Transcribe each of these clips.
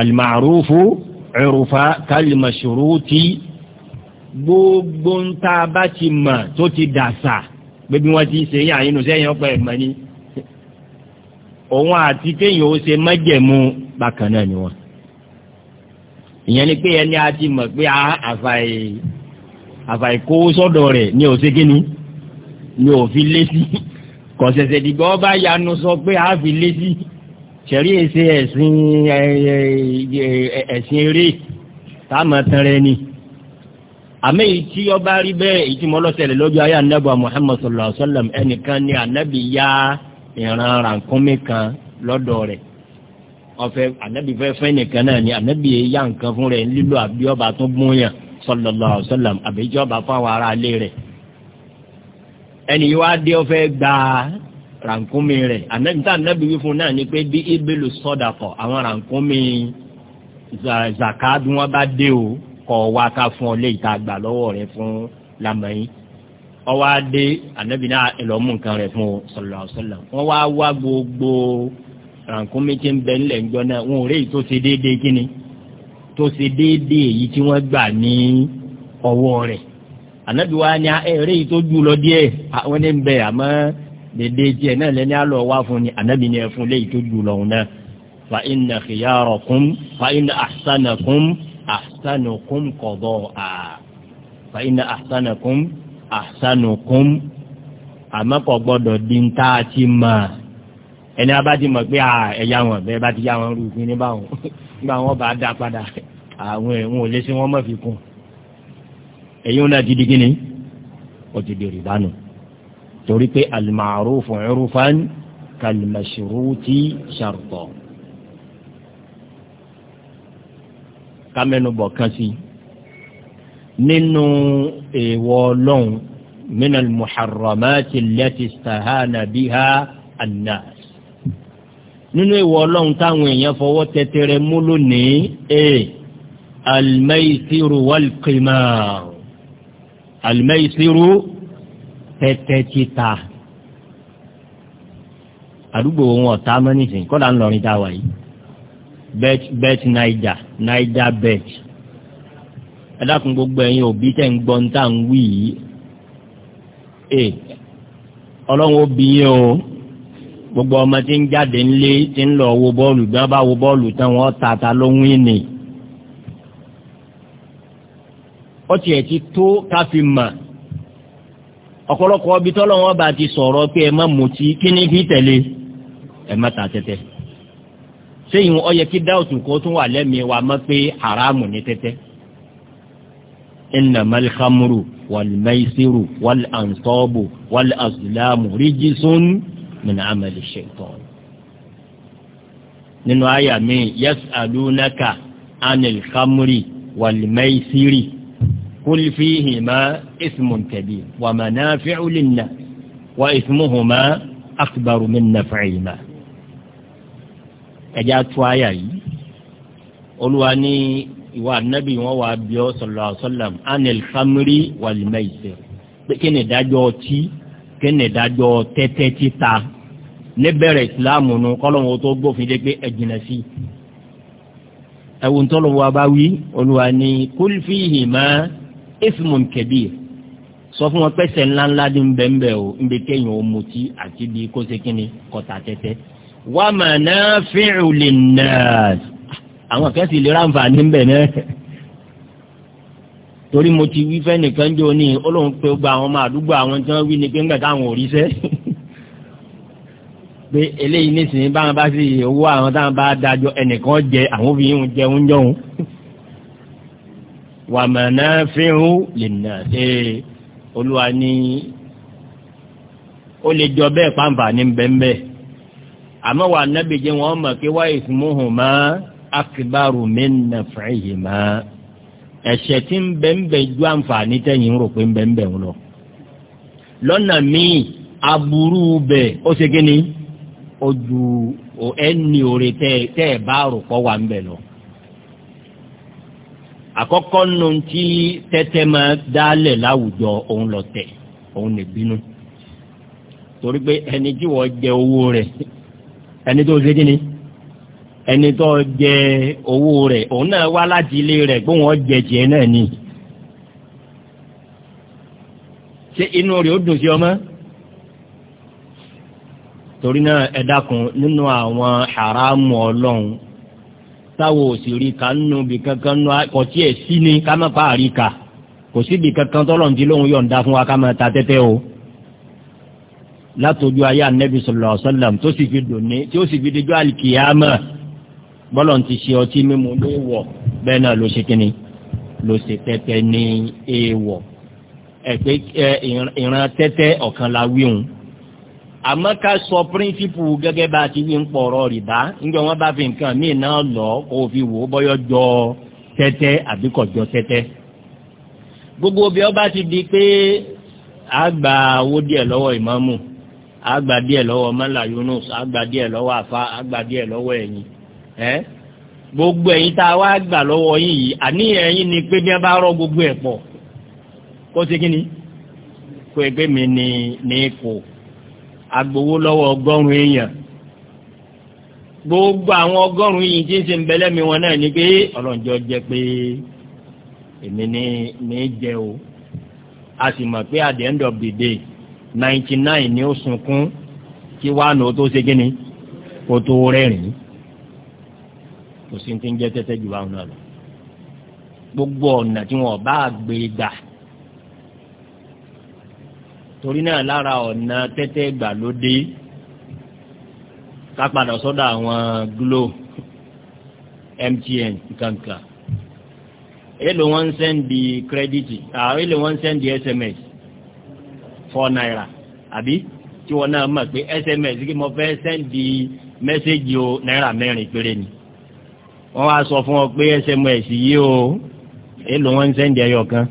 alimarufu ẹrùfà kalimashuruti gbogbo ń tá a bá ti mọ̀ tó ti dàsà pé bí wọ́n ti ṣe yàn àyínú sẹ́yìn ọ̀pẹ ẹ̀mọ́ ni òun àti kéèyàn ó ṣe májẹ̀mú bákan náà ni wọ́n ìyẹn ni pé ẹni a ti mọ̀ pé àfàì àfàìkó sọ́dọ̀ rẹ̀ ni ò ṣe kíni ni ò fi lé sí kọ̀ṣẹ̀ṣẹ̀ dìgbà ọba yanu sọ pé a fi lé sí ṣẹ̀rí èsì ẹ̀sìn ẹ̀sìn eré táàmà tẹrẹ ni àmì tí ó bá rí bẹ́ẹ̀ èyí tí mo lọ́sẹ̀lẹ̀ lójú ayé anábà Muhammad sallallahu alaihi wa sallam ẹnìkan ni anábì ya ìran rànkúnmí kan lọ́dọ̀ rẹ̀ ọ̀fẹ́ anábì fẹ́ fẹ́ nìkan náà ni anábì ya nǹkan fún rẹ̀ lílo àbí ọba tó gbóyàn sallallahu alaihi wa sallam àbí ìjọba fáwọn ará ilé rẹ̀ ẹnì yìí wá dé ọ̀fẹ́ gbàá rànkúnmi rẹ̀ ànẹ́bíta ànẹ́bí wí fún náà ni pé bí ibèlú sọ́dà kọ̀ àwọn rànkúnmi zaka bí wọ́n bá dé o kọ̀ wá ká fún ọ lé ìta gbà lọ́wọ́ rẹ̀ fún lamẹ́yìn ọwọ́ adé ànẹ́bí náà ẹlọ́mú nǹkan rẹ̀ fún o sọ̀lọ̀ sọ̀lọ̀ wọ́n wá wá gbogbo rànkúnmi tí ń bẹ ńlẹ̀ ńjọ náà wọn ò rí èyí tó ṣe déédéé kíni tó ṣe déédéé èyí tí wọ́n gbà ní ọwọ́ rẹ̀ ànẹ́bí wa ni ẹ̀rẹ́ èyí tó jù lọ díẹ̀ àwọn ẹni ń bẹ àmọ́ dèdè tiẹ̀ náà lẹ́ni àlọ́ wá fún ni ànábì ni ẹ fún léyìí tó jù lọ́hùn náà fa inna khiyarakum fa inna ahsanakum ahsanukum qada'a fa inna ahsanakum ahsanukum àmọ́ kò gbọ́dọ̀ di ń tá a ti mọ̀ ẹni a bá ti mọ̀ pé ẹ̀yà wọn bẹ́ẹ̀ bá ti yá wọn rúfin ní báwọn nígbà wọn bá dá padà àwọn ẹ̀wọ̀n ò lé sí wọn mọ̀ fi kún èyí ń náà ti di gíní ó ti di rìbá torí pé al-ma'rufu 'urfan kal-mashruti shartan. kámẹ́nubọ̀ kan sí nínú èèwọ̀ ọlọ́run minal muharramati allati istahana biha annas nínú ìwọ ọlọ́run táwọn èèyàn fọwọ́ tẹtẹrẹ mú lónìí e almaisiru walqimar almaisiru tẹ́tẹ́ títa àdúgbò wọn ọ̀tá mọ́nìsìn kọ́dà ńlọrin tá a wà yìí bet bet naija naija bet ẹ dákun gbogbo ẹ̀yin òbí tẹ̀ ń gbọ́ ń tà ń wí yìí ẹ ọlọ́run ó bí yín o gbogbo ọmọ tí ń jáde ńlé tí ń lọ wo bọ́ọ̀lù bí wọ́n bá wo bọ́ọ̀lù tán wọ́n ta ta ló ń wín ó tiẹ̀ ti tó ká fi mọ̀ ọ̀pọ̀lọpọ̀ ibi tọ́lọ́ wọn bá ti sọ̀rọ̀ pé ẹ má mutí kí ni fi tẹ̀lé ẹ má ta tẹ́tẹ́ sẹ́yìn ọ yẹ kí dáòtù kó tún wà lẹ́mìí wa mọ́ pé haramu ní tẹ́tẹ́ innamal khamru wal maisiru wal ansabu wal rijisun min amali shaitan nínú àyà mi yas'alunaka anil khamri wal قل فيهما إثم كبير ومنافع للناس وإثمهما أكبر من نفعهما ẹjá tó àyà yìí olúwa ní ìwà nábì wọn wà bí ọ sọlọ àṣọlọm anil khamri wal maisir pé kí ni ìdájọ́ ọtí kí ni ìdájọ́ tẹ́tẹ́ títa níbẹ̀rẹ̀ ìsìláàmù nu kọlọmù tó gbófin dé pé ẹ jìnnà sí i ẹwùntọ́lọ́wọ́ abáwí olúwa ní kul fihima ismun kabir sọ fún wọn pẹ́sẹ̀ ńláńlá ní bẹ́ńbẹ́ o ń bẹ kéèyàn ó mutí àti bí kó ṣe kínní kọta tẹ́tẹ́ wa manafi'u linnas àwọn kẹ́sì lè ráǹfà níbẹ̀ náà torí mo ti wí fẹ́nìkan jẹ́ òní olóhùn pé gba àwọn ọmọ àdúgbò àwọn tí wọ́n wí ni pé ńgbà táwọn ò ríṣẹ́ pé eléyìí nísìnyí báwọn bá sì owó àwọn táwọn bá dájọ ẹnìkan jẹ àwọn obìnrin jẹ oúnjẹ wàmẹ̀nàfẹ́hù lẹ́nà ṣe olúwa ni ó lè jọ bẹ́ẹ̀ pàǹfà ní bẹ́ẹ̀nbẹ́ẹ̀ àmọ́ wà nábì jẹ́ mọ̀ kí wáyé ìfúnmùhùn mọ́ akíbárù mẹ́nà fẹ́yì mọ́ ẹ̀ṣẹ̀ tí ń bẹ́ẹ̀nbẹ́ẹ̀ ju àǹfààní tẹ̀yìn rò pé ń bẹ́ẹ̀nbẹ́ẹ̀ lọ. lọ́nà míì aburú bẹ̀ ó ṣe kí àkọ́kọ́ nù tí tẹ́tẹ́ máa dálẹ̀ láwùjọ òun lọ tẹ̀ òun lè bínú torí pé ẹni tí wọ́n jẹ owó rẹ̀ ẹni tó ṣe kíni ẹni tó jẹ owó rẹ̀ òun náà wá láti ilé rẹ̀ pé wọ́n jẹ tiẹ̀ náà ni ṣé inú rẹ̀ ó dùn sí ọmọ torí náà ẹ dákun nínú àwọn haramu ọlọ́run táwọn ò sì rí ka nínú bí kankan nù kò tí ẹ̀ sí ni ká má pa àrí ka kò síbi kankan tọ́lọ̀ ní ti lóun yọ̀ǹda fún wa ká máa ta tẹ́tẹ́ o látọjú ayé anabi sallallahu alaihi wasallam tó sì fi dòní tí ó sì fi dijọ́ alikiyama bọ́lọ̀ ti ṣe ọtí mímu ló wọ̀ bẹ́ẹ̀ náà ló ṣe kínní ló ṣe tẹ́tẹ́ ní èèwọ̀ ẹ̀ pé ìran tẹ́tẹ́ ọ̀kan la wíhun àmọ́ ká sọ píríncípù gẹ́gẹ́ bá a ti wí ń pọ̀rọ̀ rìbá níjọ wọn bá fi nǹkan míì náà lọ kó o fi wò ó bọ́yọ́ jọ tẹ́tẹ́ àbí kò jọ tẹ́tẹ́. gbogbo bí ọba ti di pé a gba owó díẹ̀ lọ́wọ́ ìmáàmù a gba díẹ̀ lọ́wọ́ mọ́là Yunus a gba díẹ̀ lọ́wọ́ àfa a gba díẹ̀ lọ́wọ́ ẹ̀yìn ẹ́ gbogbo ẹ̀yìn tá a wá gbà lọ́wọ́ yín yìí àníyàn yín ni pé bí wọ́n bá agbowó lọ́wọ́ ọgọ́rùn èèyàn gbogbo àwọn ọgọ́rùn yìí tí ń ṣe ń bẹlẹmi wọn náà ni pé ọlọ́njọ́ jẹ́ pé èmi ní ní jẹ o a sì mọ̀ pé at the end of the day ninety nine ni ó sunkún kí wàá nù ó tó ṣe gíní kó tó rẹ́rìn-ín kò sí ti ń jẹ́ tẹ́tẹ́ jù báwọn náà lọ gbogbo ọ̀nà tí wọn bá gbé gbà torí náà lára ọ̀nà tẹ́tẹ́ gbàlódé ká padà sọ́dọ̀ àwọn glo mtn kankan èlò wọn ń sẹ́ndì kírẹ́dìtì àwọn èlò wọn ń sẹ́ndì sms four naira àbí tí wọn náà mọ̀ pé sms kí mo fẹ́ sẹ́ndì mẹ́sẹ̀gì o náírà mẹ́rin péré ni wọ́n wá sọ fún ọ pé sms yìí o èlò wọn ń sẹ́ndì ẹyọ kan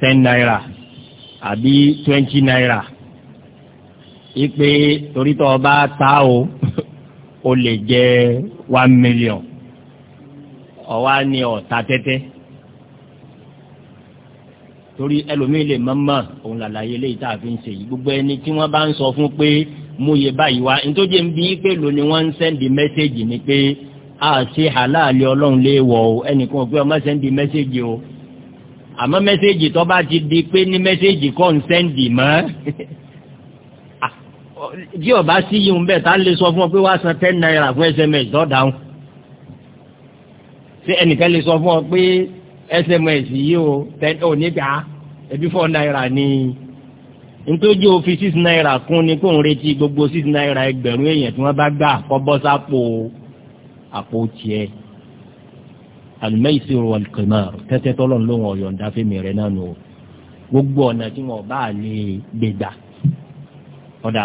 ten naira àbí twenty naira ipe torítọ́ ọba ta o o lè jẹ one million ọ̀wá ni ọ̀ta tẹ́tẹ́ torí ẹlòmíì lè mọ́mọ́ òun làlàyé léyìí tá a fi ń ṣe yìí gbogbo ẹni tí wọ́n bá ń sọ fún pé mo yẹ báyìí wá nítorí ń bí pé lónìí wọ́n ń sẹ́ndì mẹ́sẹ́gì ni pé a ṣe àlàálẹ̀ ọlọ́run léèwọ̀ o ẹnìkan ò pé ọmọ sẹ́ndì mẹ́sẹ́gì o àmọ́ mẹ́sẹ́ẹ̀jì tó bá ti di pé ní mẹ́sẹ́ẹ̀jì kọ́ ń sẹ́ndì mọ́ jí ah, ọba sí yìí ń bẹ̀ tá lè sọ fún ọ pé wá san ten naira fún sms tó dáhùn ṣé ẹnìkan lè sọ fún ọ pé sms yìí o ten ò ní gbà ah, ẹbí four naira ni ntójú ó fi six naira kún ni kó ń retí gbogbo six naira ẹgbẹ̀rún èèyàn tí wọ́n bá gbà kọ́ bọ́ sápò àpò tiẹ̀ al-maisir wal-qimar tẹ́tẹ́ tọ́lọ́n ló wọn yọ̀ǹda fẹ́mi rẹ̀ náà nù o gbogbo ọ̀nà tí wọn bá lè gbègbà ọ̀dà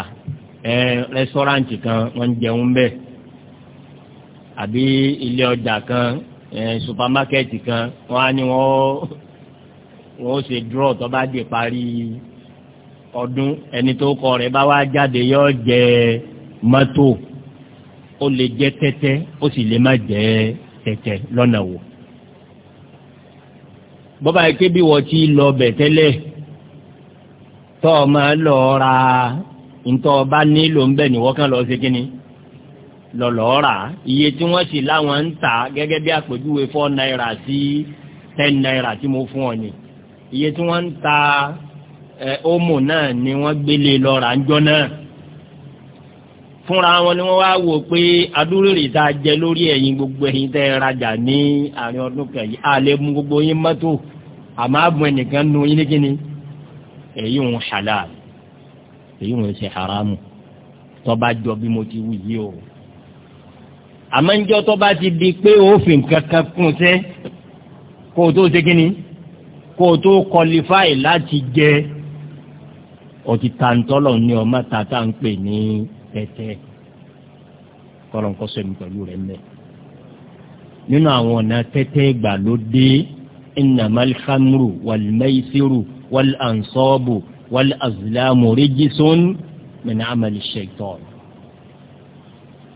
ẹ rẹ́sọ́ráǹtì kan wọ́n ń jẹun bẹ́ẹ̀ àbí ilé ọjà kan ẹ supamákẹ́ẹ̀tì kan wọ́n á ní wọ́n wọ́n ṣe dúró tó bá dé parí ọdún ẹni tó kọ rẹ̀ bá wá jáde yọ jẹ mọ́tò ó lè jẹ tẹ́tẹ́ ó sì lè má jẹ ẹ́ tẹ̀tẹ̀ lọ́nà wò bọ́bá yìí ké bí wọ́n ti lọ bẹ̀ tẹ́lẹ̀ tọ́ ọ máa lọ ra ntọ́ ọba nílò ń bẹ̀ níwọ́ kan lọ sí kínní lọ́lọ́ rà iye tí wọ́n sì láwọn ń tà gẹ́gẹ́ bí àpèjúwe four naira sí ten naira tí mo fún ọ ni iye tí wọ́n ń ta ẹ̀ ómù náà ni wọ́n gbélé lọ́ra ńjọ́ náà fúnra wọn ni wọ́n wá wò pé adúlórí tá a jẹ lórí ẹ̀yin gbogbo ẹ̀yin tẹ́ ẹ rajà ní àárín ọdún kẹyìn a lè mú gbogbo yín mọ́tò àmọ́ àbùn ẹnìkan nu yín ní kíni èyí ń halal èyí ń ṣe haramu tọ́ba jọ bí mo ti wù yí o àmọ́ ń jọ́ tọ́ba ti di pé òfin kankan kún sẹ́ kó o tó ṣe kíni kó o tó kọlifáì láti jẹ ọtí tàǹtọ́lọ̀ ní ọmọ tàtà ń pè ní rẹpẹtẹ kọlọ̀ ń kọ́sọ̀ mi pẹ̀lú rẹ̀ mẹ́. nínú àwọn ọ̀nà tẹ́tẹ́ gbà ló dé innamal khamru wal maisiru wal ansabu wal azlamu rijsun min amali shaitan.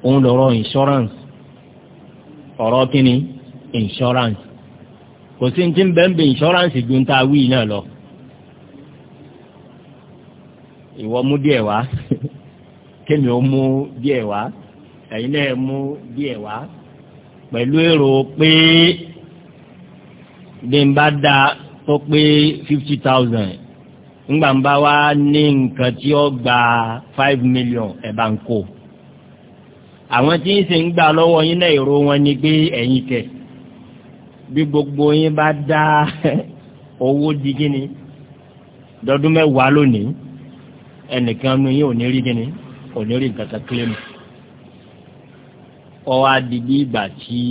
òun lọ́rọ̀ insurance ọ̀rọ̀ kínní insurance kò sí ní ti ń bẹ́ẹ̀ ń bẹ insurance ju ń ta wíì náà lọ. ìwọ mú díẹ̀ wá kémi ó mú díẹ̀ wá ẹ̀yin náà mú díẹ̀ wá pẹ̀lú èrò pé bí n bá da tó pé fifty thousand ńgbà ń bá wá ní nǹkan tí ó gba five million ẹ̀ bá ń kó àwọn tí ń sì ń gbà lọ́wọ́ yín náà èrò wọn ni pé ẹ̀yin tẹ̀ bí gbogbo yín bá dá owó di kíni dọdún mẹ́wàá lónìí ẹnìkan nu yín ò ní rí kíni kò ní rí nǹkan kan kílẹ̀mù ọwọ́ adìdí ìgbà tí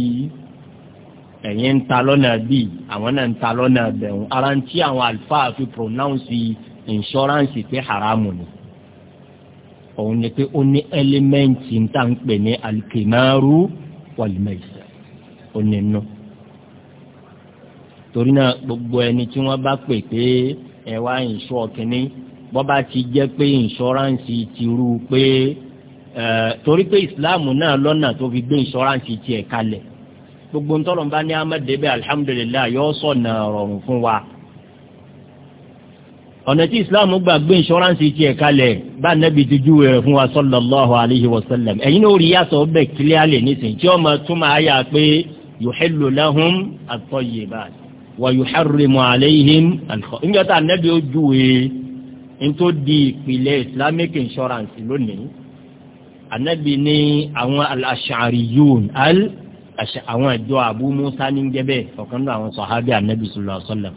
ẹ̀yin ń ta lọ́nà bíi àwọn náà ń ta lọ́nà bẹ̀rù ara ń tí àwọn àlùfáà fi pronounce insurance pé haramu ni òun ni pé ó ní ẹlẹ́mẹ̀ǹtì ń tà ń pè ní alkimaru wàlúmẹ̀sà ó ní nù torí náà gbogbo ẹni tí wọ́n bá pè pé ẹ wá ìṣọ́ kínní bọ́ba ti jẹ́ pé ìṣọ́ránsì ti rú pé torí pé ìsìláàmù náà lọ́nà tó fi gbé ìṣọ́ránsì tiẹ̀ kalẹ̀ gbogbo ntọ́lọ́mbá ní amẹ́dẹ́bẹ́ alihamudulilayi yọ sọ̀nà rọrùn fún wa ọ̀nà tí islam gbà gbé insurance ti ẹ̀ kalẹ̀ bá nẹ́bi ti júwe rẹ̀ fún wa sallallahu alayhi wa sallam ẹ̀yin náà rí yàtọ̀ ọbẹ̀ kílíàlẹ̀ nísìnyí tí ọmọ túmọ̀ àyà pé yuhillu lahum at-tayyibat wa yuharrimu alayhim alkọ. níjọ́ tá nẹ́bi ó júwe nítorí di ìpìlẹ̀ islamic insurance lónìí anabi ní àwọn al-ashariyun al àwọn ìjọ abu musa ní jẹ́bẹ̀ ọ̀kan náà àwọn sọ̀hábì anabi sallallahu alaihi wasallam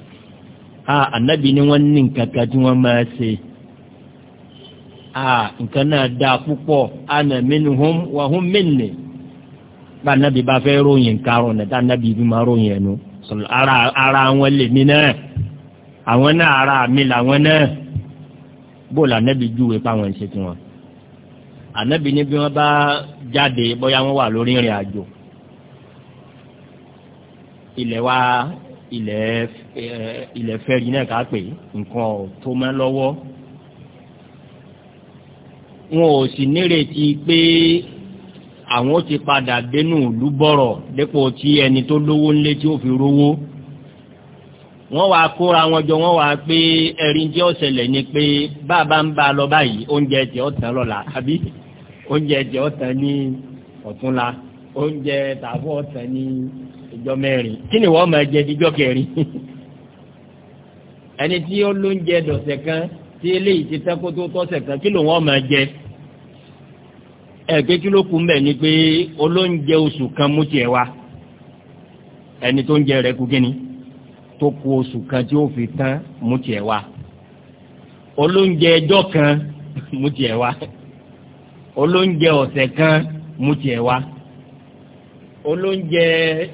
a anabi ní wọ́n ní nǹkan kan tí wọ́n máa ṣe a nǹkan náà dáa púpọ̀ ana minhum wa hum minni bá anabi bá fẹ́ ròyìn karùn-ún náà tá anabi bí máa ròyìn ẹnu ara wọn lè mí náà àwọn náà ara mi làwọn náà bóòlù ànábì júwe páwọn ẹ̀ṣẹ̀ tí wọn ànábì ní bí wọ́n bá jáde bóyá wọ́n wà lórí ìrìn àjò ilẹ̀ wa ilẹ̀ ilẹ̀ fẹ́ẹ́rì náà ká pè nǹkan tó mọ́ lọ́wọ́ wọn ò sì nírètí pé àwọn ti padà dénú ìlú bọ̀rọ̀ dépò tí ẹni tó lówó ńlé tí ó fi rówó wọ́n wàá kóra wọn jọ wọ́n wàá pé ẹ̀rín jẹ́ ọ̀sẹ̀lẹ̀ ni pé bàbá ń bá a lọ báyìí oúnjẹ jẹ́ ọ̀tàn lọ́la àbí oúnjẹ jẹ́ ọ̀tàn ní ọ̀túnla oúnjẹ tààbọ̀ ọ̀tàn ní ìjọ mẹ́rin kí ni wọ́n máa jẹ díjọ́ kẹrin ẹni tí ó lóúnjẹ dọ̀sẹ̀ kan tí eléyìí ti tẹ́ kó tó tọ́sẹ̀ kan kí ló wọ́n máa jẹ ẹ̀ẹ́dẹ́gbẹ́ kí ló kú mbẹ̀ ni pé olóúnjẹ oṣù kan mú tiẹ̀ wá ẹni tó ń jẹ rẹ̀ kú kí tó ku oṣù kan tí ó fi tán mú wa olóúnjẹ ẹjọ́ kan mú wa olóúnjẹ ọ̀sẹ̀ kan mú wa olóúnjẹ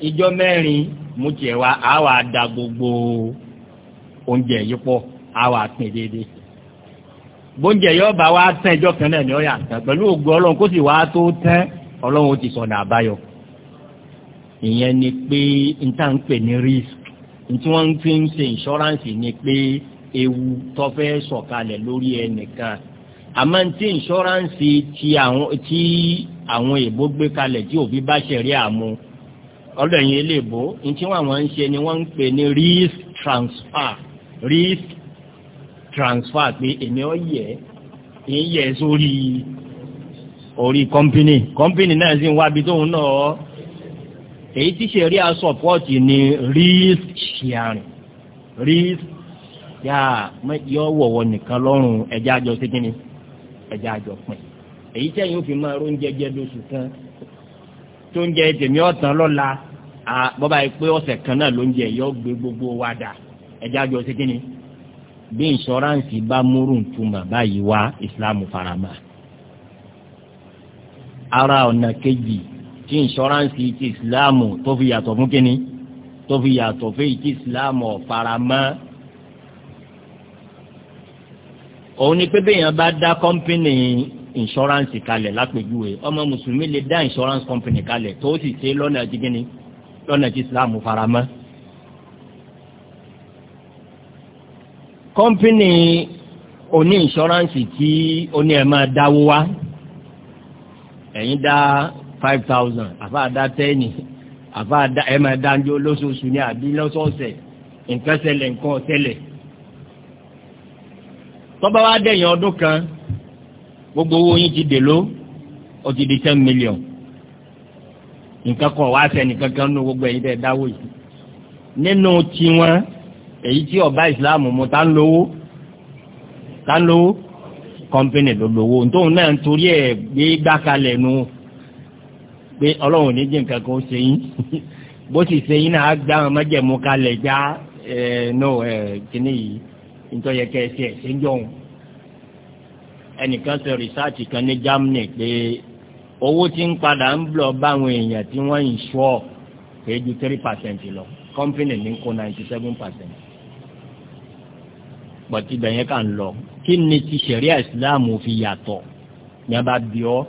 ìjọ mẹ́rin mú wa a wà da gbogbo oúnjẹ yìí a wà pín dédé gbóúnjẹ yóò bá wa ẹjọ́ kan náà ni ó yà tán ògùn kó sì wá tó tán ó ti àbáyọ ìyẹn ntí wọ́n fi ń ṣe insurance ni pé ewu tó fẹ́ sọ̀kalẹ̀ lórí ẹnìkan àmọ́ ntí insurance ti àwọn tí àwọn èèbó gbé kalẹ̀ tí òbí bá ṣẹ̀rí àmú ọ̀dọ̀ yẹn lè bó ntí wọ́n ń ṣe ni wọ́n ń pè ní risk transfer risk transfer pé èmi ọ yẹ èyí yẹ sórí orí kọ́mpínì kọ́mpínì náà sì ń wábi tóun náà èyí tí sẹ̀rí àsọ̀pọ̀tì ni risk sharing risk yà yọ wọ̀wọ̀ nìkan lọ́rùn ẹja àjọ sí kínní ẹja àjọ pin èyí tẹ̀yìn òfin máa ró ń jẹjẹ lóṣù kan tó ń jẹ tèmi ọ̀tàn lọ́la bọ́bá yìí pé ọ̀sẹ̀ kan náà ló ń jẹ yọ gbé gbogbo wa dà ẹja àjọ sí kínní bí ìṣọ́ráǹsì bá múrù ntúmọ̀ báyìí wá ìsìlámù faramá ara ọ̀nà kejì tí ìṣọ́ránsì ti ìsìláàmù tó fi yàtọ̀ fún kínní tó fi yàtọ̀ fún ìtì ìsìláàmù ọ̀faramọ́. òun ni pé bẹ́ẹ̀ yẹn bá dá kọ́ńpínì ìṣọ́ránsì kalẹ̀ lápèjúwe ọmọ mùsùlùmí lè dá ìṣọ́ránsì company kalẹ̀ tó sì ṣe lọ́nà tí kínní lọ́nà tí ìsìláàmù faramọ́. kọ́ńpínì oní ìṣọ́ránsì tí oní ẹ̀ máa dáwó wá ẹ̀yin dá five thousand àfa àdá tẹ́ẹ̀nì àfa àdá ẹ̀ máa dáńjọ́ lóṣooṣù ní àbí lọ́sọ̀ọ̀sẹ̀ nǹkan ṣẹlẹ̀ nǹkan ọ̀ṣẹlẹ̀ tọ́ba wa dẹ̀yìn ọdún kan gbogbo owó yín ti dè ló ó ti di ten million nǹkan kan wá sẹ́ni kankan nínú gbogbo ẹ̀yin tẹ̀ dáwọ́ yìí nínú tiwọn èyí tí ọba ìsìláàmù mu tá ń lówó tá ń lówó kọ́ńpínì ló lówó ntòun náà ń torí ẹ̀ gbé gbákalẹ̀ nu. No pé ọlọ́run ní jẹ́ nǹkan kan ó ṣe yín bó sì ṣe yín náà gbá àwọn májẹ̀mú kalẹ̀ já ẹ̀ no ẹ̀ kíní yìí nítorí ẹ̀kẹ́ ẹ̀ṣẹ̀ ẹ̀ṣẹ̀ ń jọ̀hún. ẹnìkan ṣe rìsáàtì kan ní Germany pé owó tí ń padà ń blọ̀ báwọn èèyàn tí wọ́n ń ṣọ́ pé ju three percent lọ company ní kó ninety seven percent bọ̀tí ibẹ̀ yẹn kà ń lọ kí ni ti ṣẹ̀ríà ìsìláàmù fi yàtọ̀ ní a bá bí ọ́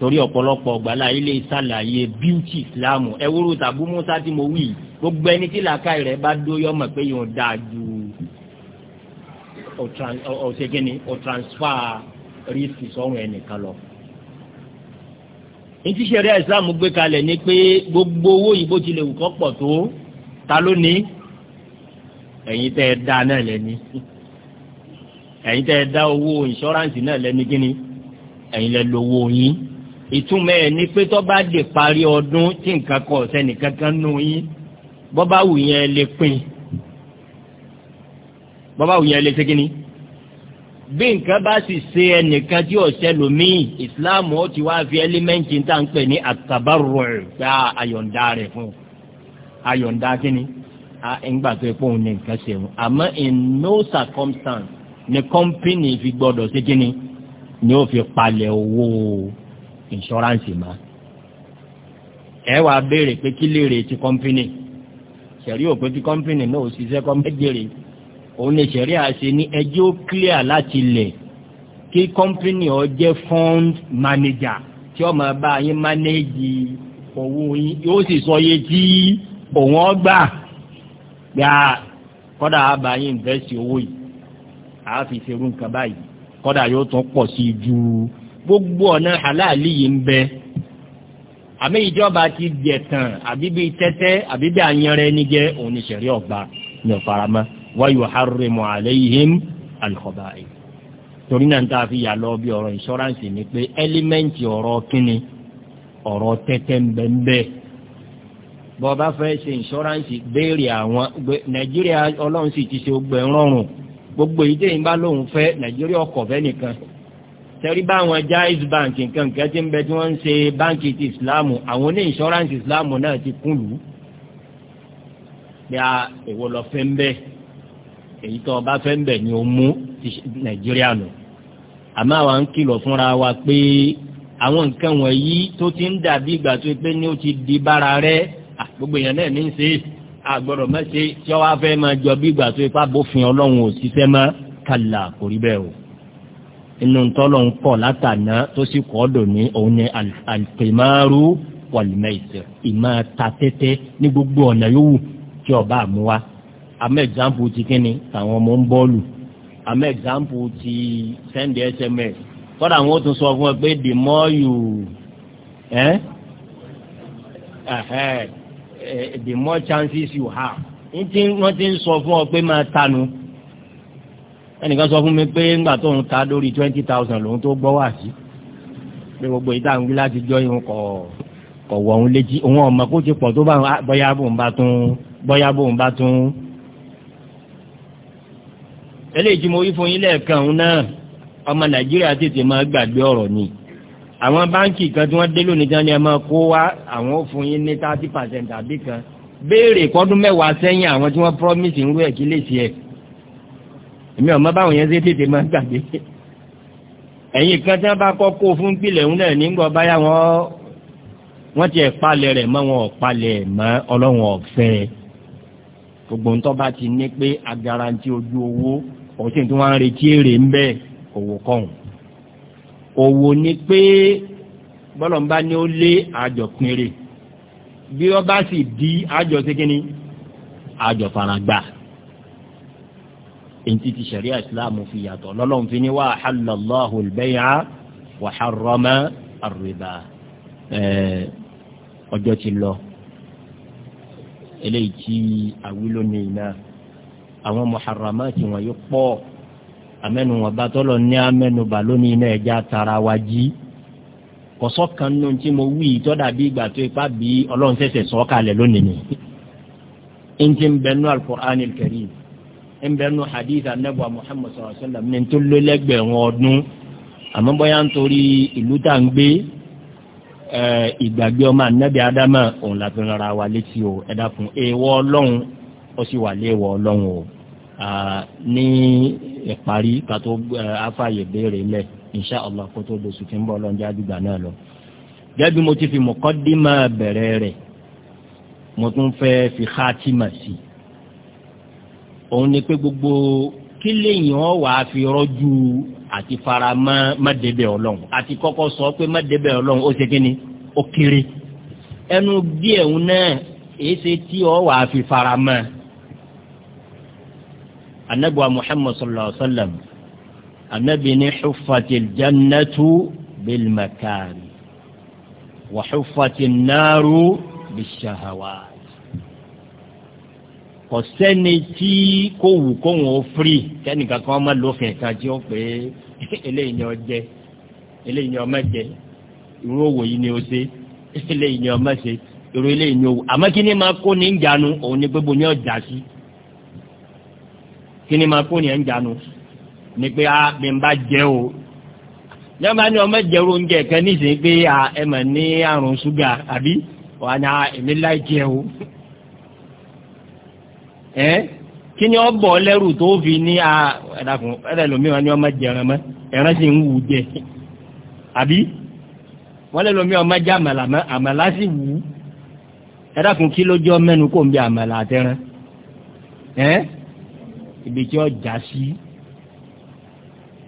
torí ọ̀pọ̀lọpọ̀ ọ̀gbàlá ilé ìsàlàyé bíútì ìsìláàmù ẹwúrú tàbí musa tí mo wí gbogbo ẹni tí làákà rẹ̀ bá dó yọmọ pé yóò dáa ju ọ̀ṣẹ́gẹ́ni ọ̀transfà rísì sọ́run ẹnìkan lọ. ní ti ṣẹ̀ríà ìsìláàmù gbé kalẹ̀ ni pé gbogbo owó yìí bó tilẹ̀ wù kọ́ pọ̀ tó ta ló ní ẹ̀yin tẹ́ ẹ dá náà lẹ́ni ẹ̀yin tẹ́ ẹ dá owó ìṣọ́ráǹsì náà lẹ́ni kíni ẹ̀yin lẹ́ lówó yín ìtumọ̀ ẹ̀ ni pé tó bá dé parí ọdún tí nǹkan kan ọ̀sẹ̀ nìkan kan nù yín bọ́bá wù yẹn lè pín bọ́bá wù yẹn lè ṣe kínní bí nǹkan bá sì ṣe ẹnìkan tí ọ̀sẹ̀ lòmíì ìsìláàmù ó ti wá fi ẹ́límẹ́ǹtì tá à ń pè ní àtàbárò ẹ̀ gba àyọ̀ǹda rẹ̀ fún un àyọ̀ǹda kínní a ńgbà tó epo òun ní nǹkan ṣe wọn àmọ́ in no circumstance ni company fi gbọ́dọ̀ ṣe kínní ni ó fi palẹ̀ owó insurance ma, ẹ wàá béèrè pé kí lè rè company kọ́mpínì sẹ̀rí òpè tí kọ́mpínì náà ṣiṣẹ́ kọ́mpẹ́jẹ̀rẹ̀ òun ni sẹ̀rí àṣẹ ní ẹjọ́ clear láti lẹ̀ kí company ọ jẹ́ fund manager tí ọmọ bá yín manage owó yín yóò sì sọ iye tí òun ọgbà gbà kọ́dà àbá yín invest owó yìí àá fi ṣerú nǹkan báyìí kọ́dà yóò tún pọ̀ sí ju gbogbo ọ̀nà halali yìí ń bẹ àmì ìjọba ti jẹ tán àbí bí tẹ́tẹ́ àbí bí àyẹrẹ ẹni jẹ òun ni sẹ̀rí ọ̀gbà ní ọ̀farama wa yuharrimu alayhim al-khaba'i torí náà tá fi yà lọ bí ọ̀rọ̀ insurance ni pé ẹ́límẹ́ǹtì ọ̀rọ̀ kínni ọ̀rọ̀ tẹ́tẹ́ ń bẹ ń bẹ́ẹ̀ bọ́ bá fẹ́ ṣe ìṣọ́ránsì béèrè àwọn nàìjíríà ọlọ́run sì ti ṣe gbẹ̀ gbogbo ìdè yìí fẹ́ nàìjíríà ọkọ̀ fẹ́ nìkan sẹ́rí bá àwọn Jaiz bank nǹkan nǹkan tí ń bẹ tí wọ́n ń ṣe báńkì ti ìsìláàmù àwọn oní ìṣọ́ránsì ìsìláàmù náà ti kún lù ú bí a èwo lọ fẹ́ ń bẹ́ èyí tó ọba fẹ́ ń bẹ̀ ni ó mú ti Nàìjíríà nù àmọ́ àwa ń kìlọ̀ fúnra wa pé àwọn nǹkan wọ̀nyí tó ti ń dàbí ìgbà tó pé ní ó ti di bára rẹ gbogbo èèyàn náà ní í ṣe àgbọ̀dọ̀ mẹ́sẹ̀ tí wọ́n fẹ́ máa jọ bí ìgbà tó ipá bófin Ọlọ́run ò ṣiṣẹ́ mọ́ kàlà kò rí bẹ́ẹ̀ o inú tọ́lọ̀ ń kọ̀ látàná tó sì kọ́ dò ní òun ni alqimaru wal-maisir ìmọ̀ ta tẹ́tẹ́ ní gbogbo ọ̀nà yòówù tí ọba àmúwa àmọ́ ẹ̀gbáǹpù ti kínni tàwọn ọmọ ń bọ́ọ̀lù àmọ́ ẹ̀gbáǹpù ti sẹ́ndì sms kọ́dà àwọn ó tún sọ fún ẹ pé the more you eh? uh, the more chances you have wọ́n ti ń sọ fún ọ pé máa tanu ẹnìkan sọ fún mi pé ńgbà tó ń ta lórí twenty thousand lòun tó gbọ́ wá sí pé gbogbo ìta ń wí láti jọ ìhun kọ̀ kọ̀ wọ̀ òun létí òun ọ̀mọ kó ti pọ̀ tó bá bọ́yá bóun bá tún bọ́yá bóun bá tún. eléyìí tí mo wí fún yín lẹ́ẹ̀kan òun náà ọmọ nàìjíríà tètè máa gbàgbé ọ̀rọ̀ ni àwọn báńkì kan tí wọ́n dé lónìí tán ni ẹ máa kó wá àwọn ó fún yín ní thirty percent àbí kan béèrè kọ́dún mẹ́wàá sẹ́yìn àwọn tí wọ́n promise ń rú ẹ̀ lè ṣe ẹ̀ èmi ọ̀mọ́ báwọn yẹn ṣe máa gbàgbé ẹ̀yìn kan tí wọ́n bá kọ́ fún pìlẹ̀ ń náà nígbà báyà wọ́n wọ́n ti ẹ̀ rẹ̀ mọ́ wọn ọ̀palẹ̀ mọ́ ọlọ́run ọ̀fẹ́ gbogbo ńtọ́ bá ti ní pé agaranti ojú owó ọ̀sìn tí wọ́n ń retí èrè ń bẹ́ òwò kọ̀hún òwò ni pé bọ́lọ̀ ń bá ní ó lé àjọpinre bí wọ́n bá sì di àjọ sí kínní àjọ faragbà èyí ti sẹ̀ríà ìsìláàmù fi yàtọ̀ lọ́lọ́run fi ní wà á hàlàláhu bẹ́yà wà á rọ́mọ́ àrùbá ọjọ́ ti lọ eléyìí tí àwílò ní iná àwọn muharama tí wọn yóò pọ̀ amẹnu wọn bá tọ́lọ̀ ní amẹnu bà lónìí iná ẹja tara wa jí kọ̀sọ́ kan nù tí mo wí tọ́da bí ìgbà tó ipá bí ọlọ́run ṣẹ̀ṣẹ̀ sọ kalẹ̀ lónìí ni. ń ti ń bẹ nú alukur'an kẹrin nbẹnu hadith anabu muhammad sallallahu alaihi wa sallam ní tó lélẹgbẹrún ọdún àmọ́ bóyá nítorí ìlú tá ń gbé ìgbàgbé ọmọ anabi adama òun láti rárá wa létí o ẹ dákun èèwọ̀ ọlọ́run ó sì wà léèwọ̀ ọlọ́run o ní ìparí kàtó afáàyè béèrè lẹ insha allah kó tó lóṣù tí ń bọ̀ lọ́njẹ́ àdúgbà náà lọ. gẹ́gẹ́ mo ti fi mọ̀kọ́dí máa bẹ̀rẹ̀ mo tún fẹ́ fi xaatima sí i òun ni pé gbogbo kí lèyìn ọ wàá fi rọ́jú àti fara mọ́ mọ́débẹ̀ ọlọ́run àti kọ́kọ́ sọ pé mọ́débẹ̀ ọlọ́run ó ṣe kí ni ó kéré ẹnu bí ẹ̀hún náà èyí ṣe tí ọ wàá fi fara mọ́ anabiwa muhammad sallallahu alaihi wa sallam anabi ni xufatil jannatu bilmakari wa xufatil naaru bishahawaat kò sẹ́ni tí kò wù kó wọn ó firi kẹ́nìkan kan máa lófin ẹ̀ka tí ó pé eléyìí ni ọ jẹ eléyìí ni ọ má jẹ irú òwò yìí ni ó ṣe eléyìí ni ọ má ṣe irú eléyìí ni ó wò àmọ́ kí ni máa kó ní ń òun ni gbogbo ní ọjà sí kí ni máa kó ní ń ni pé a ah, bí bá jẹ o yọba ni ọmọ jẹrú oúnjẹ kan nísìnyí pé ah, ẹ mà ní àrùn ṣúgà àbí wà ní ah, èmi láì jẹ o. ẹ́ kí ni ọ bọ̀ tó fi ní a ẹ̀dàkùn ẹ̀dàlómíwá ni ọmọ jẹran mọ́ ẹ̀rán sì ń wù jẹ àbí wọ́n lẹ́lómi ọmọ jẹ́ àmàlà mọ́ àmàlà sì wù ẹ̀dàkùn kí ló jọ mẹ́nu kò ń bí àmàlà àtẹran ẹ́ ibi tí ó já sí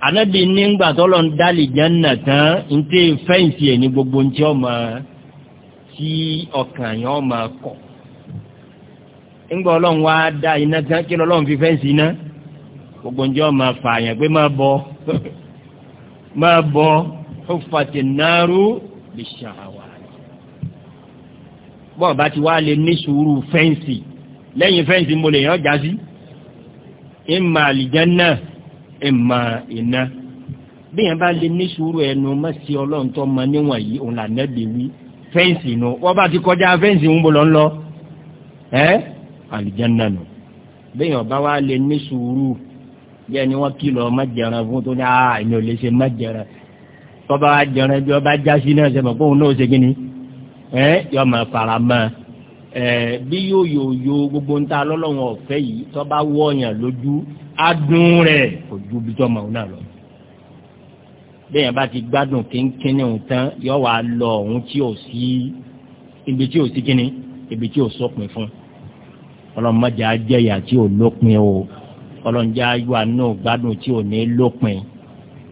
anabi nígbà tọ́lọ̀ ń dálì jẹ́nà tán ń tẹ́ fẹ́ǹsì ẹ̀ ní gbogbo ń tí ọmọ tí ọkàn yẹn ọmọ kọ̀ ńgbà ọlọ́run wá da iná tán kí ọlọ́run fi fẹ́ǹsì iná gbogbo ǹjọ́ máa fà yàn pé máa bọ máa bọ ó fàtì náírù lè ṣàwà bọ́ọ̀ bá ti wá lè ní sùúrù fẹ́ǹsì lẹ́yìn fẹ́ǹsì mo lè yàn já sí ìmọ̀ àlìjánná ìmọ̀ iná bí yẹn bá lè ní sùúrù ẹnu mọ́sí ọlọ́run tó mọ níwọ̀n yìí òun là nẹ́bi wí fẹ́ǹsì nu wọ́n bá ti kọjá fẹ́ǹsì ń bọ̀ lọ́nlọ́ ẹ́ àlùjánnà nù bẹ́ẹ̀ ọba wa lè ní sùúrù bí ẹni wọ́n kìlọ̀ má jẹran fún tó ní àá ẹni ò lè ṣe má jẹran tọ́ba wa jẹran bí ọba jásí náà ṣe mọ̀ fóun náà ṣe kí ni ẹ yọ mọ̀ fara mọ́ ẹ bí yóò yóò yo gbogbo ń ta lọ́lọ́wọ́n ọ̀fẹ́ yìí tọ́ba wọ̀nyàn lójú adùn rẹ̀ kò ju bí tọ́ màá náà lọ bẹ́ẹ̀ yẹn bá ti gbádùn kínkínní òun tán yọ wà lọ òun tí ò sí ibi tí ò sí kínní ọlọ́mọdé ajẹ́yà tí ò lópin o ọlọ́njẹ́ ayọ́ àánú gbádùn tí ò ní lópin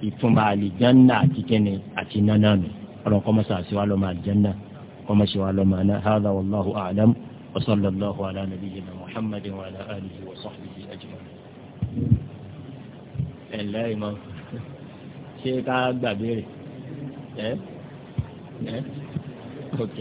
ìtumọ̀ àlìjánná àti kẹ́ni àti nánà nù ọlọ́n kọ́ mọ́sá sí wa lọ́mọ àlìjánná kọ́ mọ́sá wa lọ́mọ àná hàdà wàlláhu àlám وصلى الله على نبينا محمد وعلى آله وصحبه أجمعين ẹ̀lẹ́ ìmọ̀ ṣé ká gbàgbére ẹ́ ẹ́ ok.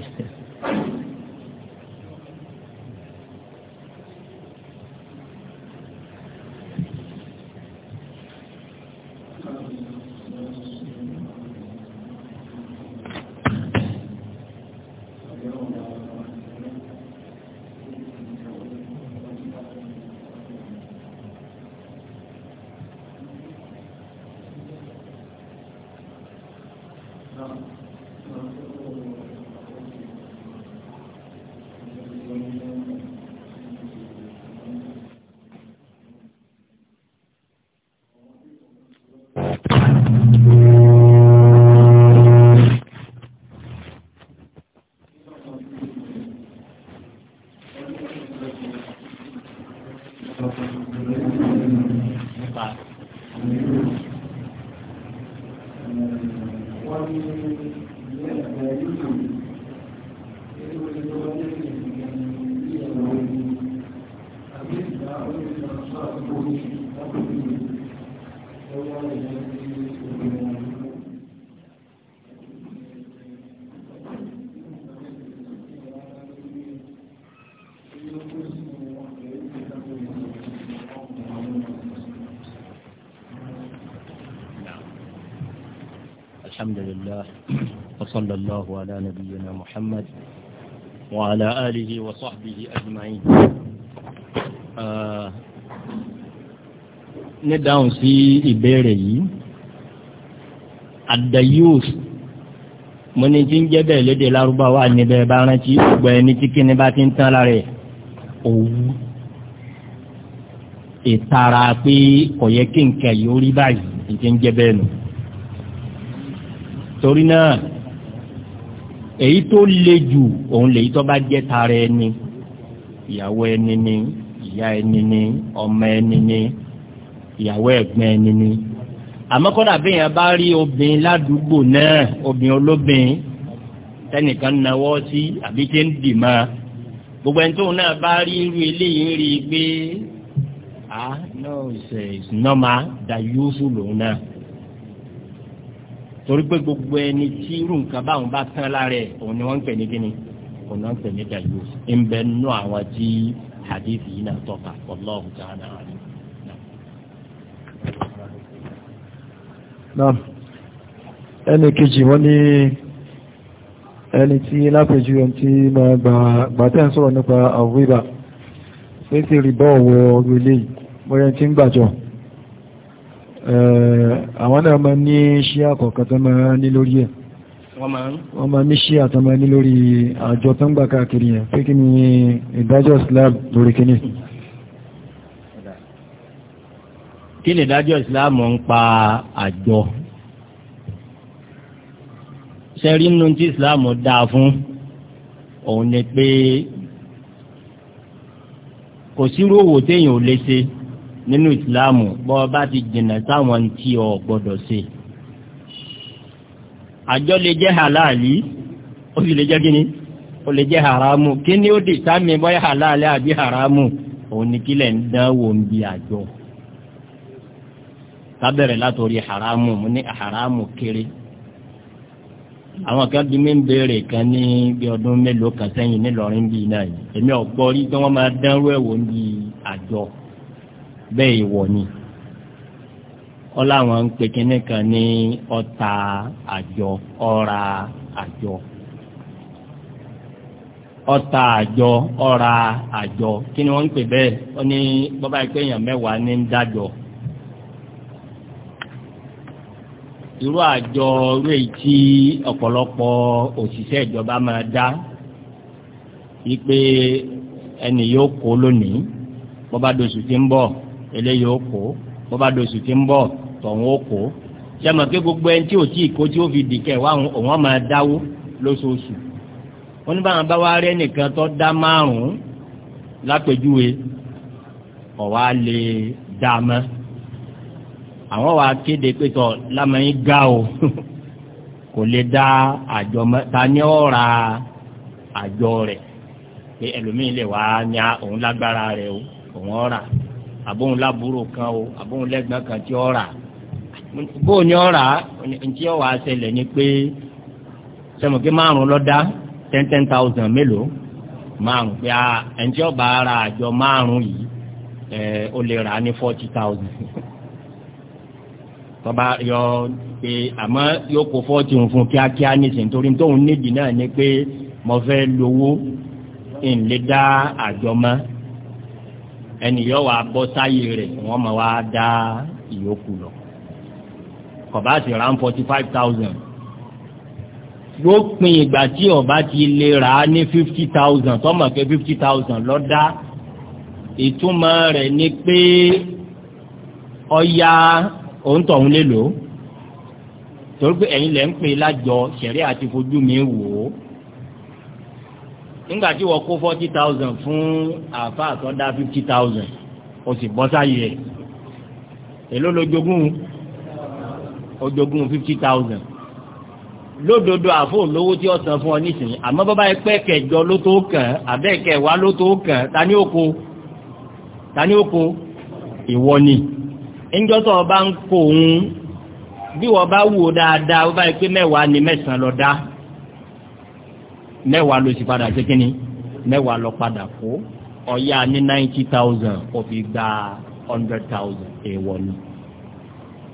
وصلى الله على نبينا محمد وعلى آله وصحبه أجمعين ní dáhùn sí ìbéèrè yìí àdàyùs mo ní tí ń jẹ́ bẹ́ẹ̀ léde lárúbáwá níbẹ̀ bá rántí ṣùgbọ́n ẹni tí kíni bá ti ń tán lára ẹ̀ òwú ìtara pé kò yẹ kí nǹkan yìí ó rí báyìí ní tí ń jẹ́ bẹ́ẹ̀ nù torí náà èyí tó le jù òun lèyí tó bá jẹ́ tara ẹni ìyàwó ẹni ni ìyá ẹni ni ọmọ ẹni ni ìyàwó ẹ̀gbọ́n ẹni ni àmọ́ kọ́dà bí yẹn bá rí obìnrin ládùúgbò náà obìnrin olóbìnrin tẹnìkan náwó sí àbí tí ń dì mọ́ gbogbo ẹni tóun náà bá rí irú eléyìí rí i pé ah no it's, uh, it's normal that you fún lòun náà torí pé gbogbo ẹni tí irú nǹkan báwọn bá tán lára ẹ̀ òun ni wọ́n ń pè ní kíni òun náà ń pè ní dàlú ń bẹ nínú àwọn tí hadith yìí náà tọ́ka wallahu ta'ala alim. náà ẹnì kejì wọ́n ní ẹni tí lápẹjú ẹni máa gbà gbàtẹ́ ń sọ̀rọ̀ nípa àwòrán pé tí rí bọ́ọ̀wọ̀ orílẹ̀-èdè bóyá ti ń gbàjọ́. Eh, àwọn náà ma ní ṣíà kọ̀ọ̀kan tó máa ní lórí ẹ̀ wọ́n ma ní ṣíà tó máa ní lórí àjọ tó ń gbà káàkiri ẹ̀ pé kí ni ìdájọ́ Islam lórí kíní kí ni ìdájọ́ Islam ń pa àjọ sẹ́rí nínú tí Islam dáa fún òun ni pé kò sírò òwò téèyàn ò lè ṣe nínú ìsìláàmù bọ́ bá ti jìnnà sáwọn tí o gbọ́dọ̀ ṣe àjọ lè jẹ́ halali ó sì lè jẹ́ kíni ó lè jẹ́ haramu kíni ó di sámi bọ́yá halali àbí haramu òun ni kílẹ̀ ń dánwò ń bi àjọ kábẹ̀rẹ̀ látòrí haramu mo ní haramu kéré àwọn kan bí mi ń béèrè kan ní bí ọdún mélòó kan sẹ́yìn nílọrin bíi náà èmi ọ̀gbọ́n rí tí wọ́n máa dánwò ẹ̀wò ń bi àjọ bẹ́ẹ̀ ìwọ ni ọ láwọn ń pe kinní kan ní ọta àjọ ọra àjọ ọta àjọ ọra àjọ kí ni wọ́n ń pè bẹ́ẹ̀ ó ní bọ́bá ẹgbẹ́ èèyàn mẹ́wàá ní ń dájọ irú àjọ orí èyí tí ọ̀pọ̀lọpọ̀ òṣìṣẹ́ ìjọba máa dá wípé ẹnì yóò kó lónìí bọ́bá doṣù tí ń bọ̀ eléyìí ó kó bó bá dosù ti ń bọ̀ tọ̀hún ó kó sẹ́mọ̀ pé gbogbo ẹni tí ò tí ì kó tí ó fi dìkẹ́ wá òun máa dáwó lóṣooṣù wọ́n ní báwọn bá wá nìkan tó dá márùn-ún lápèjúwe ọ̀wá lè àwọn wa kéde pé tọ́ lámẹ́yìn gá o kò lè dá àjọ mẹ́ta ní ọ̀ra àjọ rẹ̀ pé ẹlòmíín lè wá ní òun lágbára rẹ̀ o òun ọ̀ra àbóhun lábúrò kan o àbóhun lẹ́gbọ́n kan tí ó rà bóun ni ó rà ntí ó wà á ṣẹlẹ̀ ni pé sẹ́mọ̀kí márùn lọ́dá ten ten thousand mélòó márùn pé a ẹ̀ǹtí ó bá ara àjọ márùn yìí ẹ̀ ó lè rà á ní forty thousand tọ́ba yọ pé àmọ́ yóò kó fọ́ọ̀tì òun fún kíákíá nísìnyí torí tóun nídìí náà ni pé mo fẹ́ lówó ǹlẹ́dá àjọmọ́ ẹnì yọ wà bọ́ sáyé rẹ̀ wọ́n máa wá dá ìyókù lọ kọ̀bá sì rà forty five thousand gbópin ìgbà tí ọba ti lè rà á ní fifty thousand tọ́mọ̀ pé fifty thousand lọ́dá ìtumọ̀ rẹ̀ ni pé ọya òun tọ̀hún lè lò torí pé ẹ̀yin lẹ́ ń pè lájọ ṣẹ̀rí àti fojú mi wò ó nígbà tí wọ́n kó forty thousand fún àfa àtọ́dá fifty thousand o sì bọ́ sáyé ẹ̀ èló lójogún ojogún fifty thousand lódodo àfọ olówó tí ó san fún ọ nísìnyí àmọ́ bàbá yẹn pẹ́ kẹjọ ló tó kàn abẹ́ kẹwàá ló tó kàn tani oko tani oko ìwọ ni ńjọ́ tó o bá ń kó òun bí wọ́n bá wù ó dáadáa ó bá pé mẹ́wàá ni mẹ́sàn-án lọ dá mẹ́wàá ló sì padà ṣe kínní mẹ́wàá lọ padà kó ọ̀yà ní ninety thousand ó fi gba hundred thousand èèwọ̀ ni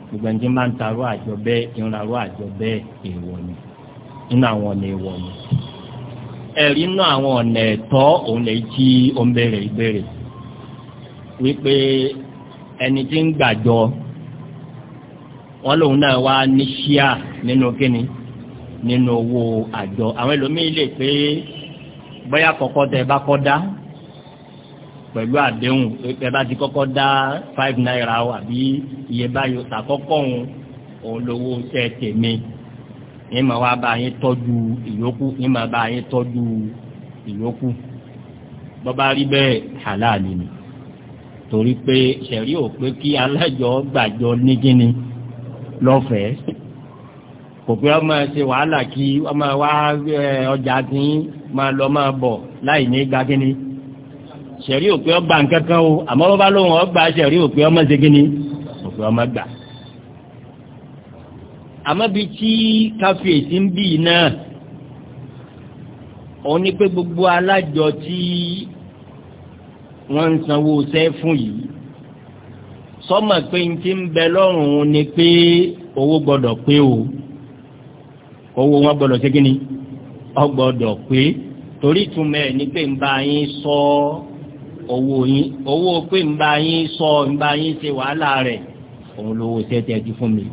gbogbo ẹni tí máa ń taró àjọ bẹ́ẹ̀ ìrànlọ́ró àjọ bẹ́ẹ̀ èèwọ̀ ni nínú àwọn ọ̀nà èèwọ̀ ni ẹ̀rí nínú àwọn ọ̀nà ẹ̀tọ́ òun lè jí òǹbẹ̀rẹ̀ ìbéèrè wípé ẹni tí ń gbàjọ wọn lòun náà wá ní ṣíà nínú kínní. No nínú owó àjọ àwọn ẹlòmíín lè pé bóyá kọ́kọ́ tẹ bá kọ́ dá pẹ̀lú àdéhùn ẹ bá ti kọ́kọ́ dá five naira o àbí iye báyìí tàkọ́kọ́ òun òun lówó tẹ tèmi ní ma wá bá yín tọ́jú ìyókù ní ma bá yín tọ́jú ìyókù bọ́bá rí bẹ́ẹ̀ halali ni torí pé sẹ̀rí ò pé kí alájọ gbàjọ ní kíni lọ́fẹ̀ẹ́ kò pé ọmọ ṣe wàhálà kí ọmọ wa ọjà tí máa lọ máa bọ̀ láì ní gba kíní ṣẹ̀rí òpé ọgbà nkankan o àmọ́ bá lóun ọgbà ṣẹ̀rí òpé ọmọ ṣe kíní òpé ọmọ gbà. àmọ́ bíi tí káfíèsì ń bì náà òun ni pé gbogbo alájọ tí wọ́n ń sanwó sẹ́ fún yìí sọ́mọ̀ pé n ti ń bẹ lọ́rùn ni pé owó gbọ́dọ̀ pé o. So owó wọn gbọ́dọ̀ ṣe kíni ọgbọ́dọ̀ pé torí ìtumọ̀ ẹ̀ ní pé ń bá yín sọ owó yín owó pé ń bá yín sọ ń bá yín ṣe wàhálà rẹ̀ òun lówó tẹ́tẹ́ ti fún mi.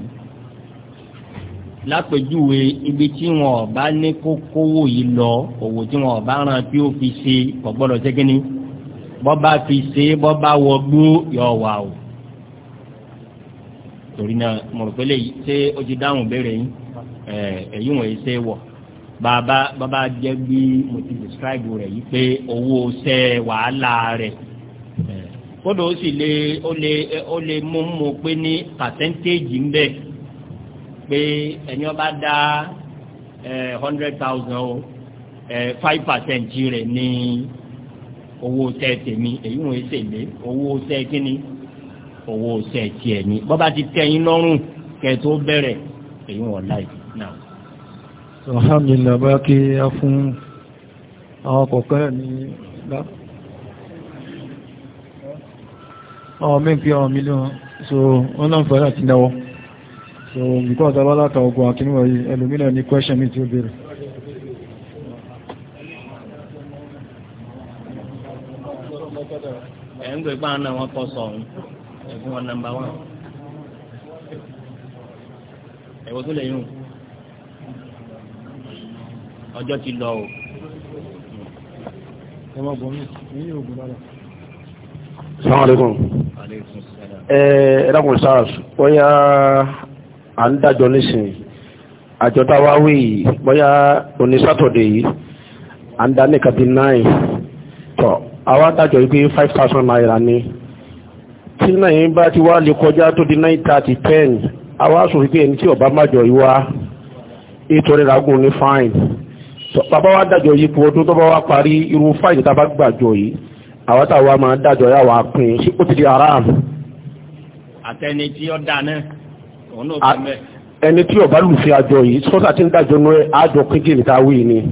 lápèjúwe ibi tí wọn ọba ní kókówó yìí lọ owó tí wọn ọba ràn tí ó fi ṣe kò gbọ́dọ̀ ṣe kíni bọ́ fi ṣe bọ́ wọgbó yọ wà o. torí náà yìí ṣé ó ti dáhùn béèrè yín ẹ̀yìn wọ̀nyí ṣe wọ̀ bàbá bàbá jẹ́ bí mo ti describe rẹ̀ yìí pé owó ṣẹ́ wàhálà rẹ̀ kódò ó sì lè ó lè ó lè mú mu pé ní percentage ń bẹ pé ẹni ọba dá hundred thousand o five percent rẹ̀ ní owó ṣẹ́ tèmi èyí wọ̀nyí ṣèlè owó owó ṣe tiẹ̀ ní bọ́ba ti tẹ̀yìn lọ́rùn kẹ́ tó bẹ̀rẹ̀ èyí wọ̀ láì náà. alhamdulilayi bá kí a fún àwọn kọ̀ọ̀kan ní lá. àwọn mẹ́pí àwọn mílíọ̀n so wọ́n náà fẹ́ láti náwọ́ so because alálàta ogun àkínúwà yìí ẹlòmínà ní question mi tí ó béèrè ẹ̀ ń gbẹ̀gbọ́n náà wọ́n kọ́ sọ̀rọ̀ ẹ̀fún wọn nàmbà wọn ẹ̀wọ́ tó lè yún ọjọ́ ti lọ o. ẹ̀wọ̀n bọ̀ mí ẹ̀yìn ògùn lára. sàmàlẹ́kùn. ẹ̀ẹ́dàkùn sars bóyá à ń dájọ́ nísìnyí àjọ táwa wí yìí bóyá òní sátọ̀dẹ̀ yìí A ń dá ní kàbí náì tọ́ àwa dájọ́ yìí pé five naira ní tí náà bá ti wá lè kọjá tó di 9:30 10 àwọn aṣòfin pé ẹni tí ọba májọ ìwá 800 ragun ní fine bàbá wa dájọ yìí fún ọdún tó bá wá parí irú fine tá bá gbàjọ yìí àwọn táwa máa dájọ yà wá pin ṣé ó ti di haram. àtẹni tí ó dá náà òun náà fi mẹ. ẹni tí ọba lùfẹ́ àjọ yìí sọ́tà ti ń dájọ náà àjọ kéjì níta ni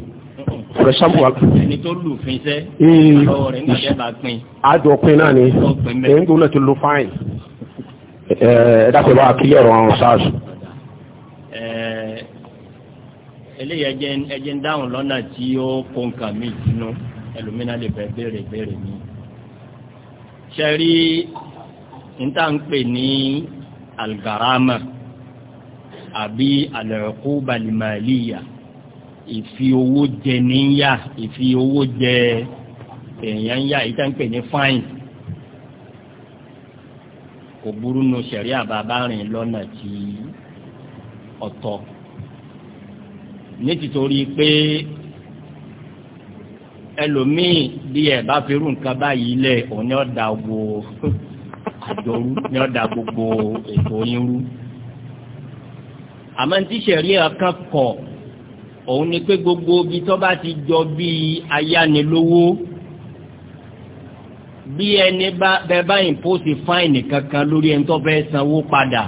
for example ẹni tó lù fin sẹ́ eh, lọ́wọ́ rẹ̀ nígbà tẹ́ bá pin. àjọ pin náà ni èyí tó náà ti lu fáìn eh, ẹ dákẹ́ bá kílẹ̀ ọ̀rọ̀ àwọn sars. Eh, eléyìí ẹjẹ ń dáhùn lọ́nà tí ó kó nǹkan mi sínú ẹlòmínà lè fẹ́ béèrè béèrè mi. ṣe rí níta ń pè ní algarama àbí alẹ́kú balimaliya. Al ìfi owó jẹ níyà ìfi owó jẹ èèyàn ń yà ìta ń pè ní fáìn kò burú nu sẹ̀rí àbábá rìn lọ́nà tí ọ̀tọ̀ ní tìtorí pé ẹlòmíì bí ẹ bá fi rú nǹkan báyìí lẹ òun ni ó da gbogbo àjọrú ni ó da gbogbo ètò yín rú àmọ́ ní tíṣẹ̀rí ọkàn kọ̀ òun ni pé gbogbo ibi tó bá ti jọ bíi ayánilówó bí ẹni bẹ́ẹ̀ bá ìmpósì fáìnì kankan lórí ẹni tó fẹ́ sanwó padà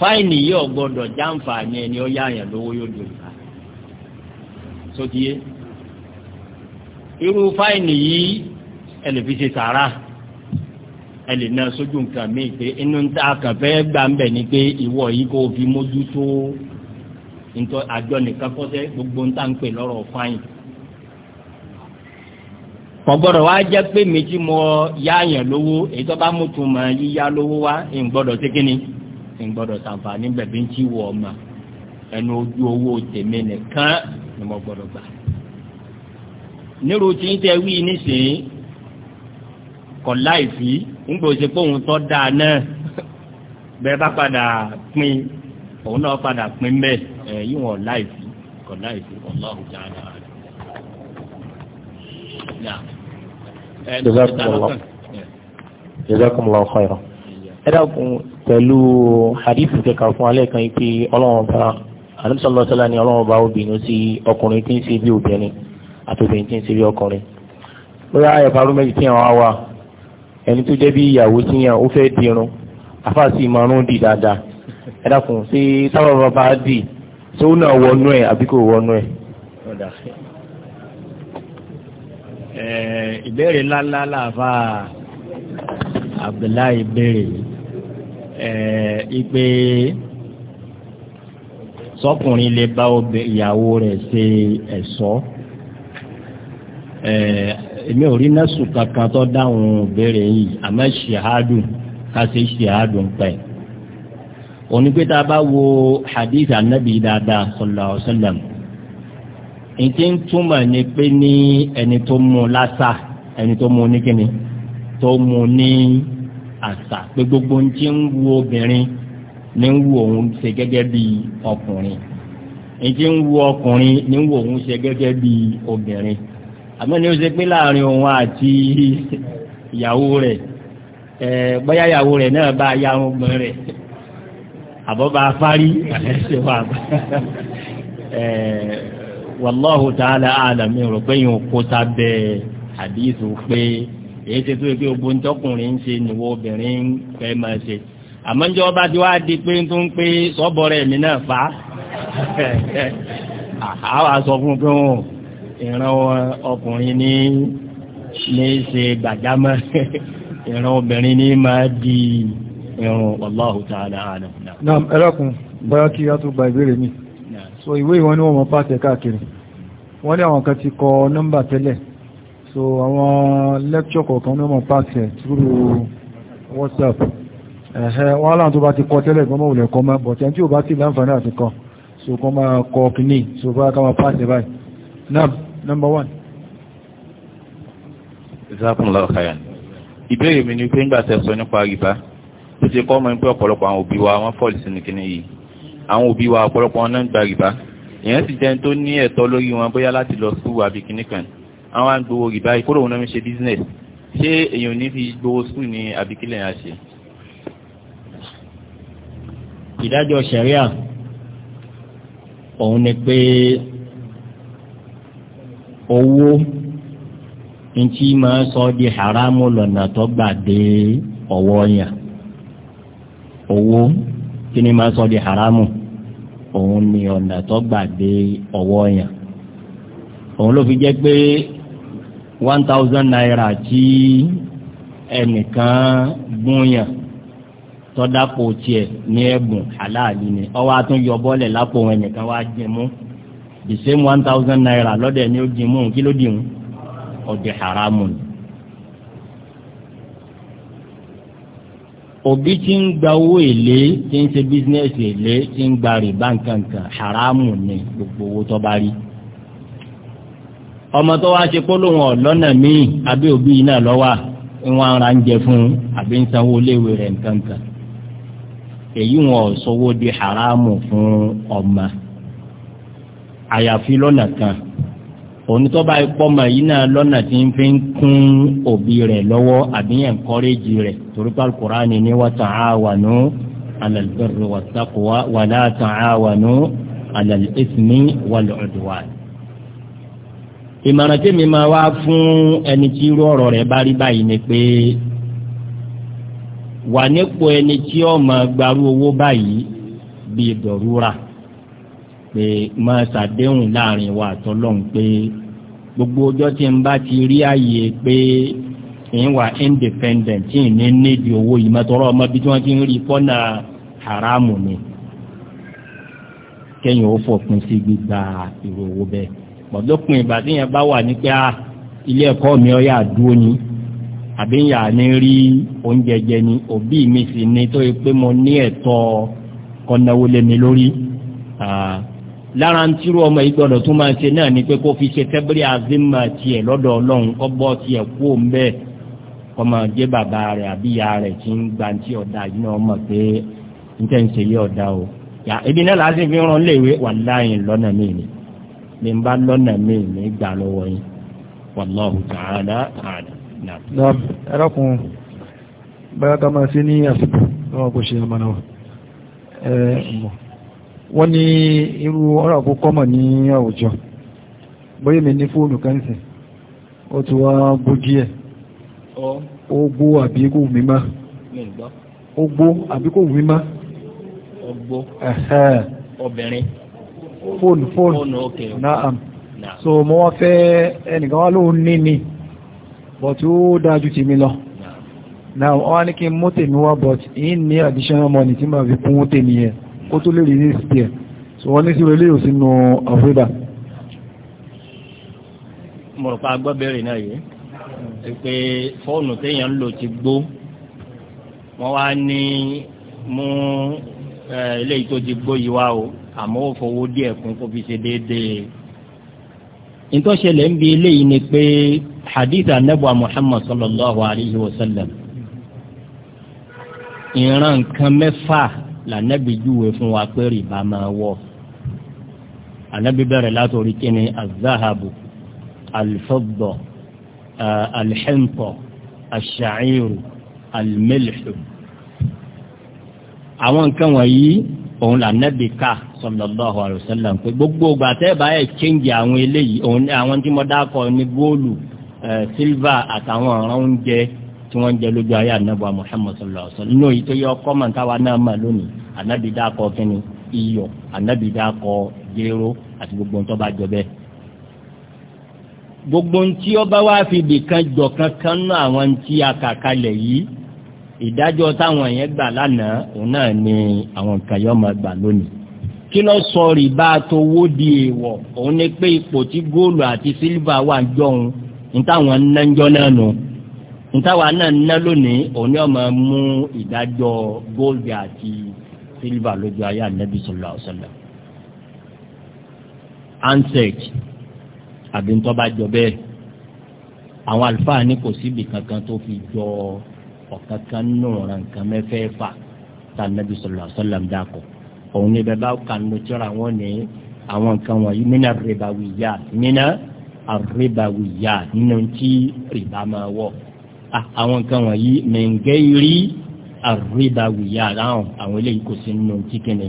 fáìnì yìí ò gbọ́dọ̀ jàǹfààní ẹni ó yáyàn lówó yóò dùn ká sotie irú fáìnì yìí ẹ lè fi ṣe sàárà ẹ sójú nǹkan míì pé inú ta kàn fẹ́ ni pé ìwọ yìí kò fi mójútó ntọ́ àjọ nìkan kọ́sẹ́ gbogbo ń tà ń pè lọ́rọ̀ fáyìn. kọ̀gbọ́dọ̀ wá jẹ́ pé mi tí mo yáàyàn lówó èyí tó bá mú tu mọ̀ yíyá lówó wá ń gbọ́dọ̀ sí kínní ń gbọ́dọ̀ sàǹfààní bẹ̀bí ń tí wọ̀ ọ̀ma ẹnu ojú owó tèmi nìkan ni mo gbọ́dọ̀ gbà. nírú tí ń tẹ wí nísìnyí kọ̀ láì fi ń gbòòsè pé òun tọ́ dáa náà bẹ́ẹ̀ bá padà pín in òun náà padà pín bẹ́ẹ̀ ẹ̀ yíwọ̀n láìsí kọ̀ láìsí Allahu ta'ala. jazakumullahu khairan ẹ dákun pẹ̀lú hadith kẹkà fún alẹ́ kan pé ọlọ́wọ́n bá alẹ́sọ̀lọ́sọ́lá ni ọlọ́wọ́n bá obìnrin sí ọkùnrin tí ń ṣe bí obìnrin àti obìnrin tí ń ṣe bí ọkùnrin bóyá ẹ̀fà rúmẹ́jì tí àwọn àwà ẹni tó jẹ́ bí ìyàwó síyàn ó fẹ́ dirun afáàsì ìmọ̀rún dì dáadáa ẹ dákun sí táwọn bàbá dì tó náà wọnú ẹ àbí kò wọnú ẹ. ìbéèrè ńláńlá làbá Abdullahi béèrè ipe sọkùnrin lè bá ìyàwó rẹ̀ ṣe ẹ̀ṣọ́. E èmi ò rí nẹ́sùn kankan tó dáhùn béèrè yìí àmọ́ ṣèhádùn ká ṣe ṣèhádùn pẹ̀lú onígbéta bá wo hadith anabi dada sallallahu alaihi wasallam ìtí ń túmọ̀ ní pé ní ẹni tó mú lásà ẹni tó mú ní kíni tó mú ní àṣà pé gbogbo ń ti ń wu obìnrin ní ń wu òun ṣe gẹ́gẹ́ bí ọkùnrin ìtí ń wu ọkùnrin ní ń wu òun ṣe gẹ́gẹ́ bí obìnrin àmọ́ ní ó ṣe pé láàrin òun àti ìyàwó rẹ̀ ẹ̀ bóyá ìyàwó rẹ̀ náà bá yá ọgbọ́n rẹ̀ àbọ̀bá afárí ṣe wà wàláhù tààlà àlàmì rò pé yóò kó sábẹ́ àdìsù pé èyí ṣe tó pé ogun tọkùnrin ń ṣe nìwọ obìnrin fẹ́ máa ṣe àmọ́jọ́ bá ti wá di pé tó ń pé sọ́bọ̀rẹ̀ mi náà fà á àwọn aṣọ fún pé wọn ìran ọkùnrin ní ní ṣe gbàjámọ́ ìran obìnrin ní máa di irun wallahu ta'ala alam. naam ẹ lọ́kùn bóyá kí a tó gba ìbéèrè mi so ìwé ìwọ́n ni wọ́n mọ pàṣẹ káàkiri wọ́n ní àwọn kan ti kọ nọ́mbà tẹ́lẹ̀ so àwọn lẹ́kṣọ̀ kọ̀ọ̀kan ni wọ́n mọ pàṣẹ through whatsapp ẹ̀hẹ́ wọ́n aláwọ̀ tó bá ti kọ tẹ́lẹ̀ gbọ́mọ̀ òlẹ̀ kọ máa bọ̀tẹ́ tí ó bá ti láǹfààní àti kọ so kọ máa kọ kìíní so bá ká máa pàṣẹ báyìí nab number one. ìsákùnlá ọ̀kàyà ìbéèrè mi ni pé ń gbà tẹ̀sọ nípa rìbá tó ṣe kọ́ mọ́ pé ọ̀pọ̀lọpọ̀ àwọn òbí wa wọ́n fọ́ọ̀lì sínú kínní yìí àwọn òbí wa ọ̀pọ̀lọpọ̀ wọn náà ń gba rìbá èèyàn sì jẹun tó ní ẹ̀tọ́ lórí wọn bóyá láti lọ skul àbí kínní kan àwọn à ń gbowó rìbá ìkóró òun náà ń ṣe business ṣé èèyàn ní fi gbowó skul ní àbí kílẹ̀ yẹn ṣe. ìdájọ́ ṣẹ̀ríà òun ni pé owó ntí máa sọ di haramu lọ́nà tó gbà dé ọwọ́ yẹn owó kí ni máa sọ di haramu òun ni ọ̀nà tó gbà dé ọwọ́ yàn òun ló fi jẹ́ pé one thousand naira tí ẹnìkan gúnyàn tọ́dápò tiẹ̀ ní ẹ̀bùn aláàlú ni ọwọ́ atún yọ bọ́ọ̀lẹ̀ lápò wọn nìkan wá jẹ mú the same one thousand naira lọ́dẹ̀ ni ó jẹ mú kí ló dì mú ọ̀dẹ̀ haramu ni òbí tí ń gba owó èlé tí ń ṣe bísínẹ́sì èlé tí ń gba rìbá nkankan haramu ni gbogbo owó tó bá rí ọmọ tó wá ṣe polówó ọlọ́nà míì àbí òbí yìí náà lọ́wọ́ ìwọ̀n ara ń jẹ fún àbí ń sanwó léèwé rẹ̀ nkankan èyí wọn ò sọwọ́ di haramu fún ọmọ àyàfi lọ́nà kan onítọ́ba ìpọ́mọ yìí náà lọ́nà tí ń fi ń kún òbí rẹ̀ lọ́wọ́ àbí ẹ̀ńkọ́rẹ́jì rẹ̀ torí Al-Qur'ani ní wa ta'awanu 'ala al-birri wat-taqwa wa la ta'awanu 'ala al-ithmi wal-'udwan. ìmọ̀ràn tí mi máa wá fún ẹni tí irú ọ̀rọ̀ bá rí báyìí ni pé wà nípò ẹni tí ó máa owó báyìí bíi dọ̀rúra pé máa ṣàdéhùn láàrin wa àtọ́lọ́hún pé gbogbo ọjọ́ tí n bá ti rí àyè pé ń wà independent tí ì ní nídi owó yìí mọ́tọ́rọ́ ọmọ bí tí wọ́n ti ń rí kọ́nà haramu ni kẹ́yìn ó fòpin sí gbígba ìrò owó bẹ́ẹ̀ pọ̀dọ́pin ìgbà tí yẹn bá wà ní pé ah, ilé ẹ̀kọ́ mi ọ̀yà dúró ni àbí ń yà ní rí oúnjẹ jẹ ni òbí mi sì ni tó yẹ pé mo ní ẹ̀tọ́ kọ́náwó lé mi lórí. Ah, lára ń tírú ọmọ ìgbọ́dọ̀ tó máa ṣe náà ni pé kó fi ṣe tẹ́bírí azimá tiẹ̀ lọ́dọ̀ ọlọ́run kọ́ bọ́ tiẹ̀ kú òǹbẹ́ ọmọ jẹ́ bàbá rẹ̀ àbí ìyá rẹ̀ ti ń gba ti ọ̀dà yìí náà mọ̀ pé n tẹ́ ń ṣe yí ọ̀dà o. yà ebi náà láti fi ràn léèwé wallahi lọ́nà míì ni bí n bá lọ́nà míì ni gbà lọ́wọ́ yín wallahu ta'ala a'lam. ẹ̀rọ kun báyọ̀ ká máa ṣe ní àsìkò wọ́n ní irú ọ̀rọ̀ kó kọ́mọ̀ ní àwùjọ bóyá mi ní fóònù kan sìn ó ti wá gbójú ẹ̀ ó gbó àbí kò wí má àbí kò wí ọgbó obìnrin fóònù fóònù naam so mo wá fẹ́ ẹnìkan wá lóun ní ni but ó dájú ti mi lọ now wọ́n ní kí n mú tèmi wá but in ní additional money tí màá fi kún tèmi yẹn kó tó lè rí ní sí ẹ̀ so wọ́n ní sí ilé yóò sínú àfíbà mo rò pa agbọ́bẹ̀rẹ̀ náà yìí pé fóònù téèyàn ń lò ti gbó wọ́n wá ní mú eléyìí tó ti gbó yìí wá o àmọ́ ó fowó díẹ̀ kún kó fi ṣe déédéé ìtọ́ṣẹlẹ̀ ń bi eléyìí ni pé hadith anabu muhammad sallallahu alayhi wa sallam ìran nǹkan mẹ́fà lànàbí júwe fún wa pé rìbá máa wọ̀ ànàbí bẹ̀rẹ̀ látòrí kíni azahabu alifọ́bọ̀ eh, alihẹ́mpọ̀ aṣàìrù alimẹ́lẹ̀ṣù àwọn nǹkan wọ̀nyí òun lànàbí ká sallallahu alaihi wasallam pé gbogbo ìgbà tẹ́ bá ẹ̀ kéńjì àwọn eléyìí àwọn tí mo dákọ̀ ní góòlù eh, sílvà àtàwọn ọ̀ràn oúnjẹ tí wọ́n ń jẹ lójú ayé anabu muhammad sallallahu alaihi wa sallam inú yìí tó yẹ ọkọ mọ̀ táwa náà mà lónìí anabi dákọ kínní iyọ̀ anabi dákọ jéró àti gbogbo ohun tó bá jọ bẹ́ẹ̀. gbogbo ohun tí ọba wa fi bìkan jọ kankan náà àwọn tí a kà kalẹ̀ yìí ìdájọ́ táwọn yẹn gbà lánàá òun náà ni àwọn nǹkan yọ máa gbà lónìí kí ló sọ rìbá tó wó di èèwọ̀ òun ni pé ipò tí góòlù àti sílvà wà jọ̀hún ní táwọn ń nájọ́ ntàwa náà ná lónìí òní ọmọ mú ìdájọ́ góòlù àti sílvà lójú ayé ànábì sọlá ọsọlá ansec àbí ntọ́ba jọ bẹ́ẹ̀ àwọn àlùfáà ní kò síbi kankan tó fi jọ ọ̀kankan nùràn nǹkan mẹ́fẹ́ẹ̀fà tá ànábì sọlá ọsọlá ń dàkọ̀ òun ní bẹ́ẹ̀ bá kanu tíra wọn ní àwọn nǹkan wọ̀nyí nínú àrèbáwìyà nínú àrèbáwìyà nínú tí rìbá máa wọ̀ àwọn nǹkan wọ̀nyí mẹ̀ǹgẹ́ rí àríbáwìyá ráhùn àwọn eléyìí kò sí nínú tí kíni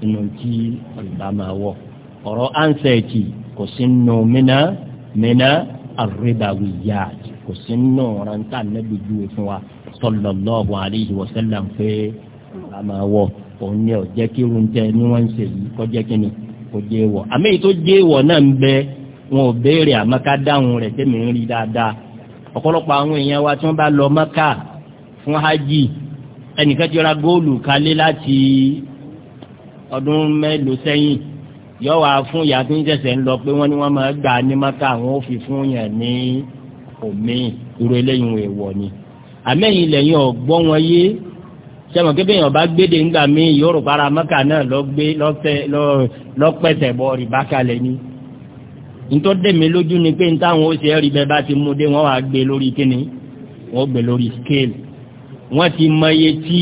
nínú tí rìbá máa wọ̀ ọ̀rọ̀ ansẹ̀tì kò sí nínú mẹ́nà mẹ́nà àríbáwìyá kò sí nínú rántà nẹ́bí fún wa sallallahu alayhi wa sallam pé rìbá máa wọ̀ òun ni ọ̀jẹ́ kírun tẹ ní wọ́n ń ṣe yìí kọjá kíni kò jẹ́ wọ̀ àmì tó wọ̀ náà ń bẹ wọn ò béèrè àmọ́ ká dáhùn rẹ̀ tẹ́mi ń rí dáadáa ọ̀pọ̀lọpọ̀ àwọn èèyàn wa tí wọ́n bá lọ Mẹ́kà fún hajj ẹnìkan ti ra góòlù kalẹ̀ láti ọdún mélòó sẹ́yìn yọ fún ìyá tó ń ṣẹ̀ṣẹ̀ ń lọ pé wọ́n ní wọ́n máa gbà ní Mẹ́kà àwọn fi fún yàn ní omi irú eléyìí wọ̀ wọ̀ ni àmẹ́yìn lẹ́yìn ọ̀gbọ́n wọn yé sẹ́wọ̀n kébé yàn bá gbéde ńgbà míì yóò rò para Mẹ́kà náà lọ́pẹ̀sẹ̀ bọ́ rìbákalẹ̀ ni nítorí dèmi lójú ni pé nítawọn ó ṣe rí bẹ́ẹ̀ bá ti mú dé wọ́n wá gbé lórí kíni wọ́n gbé lórí scale wọ́n ti mọ iye tí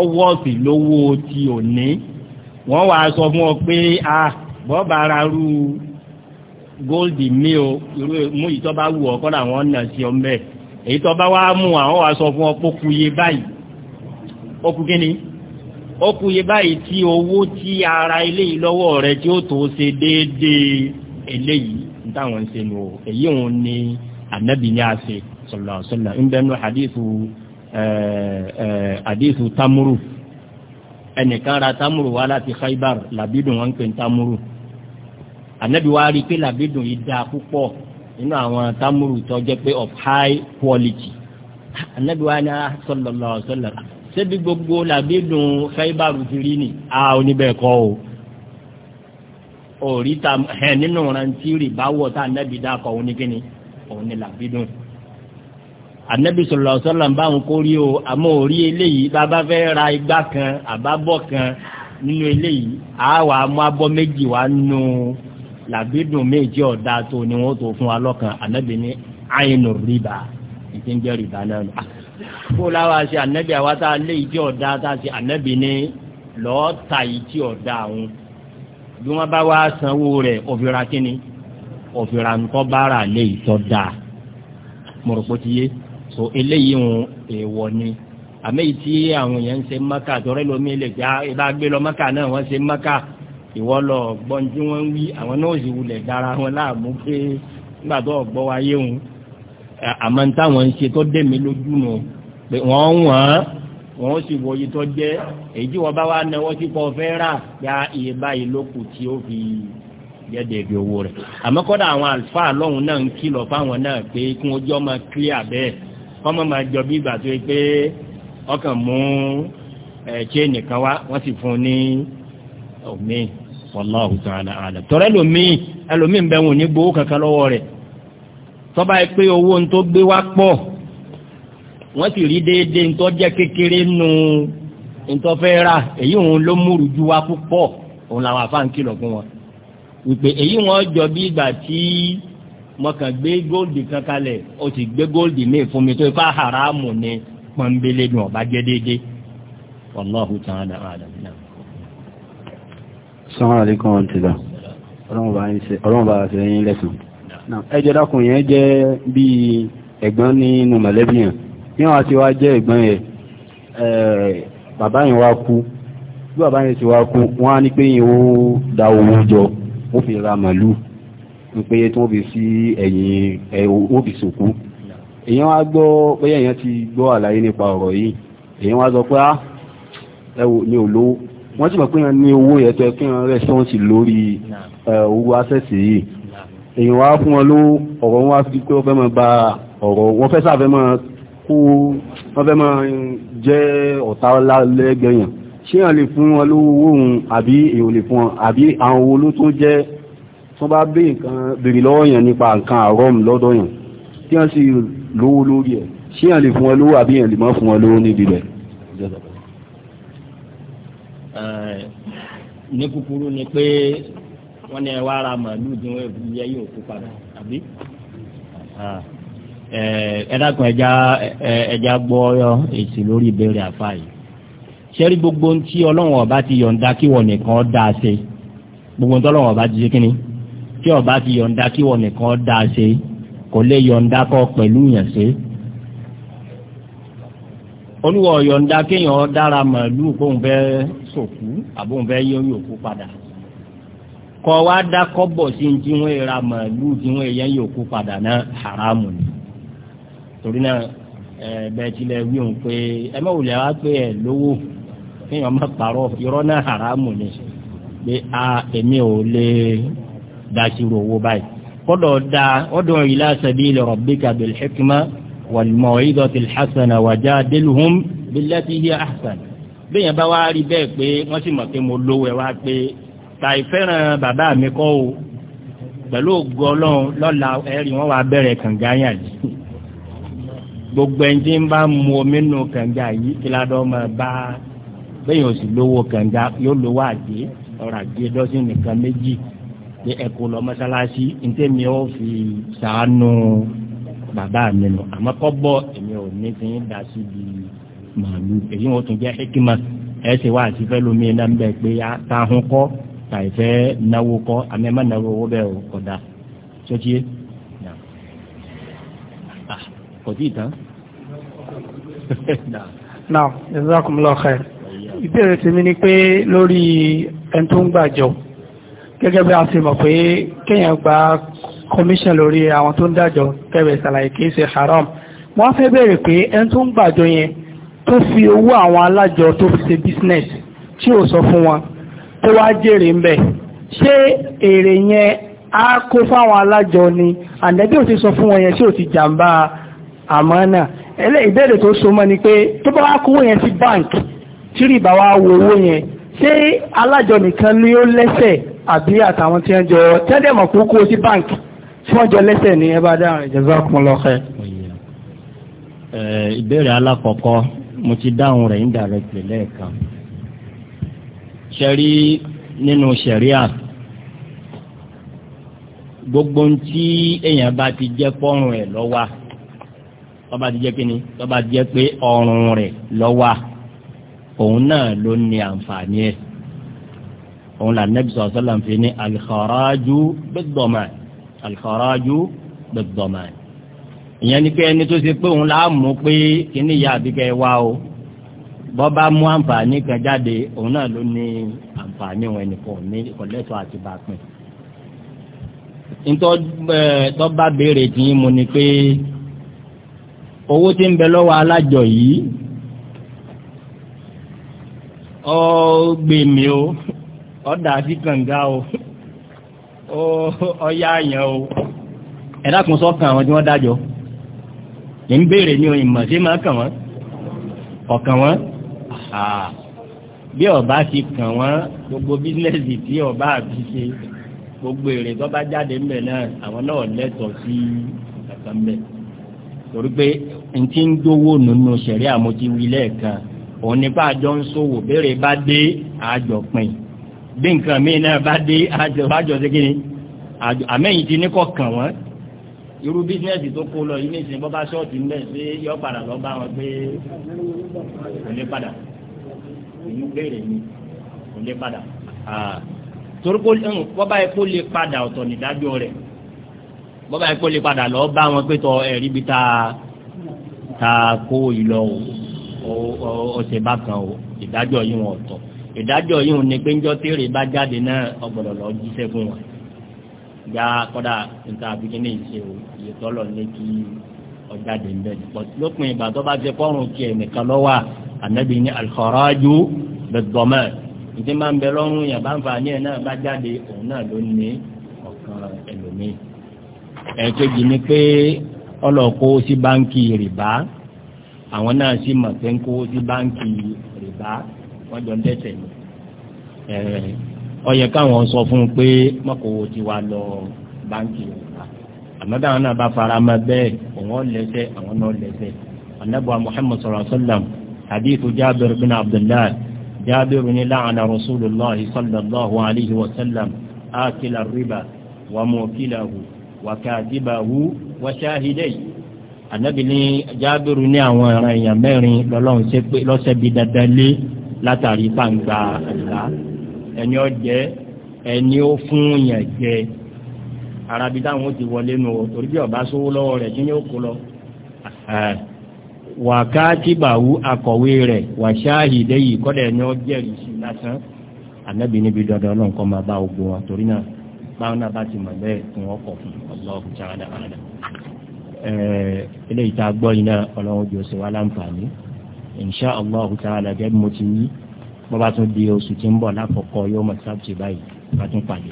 ọwọ́ sí lówó ti òní wọ́n wá sọ fún ọ pé a bọ́ọ̀bà ara rú gold mi o irú mú ìtọ́ bá wù ọ́ kọ́dà wọ́n nà sí ọ mẹ́ẹ̀ èyí tó bá mú àwọn wá sọ fún ọ pókú iye báyìí ó kíni ó kú yé báyìí tí owó tí ara eléyìí lọ́wọ́ rẹ̀ tí ó tó ṣe déédéé eléyìí ní táwọn ń ṣe nù o èyí òun ni ànábì ní a ṣe sọlọ sọlọ ń bẹnu hadithu hadithu tamuru ẹnìkan ra tamuru wá láti khaibar làbídùn wọn ń tamuru ànábì wá rí i pé làbídùn yìí dáa púpọ̀ nínú àwọn tamuru tó jẹ́ pé of high quality ànábì wá ní a sọlọ lọ sọlọ Sebi gbogbo làbí dùn fẹ́bàrù ti rí ni a oníbẹ̀ kọ́ o òrí ta ẹ̀ nínú rántí rì bá wọ̀ tá anábì dákọ̀ òun ní kíni òun ni làbí dùn anábì sọ̀rọ̀ sọ́lá ń báwọn kó rí o àmọ́ òrí eléyìí bàbá fẹ́ ra igbá kan àbábọ̀ kan nínú eléyìí a wà mú abọ́ méjì wá nù làbí méjì ọ̀dà tó ni wọ́n tó fún wa lọ́kàn anábì ní àyìnú rìbá ìdíjẹ́ rìbá náà kó láwa ṣe ànábì àwa tá a lé ìdí ọ̀dá tá a ṣe ànábì ní lọ́ọ́ ta ìdí ọ̀dá àwọn bí wọ́n bá wá sanwó rẹ̀ òfìrà kínní òfìrà ńkọ́ bára lé ìtọ́ da mọ̀rọ̀pọ̀ ti yé so eléyìí ń èèwọ̀ ni àmì tí àwọn èèyàn ń ṣe maka àtọ́rẹ́ lomi lè gbé ibà gbé lọ maka náà wọ́n ṣe maka ìwọ lọ gbọ́n tí wọ́n ń wí àwọn náà sì wulẹ̀ dára wọn láàmú pé nígbà tó ọ̀gbọ́ wáyé òun àmọ́ táwọn ń ṣe tó dé mi lójú nù pé wọ́n wọ́n wọ́n sì wọ iye tó jẹ́ èyí wọ́n bá wá náwó sí kọ́ fẹ́ rà ya iye báyìí ló kù tí ó fi jẹ́dẹ̀ ibi owó rẹ̀ àmọ́ kọ́dà àwọn àlùfáà lọ́hùn náà ń kìlọ̀ fáwọn náà pé kí wọ́n jọ́ máa clear bẹ́ẹ̀ wọ́n máa jọ bí ìgbà tó yẹ pé ọkàn mú ẹ̀ẹ́dẹ́ nìkan wá wọ́n sì fún un ní omi wallahu ta'ala alam tọ́rẹ́ lomi ẹlòmíì ń bẹ̀ wọn ní gbowó kankan lọ́wọ́ rẹ̀ tọ́ba yìí pé owó ń tó gbé wá pọ̀ wọ́n sì rí déédéé ń tọ́ jẹ́ kékeré nù ń tọ́ fẹ́ rà èyí òun ló múrù ju wa púpọ̀ òun làwọn afáàn kìlọ̀ fún wọn wípé èyí wọn jọ bí ìgbà tí mo kàn gbé góòlì kan kalẹ̀ o sì gbé góòlì míì fún mi tó ipá haramu ni pọ́nbélé ni ọba jẹ́ déédéé wàláhù tán àdàmì náà. sàmúlò àdékùn ọ̀ntìlá ọlọ́run bá ń ṣe ọlọ́run bá ń ṣe ẹyin lẹ́sàn-án ẹjọ́ dákun yẹn jẹ́ bí ẹ̀gbọ́n nínú mọ̀lẹ́bí yẹn bí wọ́n ti wá jẹ́ ẹ̀gbọ́n yẹn bàbá yẹn wá kú bí bàbá yẹn ti wá kú wọ́n á ní pé yẹn ó da owó jọ ó fi ra màlúù ní pé tí wọ́n fi sí ẹ̀yìn ẹ̀ ó fi sòkú èyàn wá gbọ́ pé èyàn ti gbọ́ àlàyé nípa ọ̀rọ̀ yìí èyàn wá sọ pé á ah, ẹwò ní olówó wọ́n ti mọ̀ pé èyàn ní owó yẹn tó ẹ pé èyàn rẹ̀ sọ́ọ̀tì lórí owó asẹ́sì yìí èyàn wá fún wọn ló ọ̀rọ̀ wọn wá sí pé wọ́n fẹ́ máa ba ọ̀rọ̀ wọn fẹ́ sáfẹ́ máa kú wọ́n fẹ́ máa jẹ́ ọ̀tá lẹ́gbẹ̀yàn ṣé èyàn lè fún wọn lówó òun àbí èyàn lè fún wọn àbí àwọn owó ló tún jẹ́ tó bá bí nǹkan béèrè lọ́wọ́ yẹn nípa nǹkan àrọ́m lọ́dọ̀ yẹn tí wọ́n sì lówó lórí ẹ̀ ṣé èyàn lè fún wọn lówó àbí èyàn lè má fún wọn níbi rẹ̀ ní kúkúrú ni pé wọ́n ní ẹ wá ra màálù dín wọ́n èkú yẹ yóò kó padà àbí. ẹ dákun ẹja ẹja gbọ́ èsì lórí ìbéèrè àfa yìí sẹ́rí gbogbo ohun tí ọlọ́run ọba ti yọ̀ǹda kí wọ́n nìkan dá a ṣe gbogbo ohun tí ọlọ́run ọba ti ṣe kí ni tí ọba ti yọ̀ǹda kí wọ́n nìkan dá a ṣe kò lè yọ̀ǹda kọ́ pẹ̀lú yàn ṣe olúwa ọ̀yọ̀ǹda kéèyàn dára màálù kóun fẹ́ sòkú àbóun fẹ́ yọ yòókù padà kọ́ wá dá kọ́bọ̀ sí tí wọ́n ra màálù tí wọ́n yẹn yòókù padà náà haramu ni torí náà bẹ́ẹ̀ tilẹ̀ wí òun pé ẹ má wulẹ̀ wá pé ẹ lówó kéèyàn má parọ́ irọ́ náà haramu ni pé a èmi ò lè dasirò owó báyìí kọ́dọ̀ da ọdún ila sabili rabbika bil hikma wal maw'idati al hasana wajadilhum billati hiya ahsan bẹ́ẹ̀ yẹn bá wá rí bẹ́ẹ̀ pé wọ́n sì mọ̀ pé mo lówó ẹ wá pé tàì fẹ́ràn bàbá mi kọ́ o pẹ̀lú ògo ọlọ́run lọ́la ẹ̀rí wọn wá bẹ̀rẹ̀ kànga yàn yìí gbogbo ẹni tí ń bá mu omi nù kànga yìí kí ládọ́ máa bá bẹ́yìn òsì lówó kànga yóò lówó àdé ọ̀rọ̀ àdé dọ́sìn nìkan méjì pé ẹ̀kọ́ lọ mọ́sálásí ntẹ́mi ó fi sàánú bàbá mi nù àmọ́ kọ́ bọ́ èmi ò ní fi ń da síbi màálù èyí wọn tún jẹ́ hekima ẹ̀ ṣe wá àti fẹ́ lómi iná ń bẹ̀ pé táhùn kọ́ tàìfẹ́ náwó kọ́ àmì ẹ̀ má náwó owó bẹ́ẹ̀ o kọ̀dà sọ́tí yé ah, kò tí ì tán. náà jazakumullahu khair ìbéèrè tèmi ni pé lórí ẹni tó ń gbàjọ gẹ́gẹ́ bí a ti mọ̀ pé kéèyàn gba commission lórí àwọn tó ń dájọ kẹ́bẹ̀ ṣàlàyé kìí ṣe haram wọ́n fẹ́ bèèrè pé ẹni tó ń gbàjọ yẹn tó fi owó àwọn alájọ tó fi ṣe business tí ò sọ fún wọn tó wá jèrè ń bẹ̀ ṣé èrè yẹn á kó fáwọn alájọ ni ànẹ́bí ò ti sọ fún wọn yẹn ṣé ò ti jàǹbá àmánà ẹlẹ́ ìbéèrè tó so mọ́ ni pé tó bá wá kówó yẹn sí bank tí rìbá wá wo owó yẹn ṣé alájọ nìkan ni ó lẹ́sẹ̀ àbí àtàwọn tí wọ́n jọ tẹ́lẹ̀ mọ̀ kó kó sí bank tí wọ́n jọ lẹ́sẹ̀ ní ẹ bá dáhùn jazakumullahu khair. ìbéèrè alákọ̀ọ́kọ́ mo ti dáhùn rẹ̀ indirectly lẹ́ẹ̀kan ṣẹ̀rí nínú ṣẹ̀ríà gbogbo ń tí èèyàn bá ti jẹ́ pọ́rùn ẹ̀ lọ́wọ́ tọ́ba ti jẹ́ kínní tọ́ba ti jẹ́ pé ọrùn rẹ̀ lọ́wọ́ òun náà ló ní àǹfààní ẹ̀ òun là nẹ́bí sọ̀rọ̀ sọ́lá ń fi ní al-kharaju bid-daman ìyẹn ni pé ẹni tó ṣe pé òun là á mú pé kíní ìyá àbíkẹ́ wá o bọ́ba mú àǹfààní kan jáde òun náà ló ní àǹfààní òun ẹnìkan ní ìkọ̀lẹ́sọ̀ àti bàpin. ntọ́ béèrè tí ń mu ni pé owó tí ń bẹ lọ́wọ́ alájọ yìí ọ gbè o ọ dà sí kànga o ọ yá àyàn o ẹ̀dá sọ́kàn àwọn tí wọ́n dájọ́ ń béèrè máa bí ọba ti kàn wọ́n gbogbo bísínẹ́sì tí ọba àti ṣe gbogbo èrè tó bá jáde ńbẹ náà àwọn náà lẹ́tọ̀ọ́ sí ẹ̀ka ńbẹ torí pé n ti ń dówó nínú sẹ̀rí àmójúwí lẹ́ẹ̀kan òun nípa àjọ ń ṣòwò béèrè bá dé àjọ pin bí nǹkan míì náà bá dé àjọ àjọ sí kí ni àmẹ́yìn ti ní kọ́ kàn wọ́n irú bísíǹsì tó kó lọ yìí ní ìsìn bọ́ bá ṣọ́ọ̀tì ńbẹ̀ yọ padà lọ bá wọn pé kò padà èyí béèrè ni kò lè padà torí kó bọ́bá yẹ kó lè padà ọ̀tọ̀ nídájọ́ rẹ̀ bọ́bá yẹ kó lè padà lọ bá wọn pé tọ ẹ̀rí bi ta ta kó ìlọ o ọ̀sẹ̀ bá kan o ìdájọ́ yìí wọn ọ̀tọ̀ ìdájọ́ yìí wọn ni pé ńjọ́ tèrè bá jáde náà ọgbọ̀dọ̀ lọ jíṣẹ́ fún wọn ya kọ́dà níta àbíkí ní ìṣe o ìyẹtọ́ lọ ní kí ọjà dè ń bẹ̀ lópin ìgbà tó bá jẹ kọ́rùn-ún tiẹ̀ nìkan lọ́wọ́ ànábì ní alkharaju bid-daman ìdí máa ń bẹ lọ́rùn yẹn bá ń fa ní ẹ̀ náà bá jáde òun náà ló ní ọ̀kan ẹlòmíì. ẹ̀ẹ́kejì ni pé ọlọ́kọ́ sí báńkì rìbá àwọn náà sì mọ̀ pé ń kó sí báńkì rìbá wọ́n jọ ń dẹ́sẹ̀ ní. ó yẹ káwọn sọ fún un pé mọ́kòwò ti wá lọ báńkì rìbá àmọ́ náà bá fara mọ́ bẹ́ẹ̀ òun ọ̀ àwọn náà lẹ́sẹ̀ ànábì Muhammad sallallahu alaihi wasallam حديث جابر بن عبد الله جابر لعن رسول الله صلى الله عليه وسلم آكل الربا وموكله وكاذبه وشاهديه النبي ní Jábìrù ní àwọn ọ̀ràn èèyàn mẹ́rin lọ́lọ́run ṣe pé lọ́sẹ̀ bí dandan lé látàrí pàǹgbà àlá ẹni ó jẹ ẹni ó fún yàn jẹ arabi táwọn ó ti wọlé nù torí bí ọba sówó lọ́wọ́ rẹ̀ kí ni ó kó lọ wàkátìbàwú akọ̀wé rẹ̀ wàṣáàhìdẹ́ yìí kọ́dẹ̀ ni ó jẹ́rìí sí lásán ànábì níbi dandan náà kọ́ máa bá ogun wọn torí náà báwọn náà bá ti mọ̀ bẹ́ẹ̀ fún ọkọ̀ fún ọlọ́ọ̀kú sáradà àràdà ilé ìta gbọ́ iná ọlọ́run ojú ọ̀sẹ̀ wa láǹfààní insha Allah ta'ala gẹ́gẹ́ bí mo ti wí bọ́ bá tún di oṣù tí ń bọ̀ lákọ̀ọ́kọ́ yóò mọ̀ sábàtì báyìí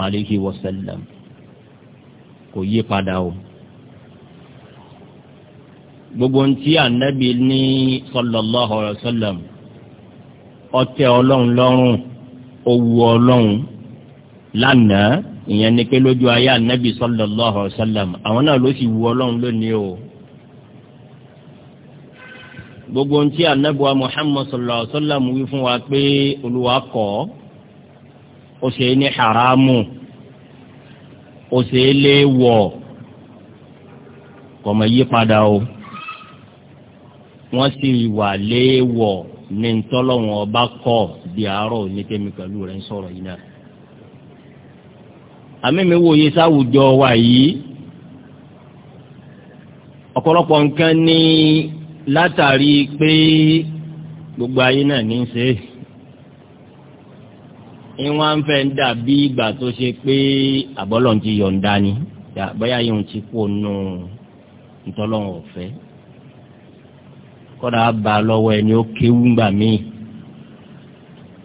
alayhi wa sallam kò yí padà o gbogbo ntí anabi ní sallallahu alayhi wa sallam ọtẹ ọlọ́run lọ́rùn owó ọlọ́run lánàá ìyẹn ni pé lójú ayé anabi sallallahu alayhi wa sallam àwọn náà ló sì wú ọlọ́run lónìí o gbogbo ohun tí anabuwa muhammad sallallahu alaihi wa sallam wí fún wa pé olúwa kọ̀ ó ṣe é ní haramu ó ṣe é léèwọ̀ kò mà yí padà o wọ́n sì wà léèwọ̀ ní ntọ́lọ́wọ́n ọba kọ̀ di àárọ̀ onítẹ̀mí pẹ̀lú rẹ̀ ń sọ̀rọ̀ yìí náà. àmì mi wòye sáwùjọ wa yìí ọ̀pọ̀lọpọ̀ nǹkan ní látàrí pé gbogbo ayé náà ní í ṣe é ìwọ̀n à ń fẹ́ dàbí ìgbà tó ṣe pé àbọ́lọ̀ ti yọ̀ǹda ni bóyá yóò ti kú nù ntọ́lọ́wọ̀n ọ̀fẹ́ kọ́dà á bá a lọ́wọ́ ẹni ó kéwú gbà míì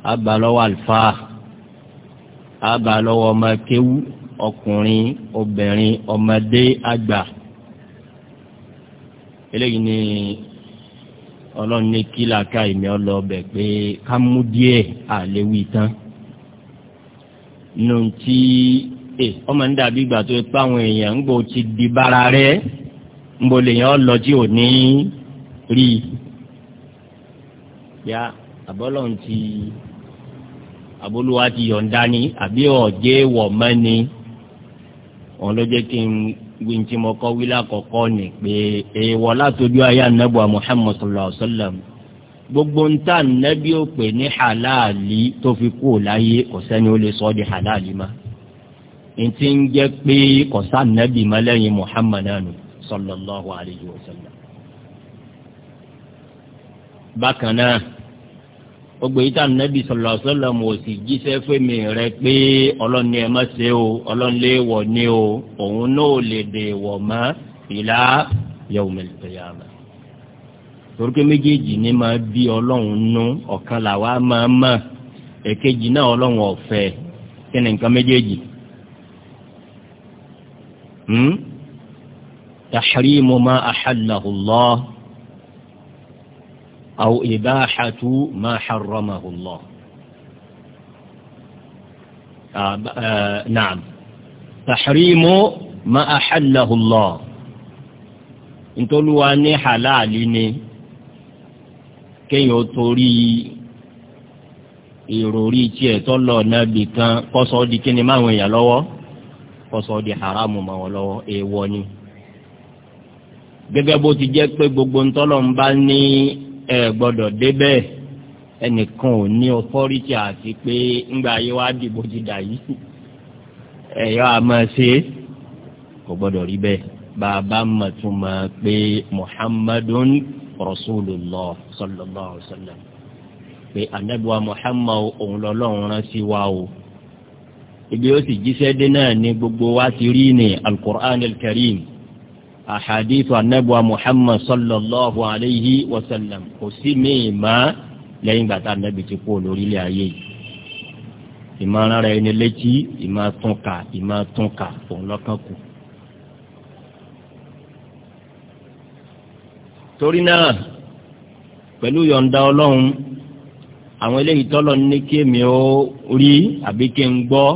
á lọ́wọ́ àlùfáà á lọ́wọ́ ọmọ kéwú ọkùnrin obìnrin ọmọdé àgbà eléyìí ni ọlọ́run ní kí làákà ìmí ọlọ́ọ̀bẹ̀ pé ká mú díẹ̀ àléwì tán nù tí ẹ eh, ọmọ ń dàbí ìgbà tó pa àwọn èèyàn ń gbò ti di bára rẹ ń bò lèèyàn ọlọ tí ò ní rí i ya àbọ́lọ́run ti àbólúwa ti yọ̀ǹda ni àbí ọ̀jẹ̀ wọ̀ mọ́ wọn ló jẹ́ kí n gbìyànjú mọ kọ́ wílà kọ̀kọ́ ni pé èèwọ̀ látọjú ayé anabu muhammed sallallahu alayhi wa sallam gbogbo ntá anabi ó pè ní halali tó fi kú láyé kò sẹ́ni ó lè sọ ọ́ di halali ma ntí ń jẹ́ pé kò sá anabi ma muhammed anu sallallahu alayhi wa sallam. bákan náà gbogbo yìí táwọn nẹ́bí sọ̀lọ̀ sọ̀lọ̀ mò sì jíṣẹ́ fẹ́mi rẹ pé ọlọ́ni ẹ má ṣe o ọlọ́ni wọ̀ ni o òun náà lè dè wọ̀ mọ́ ìlà yawmil qiyamah. torókè méjèèjì ni máa bí ọlọ́run nú ọ̀kan làwa máa mọ̀ èkejì náà ọlọ́run ọ̀fẹ́ kí ni nǹkan méjèèjì. Hmm? tahrimu ma ahallahu Allah. أو إباحة ما حرمه الله نعم تحريم ما أحله الله ntoluwa ní halali ni kéèyàn torí ìròrí tiẹ̀ tọ́lọ̀ náà bì kan kọ́sọ́ di kíni máwọn èèyàn lọ́wọ́ kọ́sọ́ di haramu máwọn lọ́wọ́ èèwọ̀ ni gẹ́gẹ́ bó ti jẹ́ pé gbogbo ntọ́lọ̀ ń bá ní ẹ gbọ́dọ̀ débẹ̀ ẹnìkan ò ní ọfọ́rìtì àti pé ńgbà ayé wa dìbò ti dà yìí ẹ̀yọ́ a máa ṣe é kò gbọ́dọ̀ rí bẹ́ẹ̀ bàbá màtúmọ̀ pé muhammadun rasulullah sallallahu alaihi wa sallam pé anabiwa muhammad òun lọ́lọ́run rán sí wa o ibi ó sì jíṣẹ́ dé náà ni gbogbo wa ti rí ní alukur'an alkarim. Al ahadithu anabuwa muhammad sallallahu alayhi wa sallam kò sí miin ma lẹ́yìn gbàtà anabi ti kú olórílẹ̀ ayé yìí ìmọ̀ràn rẹ̀ ní létí ìmọ̀túnka ìmọ̀túnka òun lọ́kàn kù. torí náà pẹ̀lú yọ̀ǹda ọlọ́run àwọn eléyìí tọ́lọ̀ ní kí èmi ó rí àbí kí n gbọ́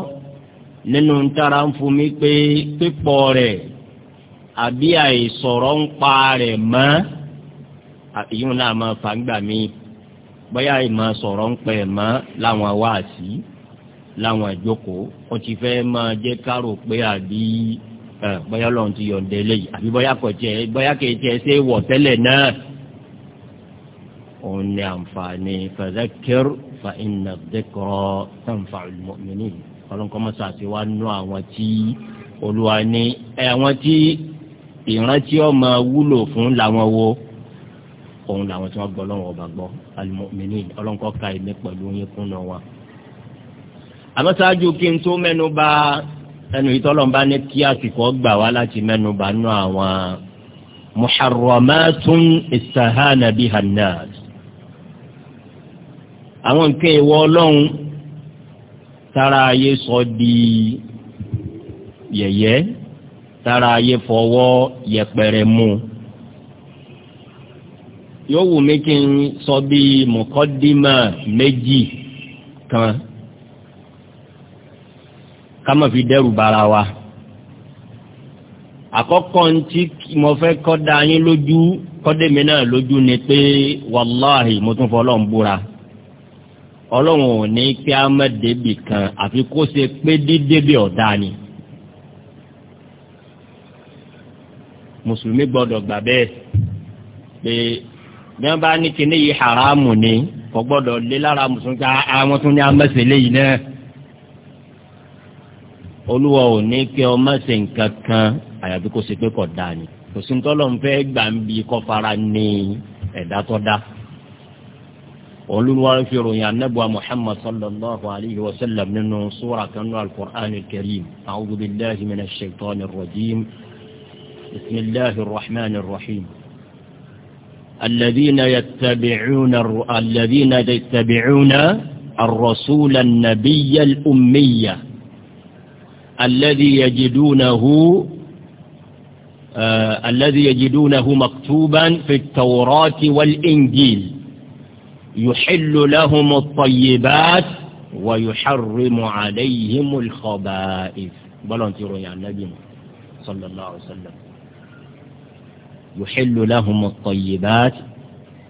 nínú tára ń fún mi pé pípọ̀ rẹ̀ àbí àìsọ̀rọ̀ ń pa rẹ̀ mọ́ àyíwọ̀n náà máa fà ń gbà mí bóyá ìmọ̀ sọ̀rọ̀ ń pẹ̀ mọ́ láwọn wáàsí láwọn ìjókòó ó ti fẹ́ máa jẹ́ kárò pé àbí bóyá ọlọ́run ti yọ̀ǹda eléyìí àbí bóyá kò tiẹ̀ bóyá kì í tiẹ̀ ṣe wọ̀ tẹ́lẹ̀ náà òun ni àǹfààní fadhakkir fa inna dhikra tanfa'ul mu'minin ọlọ́run kọ́ nú àwọn tí olùwà ní àwọn tí ìrántí ọmọ wúlò fún làwọn wo òun làwọn tí wọ́n gbọ́ lọ́wọ́ ọba gbọ́ alimọ̀mìnì ọlọ́nkọ́ ka ìmí pẹ̀lú yín kún náà wọn. àmọ́ ṣáájú kí n tó mẹ́nu bà ẹnu ìtọ́lọ́mbá ní kí àsìkò gbà wá láti mẹ́nu bà nú àwọn muharramatun istahana biha àwọn nǹkan ìwọ ọlọ́run tara ayé sọ di yẹ̀yẹ́ tára ayé fọwọ́ yẹpẹrẹ mú un yóò wù mí kí n sọ bíi mọ̀kọ́dímà méjì kan ká má fi dẹ́rù bara wa àkọ́kọ́ ntí mo fẹ́ kọ́dá yín lójú kọ́démi náà lójú ni pé wàláhì mo tún fọ́ ọlọ́run búra ọlọ́run ò ní kí a má débì kan àfi kó ṣe pé dídébì ọ̀dá mùsùlùmí gbọ́dọ̀ gbà bẹ́ẹ̀ pé bí wọ́n bá ní kíní yìí haramu ni kò gbọ́dọ̀ lé lára mùsùlùmí ká àwọn tún ní amẹ́sẹ̀ léyìí náà olúwa ò ní kí ọ mẹ́sẹ̀ nǹkan kan àyàfi kó ṣe pé kò dáa ni kò sí ntọ́lọ́ nfẹ́ gbà ń bi kọ́ ní ẹ̀dá tó dá olùwárí fi ròyìn anábùa muhammad sallallahu alayhi wa sallam nínú sura kanu al-qur'an al-karim a'udhu billahi minash shaitanir rajim. بسم الله الرحمن الرحيم الذين يتبعون الر... الذين يتبعون الرسول النبي الأمية الذي يجدونه آه... الذي يجدونه مكتوبا في التوراة والإنجيل يحل لهم الطيبات ويحرم عليهم الخبائث بلان يا النبي صلى الله عليه وسلم يحل لهم الطيبات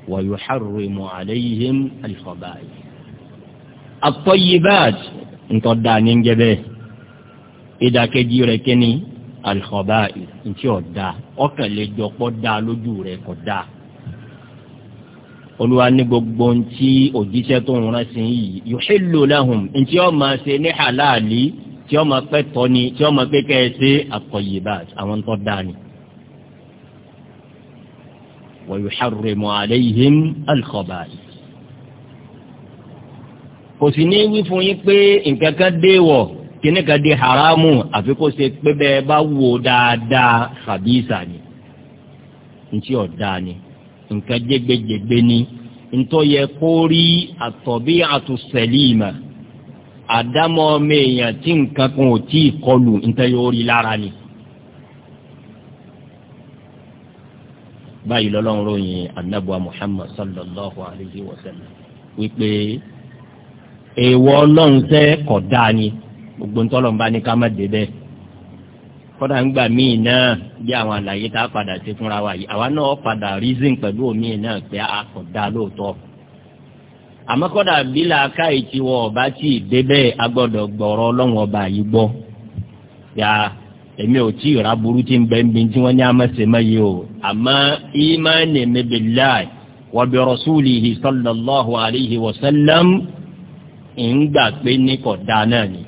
ويحرم عليهم الخبائث الطيبات ntọ́ da ní ń jẹ́bẹ́ ìdàkejì rẹ̀ kíni alkhaba'ith ntí ọ̀dà ọkàn lè jọpọ̀ da lójú rẹ̀ kọ̀ da olúwa ní gbogbo ntí òjíṣẹ́ tó ń rán sí yìí yuhillu lahum ntí ó máa ṣe ní halali tí ó máa pẹ́ tọ́ tí ó máa pé kẹ́ ẹ ṣe at-tayyibat àwọn ntọ́ da ni. ويحرم عليهم الخبائث kò sì ní wí fún yín pé nǹkan kan dé wọ̀ kíní kan di haramu àfi kó ṣe pé bẹ́ẹ̀ bá wò dáadáa khabisa ni ntí ọ̀dá ni nǹkan jẹgbẹjẹgbẹ ni ntọ́ yẹ kó rí àtọ̀bí àtúnṣẹ̀lìmà àdámọ́ ọmọ èèyàn tí nǹkan kan ò tí ì kọlù nǹkan yóò rí lára ni. báyìí lọ́lọ́run ròyìn anábùa muhammad sallallahu alayhi wa sallam wípé èèwọ̀ ọlọ́run sẹ́ kọ̀ dáa ni gbogbo ntọ́lọ̀ ń bá ní ká má dé bẹ́ẹ̀ kọ́dà ń gbà míì náà bí àwọn àlàyé tá a padà ṣe fúnra wa yìí àwa náà padà reason pẹ̀lú omi náà pé a kọ̀ dáa lóòótọ́ àmọ́ kọ́dà bí làákà ìtiwọ̀ ọ̀bá tí ì dé bẹ́ẹ̀ a gbọ́dọ̀ gbọ̀rọ̀ ọlọ́run ọba yìí gbọ́ yà èmi ò tí ì ra burú tí ń bẹ́ẹ̀ bí tí wọ́n ní àmọ́sẹ̀ mọ́ yìí o àmọ́ ìmánì mi billahi wa bi rasulihi sallallahu alayhi wa sallam ìgbà pé ní kọ̀dá náà ni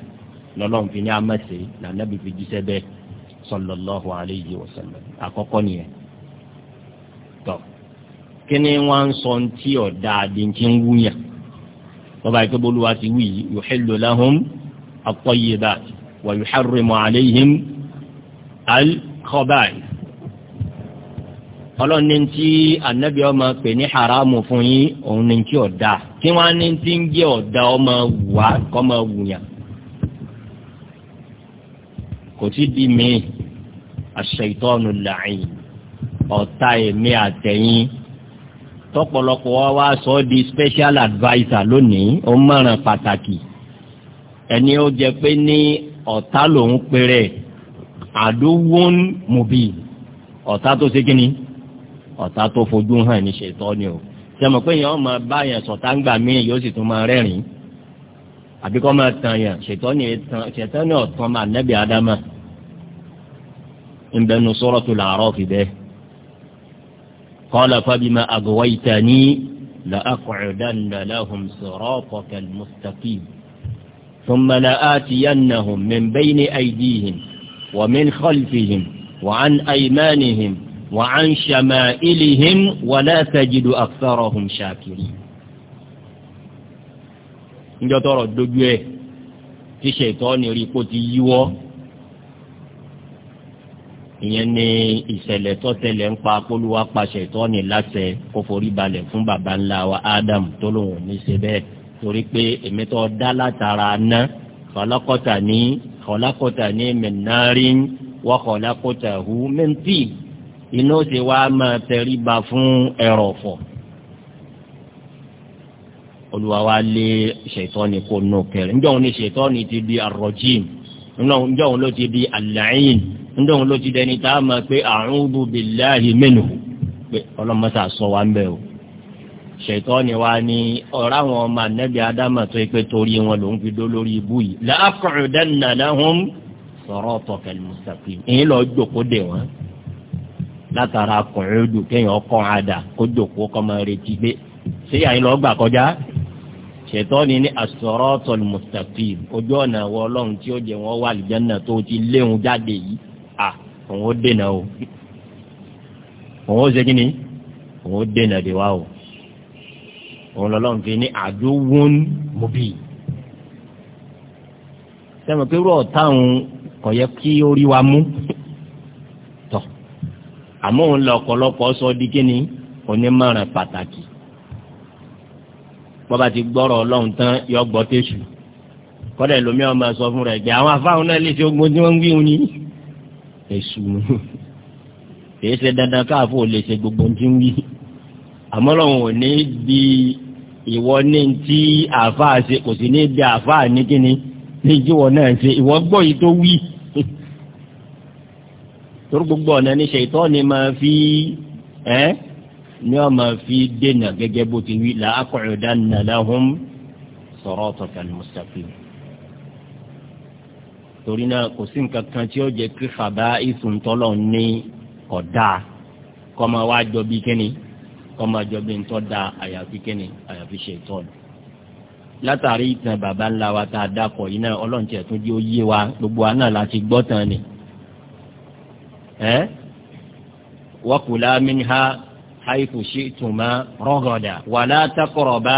lọ́lọ́run fi ní amẹ́sẹ̀ lànàbí fi jíṣẹ́ bẹ́ẹ̀ sallallahu alayhi wa sallam àkọ́kọ́ nìyẹn tọ́ kí ni wọ́n ń sọ tí ọ̀dà àdínkì ń wúyàn bọ́bá yìí kébolu wa ti wí yuhillu lahum at-tayyibat wa yuharrimu alayhim al-khaba'ith ọlọ́run ní ti ànábì ọmọ pè ní haramu fún yín òun ní ti ọ̀dà kí wọ́n ní ti ń jẹ́ ọ̀dà ọmọ wà kọ́mọ wùyàn kò tí di mi aṣèitọ́nù làyìn ọ̀tá èmi àtẹ̀yìn tọ́pọ̀lọpọ̀ wa wá sọ di special adviser lónìí ó mọ̀ràn pàtàkì ẹni ó jẹ pé ní ọ̀tá lòún péré àdúwọ́n mòbí ọ̀tá tó ṣe kínní ọ̀tá tó fojú hàn ní ṣètọ́ ni o sẹ́mọ̀ pé yẹn ọmọ bá yẹn sọ̀tá ń gbà míì yóò sì tún máa rẹ́rìn-ín àbí kọ́ máa tàn yẹn ṣètọ́ ni tàn ṣètọ́ ni ọ̀tàn máa nẹ́bí ádámà ń bẹnu Suratul A'raf bẹ́ẹ̀ qala fabima aghwaytani لأقعدن لهم صراطك المستقيم ثم لآتينهم من بين أيديهم وعن an ولا تجد أكثرهم شاكرين. shakirin. níjọ́ tọrọ dojú ẹ̀ tí ṣètọ́ ní rí kó ti yíwọ́ ìyẹn ni ìṣẹ̀lẹ̀ tó tẹ̀lé ń pa polúwa pa ṣètọ́ ní láṣẹ kó forí balẹ̀ fún baba ńlá wa Adam tó lòun ní ṣe bẹ́ẹ̀ torí pé èmi dá látara ná khalaqtani khalaqtani min narin wa khalaqtahu min tin iná ó sì wá máa tẹríba fún ẹrọ̀fọ̀ olùwà wa lé ṣètọ́ni kó nù kẹrẹ njọ́ òun ni ṣètọ́ni ti di arọ́jìm njọ́ òun ló ti di àlàyìn njọ́ òun ló ti dẹni tá a máa pé a'udhu billahi minhu pé ọlọ́mọta sọ wa ń bẹ̀ o ṣètọ́ni wa ni ọ̀rọ̀ àwọn ọmọ ànábì ádámà tó pé torí wọn lòún fi dó lórí ibú yìí la aq'udanna lahum sirāṭaka al-mustaqīm èyí lọ́ọ́ jòkó dè wọ́n látara kọ̀ọ̀dù kéèyàn kọ́ àdà kó jòkó kọ́ máa retí gbé ṣé àyìn lọ́ọ́ gbà kọjá ṣètọ́ ni ní as-siratal mustaqim ojú ọ̀nà wọ ọlọ́run tí ó jẹ wọ́n wà lìjánná tó ti léwu jáde yìí à òun ó dènà o òun ó ṣe kí ni òun ó dènà dè wá o òun lọ́lọ́run fi ní àdúwọ́n mọ́bì sẹ́mi pé rọ̀ táwọn kò yẹ kí ó rí wa mú àmọ́ òun lọ ọ̀pọ̀lọpọ̀ sọ di kíni onímọ̀ràn pàtàkì bọ́ba ti gbọ́rọ̀ ọlọ́run tán yọ gbọ́ tẹ̀sù kọ́dà ẹlòmíà ọmọ sọ fún rẹ̀ gbé àwọn afáwọn náà lè fi ogun tí wọ́n ń wíwọ́n ní èṣù kìí ṣe dandan káàfó lè ṣe gbogbo tí ń wí àmọ́ lọ́run ò ní di ìwọ ní ti àáfàá ṣe kò sí ní di àáfàá ní kíni ní ìjíwọ náà ṣe ìwọ gbọ́ yìí tó wí torí gbogbo ọ̀nà ní ṣètọ́ ni máa fi ẹ́ ni wọ́n máa fi dènà gẹ́gẹ́ bó ti wí la aq'udanna lahum siratakal mustaqim. torí náà kò sí nǹkan kan tí ó jẹ́ kí fàbá ìsúntọ́lọ̀ ní ọ̀dà kọ́ máa wá jọ bí kíni kọ́ máa jọ bí ntọ́ da àyàfi kíni àyàfi ṣètọ́ látàrí ìtàn bàbá ńlá wa tá a dákọ̀ yìí náà ọlọ́run tiẹ̀ tún jẹ́ ó yé wa gbogbo wa náà láti gbọ́ tán ni ẹ́ منها حيث haifu ṣètùmá rọ́gọ̀dà wàlá takọ̀rọ̀bá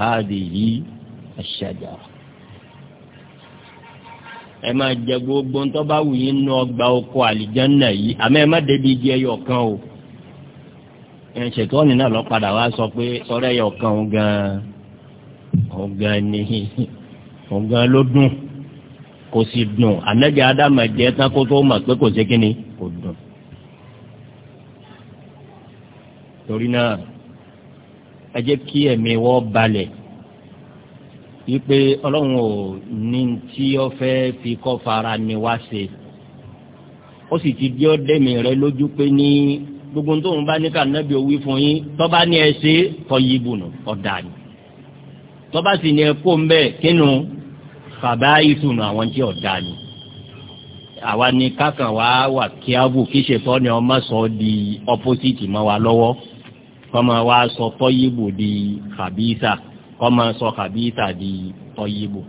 hádìyí aṣájà. ẹ máa jẹ gbogbo ń tọ́ba wù yín nú ọgbà oko àlìjánná yìí àmọ́ ẹ má débi di ẹyọ kan o. ìṣètọ́ni náà lọ wá sọ pé sọ́rọ́ ẹyọ kan òun gan-an òun gan-an ni òun gan-an ló dùn kò sì dùn ànájà ádámà jẹ tán kó tó mọ̀ pé kò sí kínní kò dùn. torí náà ẹ jẹ́ kí ẹ̀mí wọ́ balẹ̀ wípé ọlọ́run ò ní tí ó fẹ́ fi kọ́ fara ni wá ṣe ó sì ti jẹ́ ọ́dẹ́mi rẹ lójú pé ní gbogbo tóun bá ní ká nábì owí fún yín tọ́ba ní ẹ ṣe kọ́ yí bùnú ọ̀dà ni tọ́ba sì ní ẹ kó ń bẹ́ẹ̀ kínú kàbáyìsù nù àwọn tí ọ̀dà ni àwa ni kákan wá wà kí á wù kí ṣètọ́ ni ọmọ sọ di opposite mọ́ wa lọ́wọ́ kọ́mọ wa sọ tọ́yìbò di kàbíìsà kọ́mọ sọ kàbíìsà di tọ́yìbò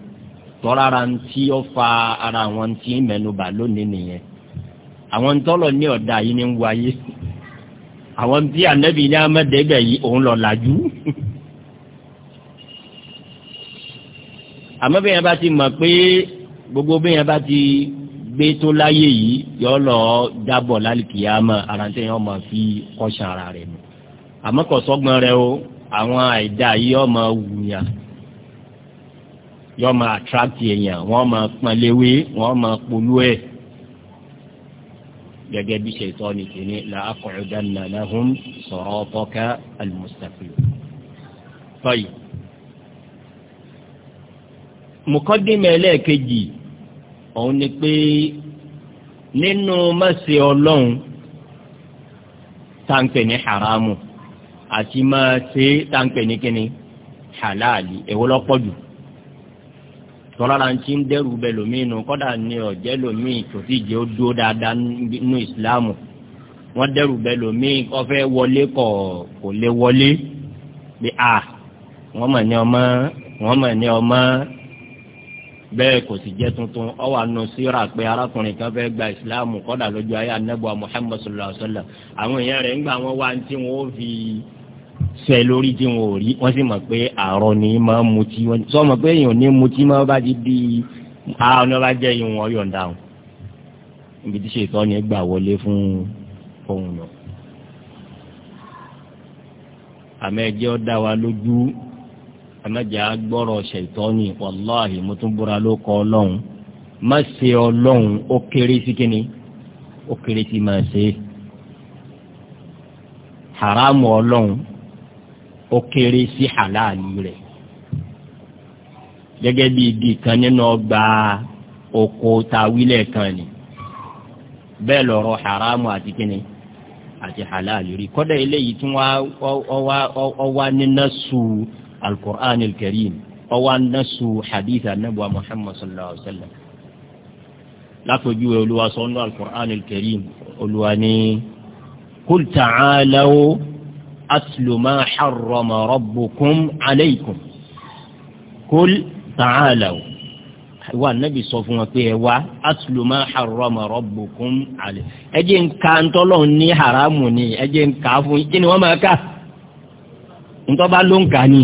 tọ́lára tí ó fa ara àwọn tí ń mẹ́nubà lónìí nìyẹn àwọn ń tọ́lọ̀ ní ọ̀dà yìí ni ń wáyé àwọn tí ànẹ́bí ní amẹ́dẹ́gbẹ̀ yìí òun lọ làjú àmọ́ bí yẹn bá ti mọ̀ pé gbogbo bí yẹn bá ti gbé tó láyé yìí yọ lọ jábọ̀ lálìkìyàmọ̀ àrántẹ́ yẹn ọmọ fi kọ́ṣà ara rẹ̀ nù àmọ́ kò sọ́gbọ́n rẹ o àwọn àìdá yìí ọmọ wùyàn yọ máa attract èèyàn wọ́n máa pọnléwé wọ́n máa polú ẹ̀ gẹ́gẹ́ bí ṣètò ní kìíní la aq'udanna lahum sirataka al-mustaqim. tọ́yì mùkọ́dìmọ̀ ẹlẹ́ẹ̀kejì òun ni pé nínú mẹ́sẹ̀ ọlọ́run táǹpẹ̀ ní haramu àti máa ṣe táǹpẹ̀ ní kíni halali èwo lọ́pọ̀ jù tọ́lára ń ti ń dẹ́rù bẹ lómi nù kọ́dà ní ọ̀jẹ́ lómi kò jẹ́ ó dúró dáadáa nínú ìsìláàmù wọ́n dẹ́rù bẹ lómi ọ̀fẹ́ wọlé kọ̀ kò lè wọlé bí a wọ́n mọ̀ ní ọmọ wọ́n mọ̀ ní ọmọ bẹ́ẹ̀ kò sì jẹ́ tuntun ọwọ́ àna síra pé arákùnrin kan fẹ́ gba ìsìláàmù kọ́dà lójú ayé anábọ̀ muhammad sallallahu alayhi wa sallam àwọn èèyàn rẹ̀ ńgbà wọn wá tí wọn ó fi sẹ lórí tí wọn ò rí wọn sì mọ̀ pé àárọ̀ ni máa ń mutí wọn sọ mọ̀ pé èèyàn ní mutí máa bá ti di ara ọ̀nà bá jẹ́ ìwọ̀n ọ̀yọ̀ǹda o ibi tí ṣètò ọ̀nà gbà wọlé fún ohun náà àmọ́ ẹjẹ́ ó ana ji agboro shekoto ni ola ahimotun bura loko olohun ma si o kere sikini o kere ti ma si haramu olohun o kere si hala aliri gege bi igi kan ninu ogba oko ta kan ni beloro haramu ati kini ati hala aliri koda ileyi tunwa owa nina su alukur'an karim ọwọ́ anasu hadith anabuwa muhammad sallallahu alayhi wa sallam lápẹjúwe olúwa sọ́nù alukur'an karim olúwa ní kul tàcálawo atluma xarama rabbukum alaykum kul tàcálawo wa nabi sọ fún wa pé ẹ wá asuluma harama rabbukum ale ẹ jẹ́ nka ntọ́lọ́ ní haramu ni ẹ jẹ́ nka fún yìí kí ni wọ́n máa ká ntọ́ba ló ń kà ní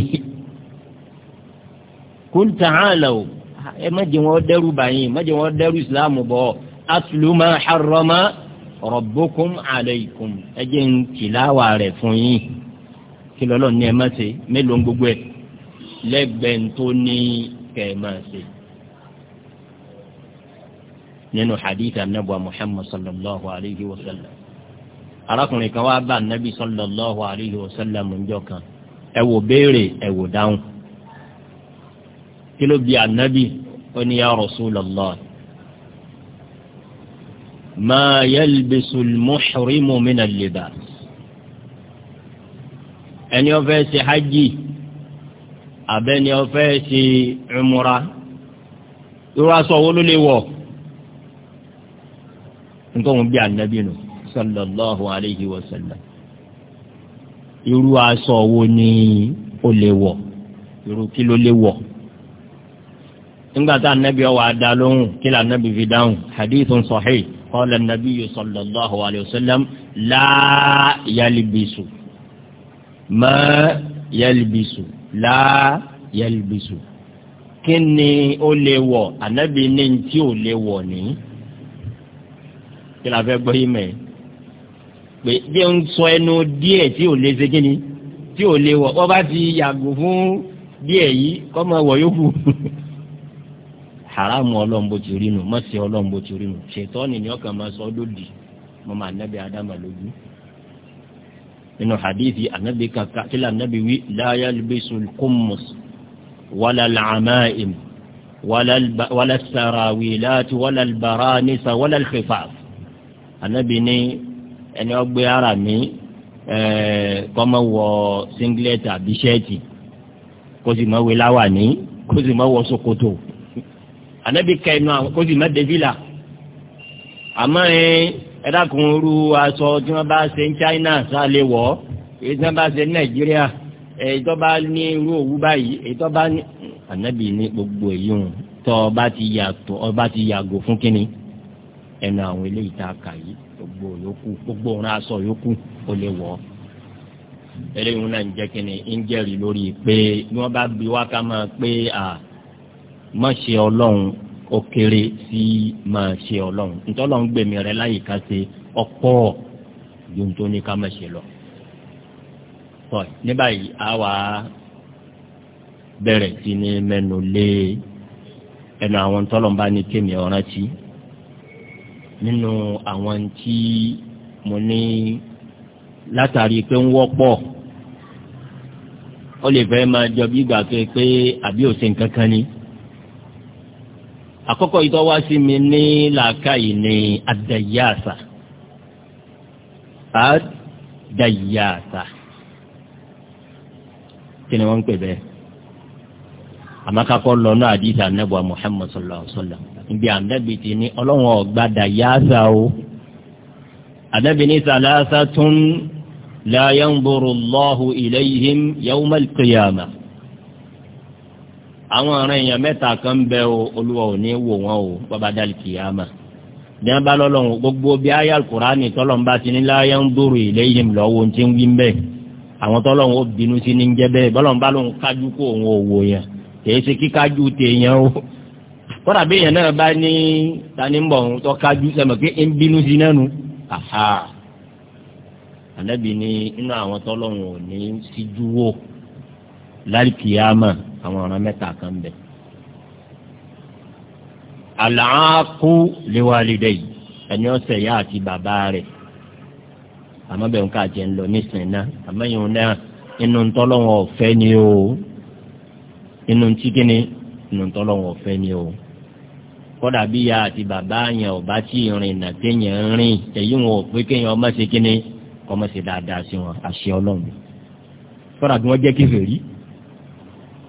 kul ta'alaw ẹ má jẹ́ wọn dẹ́rù báyìí má jẹ́ wọn dẹ́rù islam bọ̀ atlu ma harrama rabbukum alaykum ẹ jẹ́ ń tìláwà rẹ̀ fún yín kí lọ́lọ́ ní ẹ má ṣe mélòó ń gbogbo ẹ̀ lẹ́gbẹ̀ẹ́ tó ní kẹ́ ẹ má ṣe nínú hadith anabu muhammad sallallahu alayhi wa sallam arákùnrin kan wá bá anabi sallallahu alayhi wa sallam ńjọ́ kan ẹ wò béèrè ẹ kí ló bi ànábì ó ní ya Rasulullah ma yalbisul muhrimu minal libas ẹni ó fẹ́ ṣe hajj abẹ́ni ó fẹ́ ṣe umra irú aṣọ wo ló lè wọ̀ nǹkan wọn bí ànábì nù sallallahu alayhi wa sallam irú aṣọ wo ni ó lè wọ̀ irú kí ló lè wọ̀ nígbàtà anabi ọwọ́ adá lóhùn kí lè anabi fi dáhùn hadithun sahih qala an-nabiyyu sallallahu alayhi wa sallam la yalbisu ma yalbisu la yalbisu kí ni ó lè wọ̀ anabi ní tí ò lè wọ̀ ní kí la fẹ́ gbọ́ yìí mẹ́ pé bí ń sọ ẹnu díẹ̀ tí ò lè ṣe kí ni tí ò lè ti yàgò fún díẹ̀ yìí kọ́ máa wọ̀ haramu ọlọ́mbó ti rí nu mọ́sí ọlọ́mbó ti rí nu ṣètọ́ni ni ọkàn máa sọ lódì mo máa nábì adama lójú. nínú hadithi anabi kaka kí lànàbí wí láyà lùbẹ́sù kùmùs wàlà làmáìm wàlà sàràwì láti wàlà bàrà nísà wàlà xifàf. anabi ní ẹni ọgbẹ́ ara mi eh, kọ́mọ wọ singlet àbí ṣẹ́ẹ̀tì kó sì máa wé láwà ní kó sì máa wọ ṣòkòtò ànábì ka inú àwọn kó sì má dé fìlà àmọ́ ẹ ẹ dákun rú aṣọ tí wọ́n bá ṣe ní China sáà lè wọ̀ ọ́ èyí tí wọ́n bá ṣe ní Nàìjíríà èyí tó bá ní irú òwú báyìí èyí tó bá ní ànábì ní gbogbo èyí hùn tó ọba ti yàgò fún kínní ẹnu àwọn eléyìí tá a kà yìí gbogbo yòókù gbogbo òun aṣọ yòókù ó lè wọ̀ ọ́ eléyìí náà ń jẹ́ kínní ń jẹ́rìí lórí pé bí wọ́n bá bi wá máa pé à má ṣe ọlọ́run ó kéré sí má ṣe ọlọ́run ntọ́lọ́run gbèmí rẹ láyè ká ṣe ọ̀pọ̀ ju tó ní ká má ṣe lọ. tọ́ ní báyìí a wà bẹ̀rẹ̀ sí ní mẹ́nu lé ẹnu àwọn tọ́lọ́run bá ní kémi ọ̀ràn tí nínú àwọn tí mo ní látàrí pé ń wọ́pọ̀ ó lè fẹ́ máa jọ bí ìgbà pé àbí òsè nǹkan kan ni àkọ́kọ́ ìtọ́ wá sí mi ní làákàyè ní àdàyàsà àdàyàsà kí ni wọ́n ń pè bẹ́ẹ̀ àmàkàkọ́ lọ́nà àdìsá nẹ́bùà Muhammad sallallahu alaihi wasallam níbi àǹdẹ́bì ti ní ọlọ́run ọ̀gbà dàyàsà o àdẹ́bì ní sàlásà tún la yanzuru Allahu ilayhim yawmal qiyamah àwọn ọ̀ràn èèyàn mẹ́ta kan bẹ o olúwa ò ní wò wọ́n o bàbá dálì kìyàmà ní abá lọ́lọ́run gbogbo bí ayé alukurani tọ́lọ́run bá ti ní láyé ń dòrò ìléyìn lọ́wọ́ tí ń wí ń bẹ̀ àwọn tọ́lọ́run ó bínú sí ní jẹ́ bẹ́ẹ̀ bọ́lọ́run bá lóun kájú kó òun ò wò yẹn kì í ṣe kíkájú tèèyàn o kọ́dà bí èèyàn náà bá ní tani ń bọ̀ òun tọ́ kájú sẹ́mi pé ń bínú sí nánu àhà ànábì ní inú àwọn tọ́lọ́run ò ní síjú wò lálùkìyàmà àwọn ọ̀ràn mẹ́ta kan bẹ̀. àlàákú léwálídẹ́ yìí ẹni ọ̀sẹ̀ ìyá àti bàbá rẹ̀ àmọ́ bẹ̀rù ká jẹ́ ń lọ nísìnyí náà àmọ́ ìhun náà inú ntọ́lọ́wọ̀n ọ̀fẹ́ ni o inú ntí kíni inú ntọ́lọ́wọ̀n ọ̀fẹ́ ni o kọ́dà bí ya àti bàbá yẹn ọba tí ìrìn nà téèyàn ń rìn èyí wọn ò pé kéèyàn ọmọ ṣe kíni ọmọ ṣe dáadáa sí wọn àṣẹ ọlọ́run kọ́dà bí wọ́n jẹ́ kéfèé rí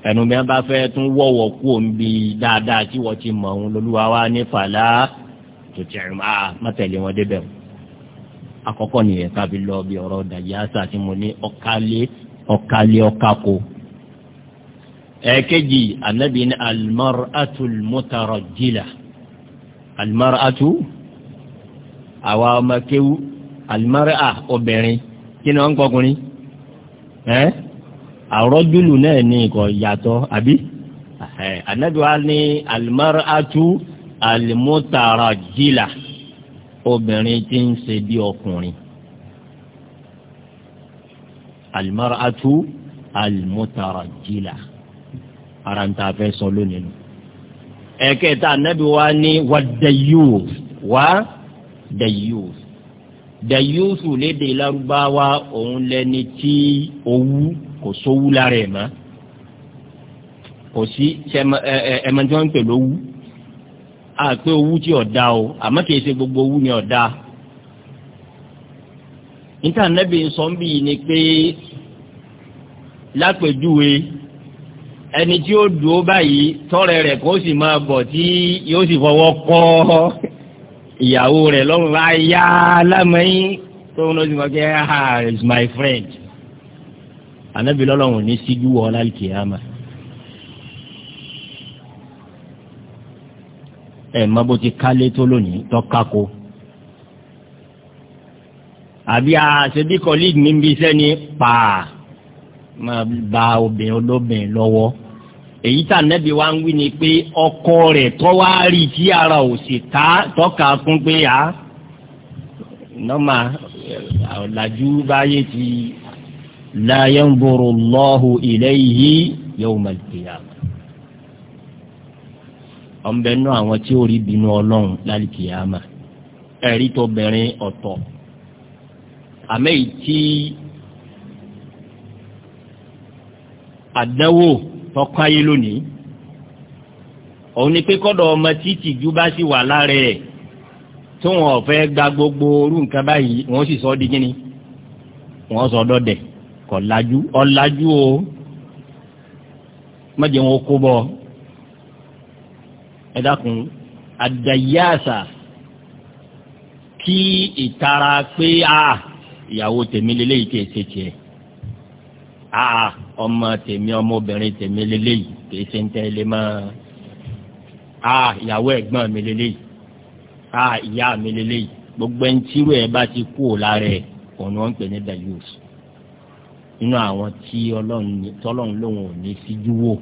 ẹnu bí wọn bá fẹ́ tún wọ̀wọ̀ kú òun bí dáadáa tí wọ́n ti mọ̀ òun lolúwa wá ní fàlà tòtí ẹ̀rùn ah, máa mọ́tẹ̀lé wọn débẹ̀ o. àkọ́kọ́ nìyẹn tàbí lọ bí ọ̀rọ̀ dàjásà tí mo ní ọ̀kálé ọ̀kálé ọ̀kákó. ẹ̀ẹ́kejì anabi ní almar'atu almutarajjila almar'atu àwa ọmọ kéwú almar'a obìnrin kí ni wọ́n ń kọkùnrin ẹ́ẹ́ àrọ́júlù náà ní nǹkan yàtọ̀ àbí anabiwa ní alimaratu alimutara jila obìnrin tí ń ṣe bí ọkùnrin alimaratu alimutara jila ara ń ta fẹ́ sọ lónìí nù ẹ̀kẹta anabi wa ní wa dayus wa dayus dayusu Lárúbáwá òun lẹni tí owú kò sówú lára ẹ̀ mọ́ kò sí ẹmọdé ń pè lówú a owú tí ọ̀dà o àmọ́ kìí ṣe gbogbo owú ni ọ̀dà níta nẹ́bí sọ́nbì ni pé lápèjúwe ẹni tí ó dùn ó báyìí tọrẹ rẹ̀ kó sì máa bọ̀ tí yóò sì fọwọ́ kọ́ ìyàwó rẹ̀ lọ́rùn láyà lámẹ́yìn tó ń lọ sí wọn kí ẹ ha ah, is my friend anabi lọ́lọ́run ní síjú wọ lálùkì àmà ẹ má bó ti kálé tó lónìí tọ́kákó àbí àṣebí colleague mi bí iṣẹ́ ni pàà máa ba obìnrin olóbìnrin lọ́wọ́ èyí tà nẹ́bí wa ń wí ni pé ọkọ rẹ̀ tọ́ wá rí tí ara ò sì ká tọ́ka fún pé à ah, nọ́mà ọ̀làjú báyé ti la yanzuru Allahu ilayhi yawmal qiyamah. ọ̀nbẹ nù àwọn tí ó rí bínú ọlọ́run lálùkìyàmà ẹ̀rí tó bẹ̀rẹ̀ ọ̀tọ̀ àmẹ́yìí tí àdánwò tọ́káyé lónìí òun ni pé kọ́dọ̀ ọmọ títì ju bá sì wà lára ẹ̀ tó wọn ò fẹ́ gba gbogbo orú nǹkan báyìí wọ́n sì sọ ọ́ di kíni wọ́n sọ ọ́ dọ́dẹ̀ kọ̀ lajú ọ̀lajú o mọ̀jẹ̀ wọn kó bọ̀ ẹ dákun àdàyàṣà kí ìtara pé a ìyàwó tèmi lélẹ́yìí kì í ṣe tiẹ̀ a ọmọ tèmi ọmọbìnrin tèmi lélẹ́yìí kì í ṣe ń tẹ́ ilé mọ́ a ìyàwó ẹ̀gbọ́n mi lélẹ́yìí a ìyá mi lélẹ́yìí gbogbo ẹni tí irú ẹ bá ti kú ò lára ẹ òun ń pè ní dayus nínú àwọn tí ọlọ́run lòun ò ní síjú wò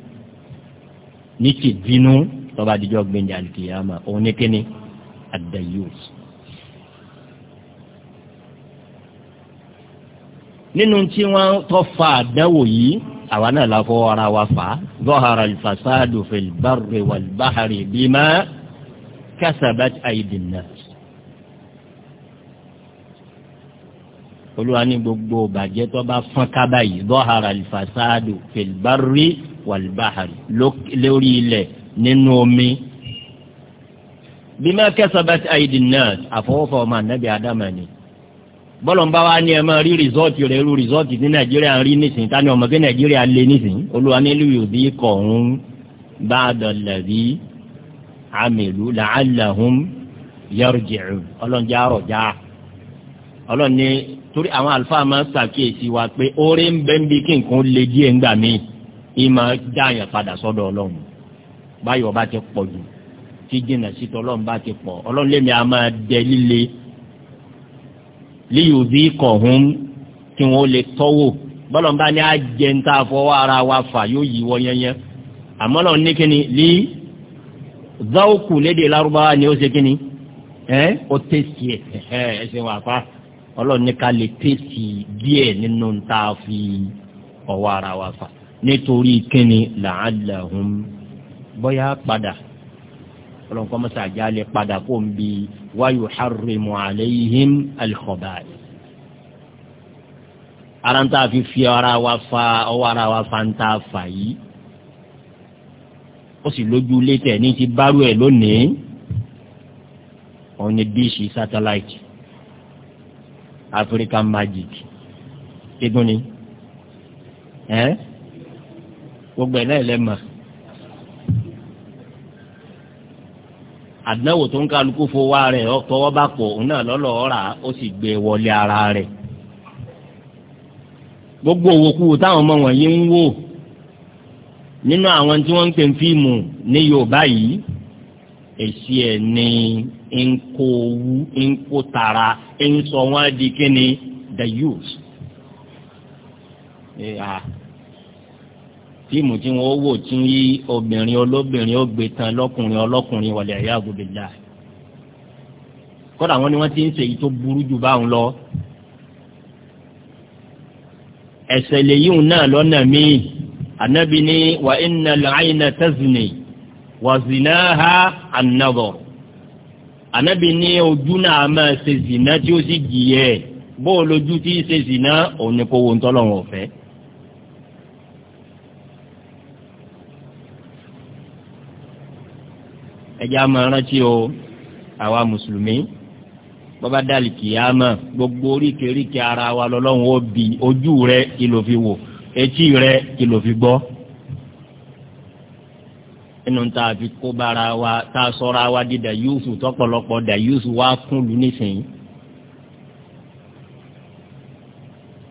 ní ti bínú tọ́ba àdìjọ́ gbẹ̀ǹdà àlùkìyàmà òun ní kíni àdàyòs. nínú tí wọ́n tọ́ fa àdánwò yìí àwa náà la fọwọ́ ara wa fà zọ́hara alfasadu fil barri wal bahari bima kasabat olúwa ní gbogbo bàjẹ́ tó bá fọ́n kábà yìí dọ́hara alifasado filibari walibahari lórí ilẹ̀ nínú omi. bí máa kẹsàbẹ́tì aidi náà àfọwọ́fọ́ ọmọ anabi adama ni bọ́lọ̀ ń bá wa ní ẹ máa rí rìsọ́ọ̀tì rẹ̀ irú rìsọ́ọ̀tì ní nàìjíríà ń rí nísìnyí tani ọmọ pé nàìjíríà lé nísìnyí olúwa nílùú yòdì kọ̀ọ̀hún bá a dọ̀lẹ̀bí amèlú làálàhùn yẹrù jẹ̀rù ọlọ́njà rọ̀jà ọlọ́ni torí àwọn àlùfáà máa ṣàkíyèsí wa pé oore ń bẹ ń bi kí nǹkan lè díẹ̀ ńgbà míì ìmọ̀ dáàyàn padà sọ́dọ̀ ọlọ́run báyọ̀ bá ti pọ̀ jù tí jìnnà síta ọlọ́run bá ti pọ̀ ọlọ́run lèmi a máa dẹ líle líyùbí kọ̀ọ̀hún kí wọ́n lè tọ́wò bọ́lọ̀ bá ní àjẹ́ fọwọ́ ara wa fà yóò yí wọ yẹnyẹn àmọ́ lọ ní kíni lí záwókù lédè lárúbáwá ni ó ṣe kíni ẹ́ ó tẹ̀sí ẹ̀ ẹ̀ ẹ̀ ṣe wà pa ọlọ́run ní ká lè tèsì díẹ̀ nínú tá a fi ọwọ́ ara wa fà nítorí kíni làálàhùn bóyá padà ọlọ́run kọ́ mọ́sá àjá lè padà kó ń bi wáyù harimu alayhim alkhobaari. ara ń fi fi ara wa fa ọwọ́ ara wa fa ń tá yìí ó sì lójú létẹ̀ ní ti bárú ẹ̀ lónìí òun ni díìṣì sátáláìtì. African magic kíkún ni ẹ gbogbo ẹ náà lẹ́mà àdánwò tó ń kálukú fowó rẹ̀ tọwọ́ bá pọ̀ òun náà lọ́lọ́ ọ̀rà ó sì gbé e wọlé ara rẹ̀ gbogbo òwòkúwò táwọn ọmọ wọ̀nyí ń wò nínú àwọn tí wọ́n ń pè fíìmù ní Yorùbá yìí èsì ẹ̀ ní. nkowu nkutara owú ń kó tara the youth eh, fíìmù ah. tí wọn wò tí obìnrin olóbìnrin lọkùnrin ọlọkùnrin wọlé ẹyà wọn ni wọn ti ń ṣèyí tó burú jù báwọn lọ ẹsẹ lèyìn náà anabi ni wa wa ha ànábì ní ojú náà máa ṣe zìnà tí ó sì jìyẹ bó o lójú tí ṣe zìnà òun ni kò wo ntọ́lọ́wọ̀n ọ̀fẹ́. ẹja máa rántí o àwa mùsùlùmí bọ́bá dàlí kìyàmà gbogbo oríkèéríkèé ara wa lọ́lọ́run bi ojú rẹ kí fi wò etí rẹ kí fi gbọ́ inú ta fi kó bára wa ta sọ́ra wa di dayusu tọ́pọ̀lọpọ̀ dayusu wa kún lu nísìnyí.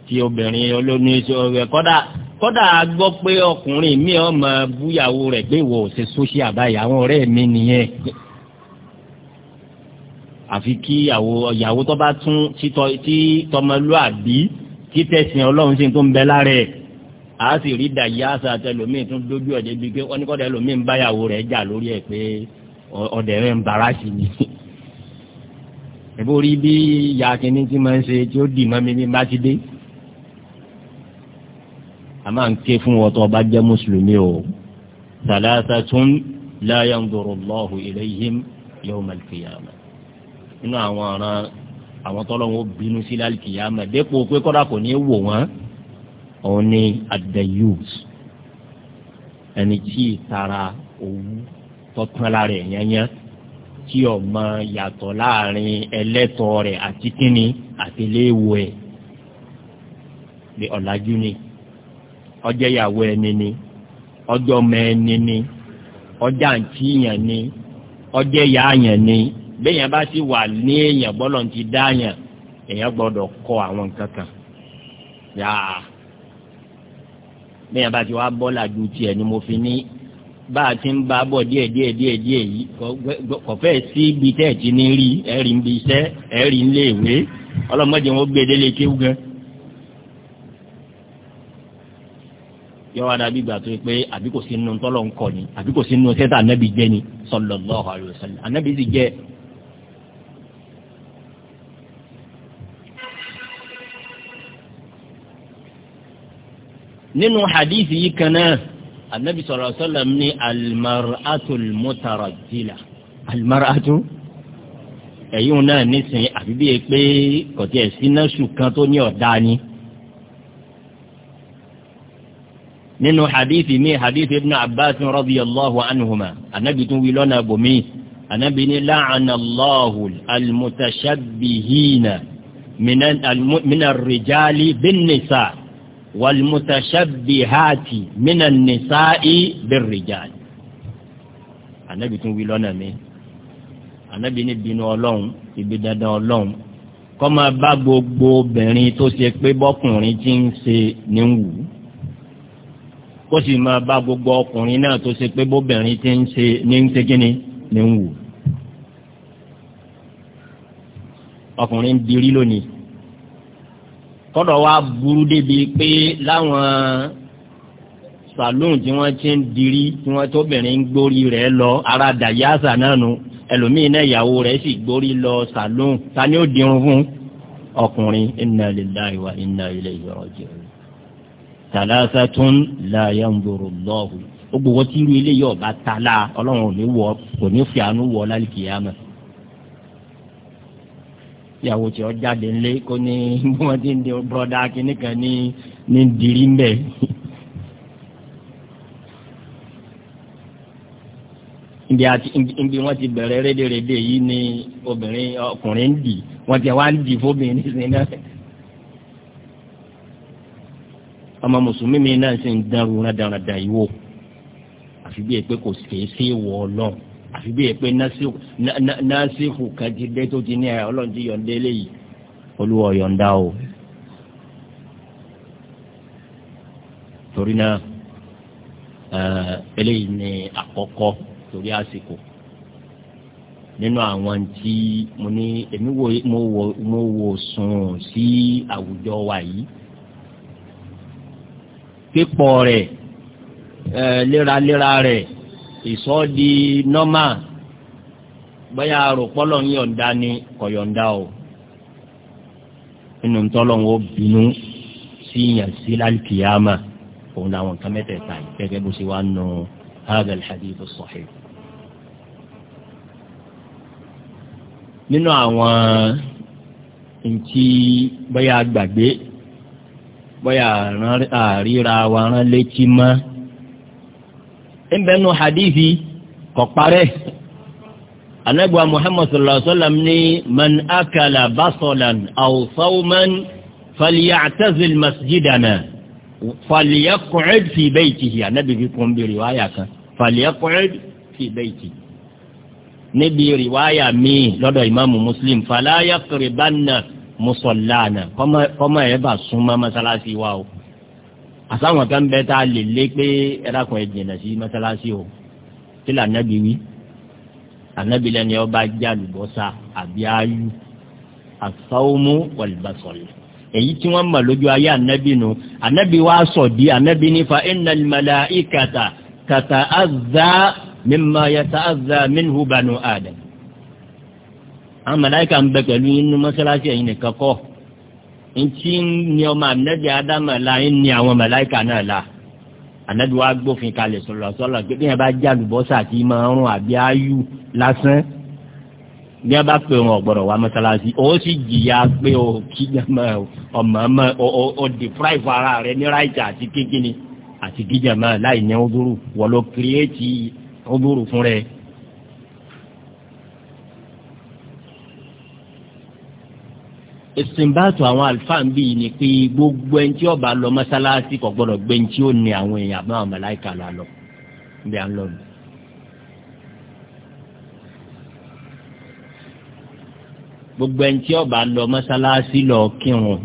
tí obìnrin olóní ìṣòro kọ́dà kọ́dà gbọ́ pé ọkùnrin mi ò mọ búyàwó rẹ̀ pé wò ó ṣe sóṣì àbáyé àwọn ọ̀rẹ́ mi nìyẹn àfi kí ìyàwó tó bá tún tí tọmọlúàbí tí ọlọ́run ṣe tó ń bẹ lára ẹ̀ a sì rí dàyà àṣà tẹlómi tún dójú ọ̀dẹ́ bíi pé wọ́n ní kọ́dà ẹlòmíì ń báyàwó rẹ̀ jà lórí ẹ̀ pé ọ̀dẹ̀ rẹ̀ ń bara sí ni. ẹ̀bùn rí bí ìyá kínní tí máa ń ṣe tí ó dì mọ́ mi bá ti dé. a máa ń ké fún wọn tó ọba mùsùlùmí o salasatun la yandurullahu ilayhim yawmal qiyamah nínú àwọn ọ̀ràn àwọn tọ́lọ́wọ́ bínú sí lálùkìyàmà dépò pé kọ́dà kò ní í wò wọ́n. òun ni adayus ẹni tí ìtara òwú tọ́tún rẹ̀ yányá tí ọmọ yàtọ̀ láàrin ẹlẹ́tọ̀ rẹ̀ àti kínní àti léèwọ̀ ẹ̀ lè ọ̀làjú ni ọjọ́ ìyàwó ẹni ni ọjọ́ ọmọ ẹni ni ọjọ́ àǹtí yàn ni ọjọ́ ìyá yàn ni bá ti wà ní èèyàn bọ́lọ̀ ti dá yàn èèyàn gbọ́dọ̀ kọ́ àwọn kankan bẹ́ẹ̀ bá ti wá bọ́ làjú tiẹ̀ ni mo fi ní bá a ti ń bá a bọ̀ díẹ̀ díẹ̀ díẹ̀ díẹ̀ yìí kọ̀fẹ́ sí ibi tẹ́ ẹ̀ ti ní rí ẹ̀rí ń bi iṣẹ́ ẹ̀rí ń lé ìwé ọlọ́mọdé wọn gbé délé kéwú gan. yọ̀wá dàbí ìgbà tó pé àbí kò sí nínú tọ́lọ̀ ń kọ́ ni àbí kò sí nínú sẹ́tà anábì jẹ́ ni sallallahu alaihi wasallam anábì sì jẹ́ nínú hadith yìí kan náà anabi sọ̀rọ̀ sọ́lá ní almaratu mutarajjila almaratu ẹ̀yìn òun náà nísìnyí àfi bíi pé kò tiẹ̀ sí náṣù kan tó ní ọ̀dá ni. nínú hadith mi hadith ibn abbas radiyallahu anhuma anabi tún wí lọ́nà bòmí anabi ní la'ana allahu almutashabbihina minan rijali bin nisa wàlmùtàṣàbíhàtì mínà nìsáì bẹ̀rẹ̀jáde ànábì tún wí lọ́nà mi ànábì ní bínú ọlọ́run ibi dandan ọlọ́run kọ́ máa bá gbogbo obìnrin tó ṣe pé bọ́kùnrin ti ń ṣe ní wù ú kó sì máa bá gbogbo ọkùnrin náà tó ṣe pé bóbìnrin ti ń ṣe ní ń ṣe kíni ní wù ú ń dirí lónìí kọ́dọ̀ wa burú débi pé láwọn saloon tí wọ́n ti ń dirí tí wọ́n tóbìnrin ń gbórí rẹ̀ lọ ara dàyàsà náà nu ẹlòmíín náà ìyàwó rẹ̀ sì gbórí lọ saloon ta ni ó dirun fún ọkùnrin inna lillahi wa inna ilayhi raji'un tàlàsà tún la yanzuru Allahu gbogbo wọ́n ti rí ilé yọ̀ọ̀ba tala ọlọ́run ò ní wọ kò ní fi wọ lálẹ́ kìyàmẹ́ ìyàwó tí ó jáde ńlé kó ní wọn ti ń di bọ́dá kínní kan ní ní dirí ń bẹ̀. ibi àti ibi wọn ti bẹ̀rẹ̀ rédèrèdè yìí ni obìnrin ọkùnrin ń dì wọn ti wá ń dì fóbìnrin sí náà ọmọ mùsùlùmí mi náà sì ń dánrù rẹ̀ yìí wò àfi bí èpè kò sí sí ìwọ ọlọ́run àfi bí èpè násìkù kájídé tó ti ní ẹ ọlọ́run ti yọ̀ǹda eléyìí olúwa yọ̀ǹda o. torí náà eléyìí ni àkọ́kọ́ torí àsìkò nínú àwọn tí mo ní èmi mo wo mo wo sùn sí àwùjọ wa yìí pípọ̀ rẹ̀ léraléra rẹ̀ ìsọ́ di nọ́mà bóyá àròpọ́lọ̀ ń yọ̀ǹda ni kò yọ̀ǹda o nínú ntọ́lọ́wọ́ bínú sí yàn sí lálùkìyàmà òun làwọn nǹkan mẹ́tẹ̀ẹ̀ta yìí gẹ́gẹ́ bó ṣe wá nù hadha al-hadith as nínú àwọn ntí bóyá gbàgbé bóyá àríra wa rán létí mọ́ ńbẹ nu hadithi kò parẹ́ anagba muhammad sallallahu alaihi wa sallam ni man akala basolan aw sawman falyatazil masjidana falyakucid fi bẹyìtìhì anabi fi kún bí riwaayà kan falyakucid fi bẹyìtìhì níbi riwaayà míì lọ́dọ̀ imaamu muslim falayakuribanna musolana kọ́mọ ẹ̀ bá súnmọ́ masalasi wa àsáwọn kan bẹ tá a lè lé pé ẹ̀dàkùn ẹ̀jìnà sí mọ́sálásí o kí là nábì wí ànábì lẹ́ni ọba jẹ́ àlùbọ́sà àbí ayú àsáwọ́mú wàlùbàsọ̀lẹ̀ èyí tí wọ́n mọ̀ lójú ayé ànábì nu ànábì wa sọ̀ di ànábì nífa innal malaikata kàtà àzá mímọ yàtà àzá minhu banu adam àwọn màláìka ń bẹ pẹ̀lú inú mọ́sálásí ẹ̀yìn nìkan kọ́ ntí ni ọmọ anabi adama la ni àwọn màláíkà náà la anabi wa gbófin kalẹ̀ sọ̀rọ̀ sọ̀rọ̀ pé bíyẹn bá já lùbọ́sà àti máa ń rún àbí ayú lásán bí a bá pè wọn ọ̀gbọ̀dọ̀ wa mọ́sálásí o sì jìyà pé o kí ọmọ ọmọ o o deprive ara rẹ ní ráìtì àti kékeré àti gíjàmá láì ní ọdúró wọ́n ló kírẹ́ẹ̀tì ọdúró fún rẹ̀. ìsìnbáàtò àwọn àlùfáà ń bì yìí ni pé gbogbo ẹni tí ọba lọ mọ́sálásí kò gbọ́dọ̀ gbé ní tí ó ní àwọn èèyàn àbá àwọn màláíkà lọ àlọ́ bí à ń lọ gbogbo ẹni tí ọba lọ mọ́sálásí lọ kírun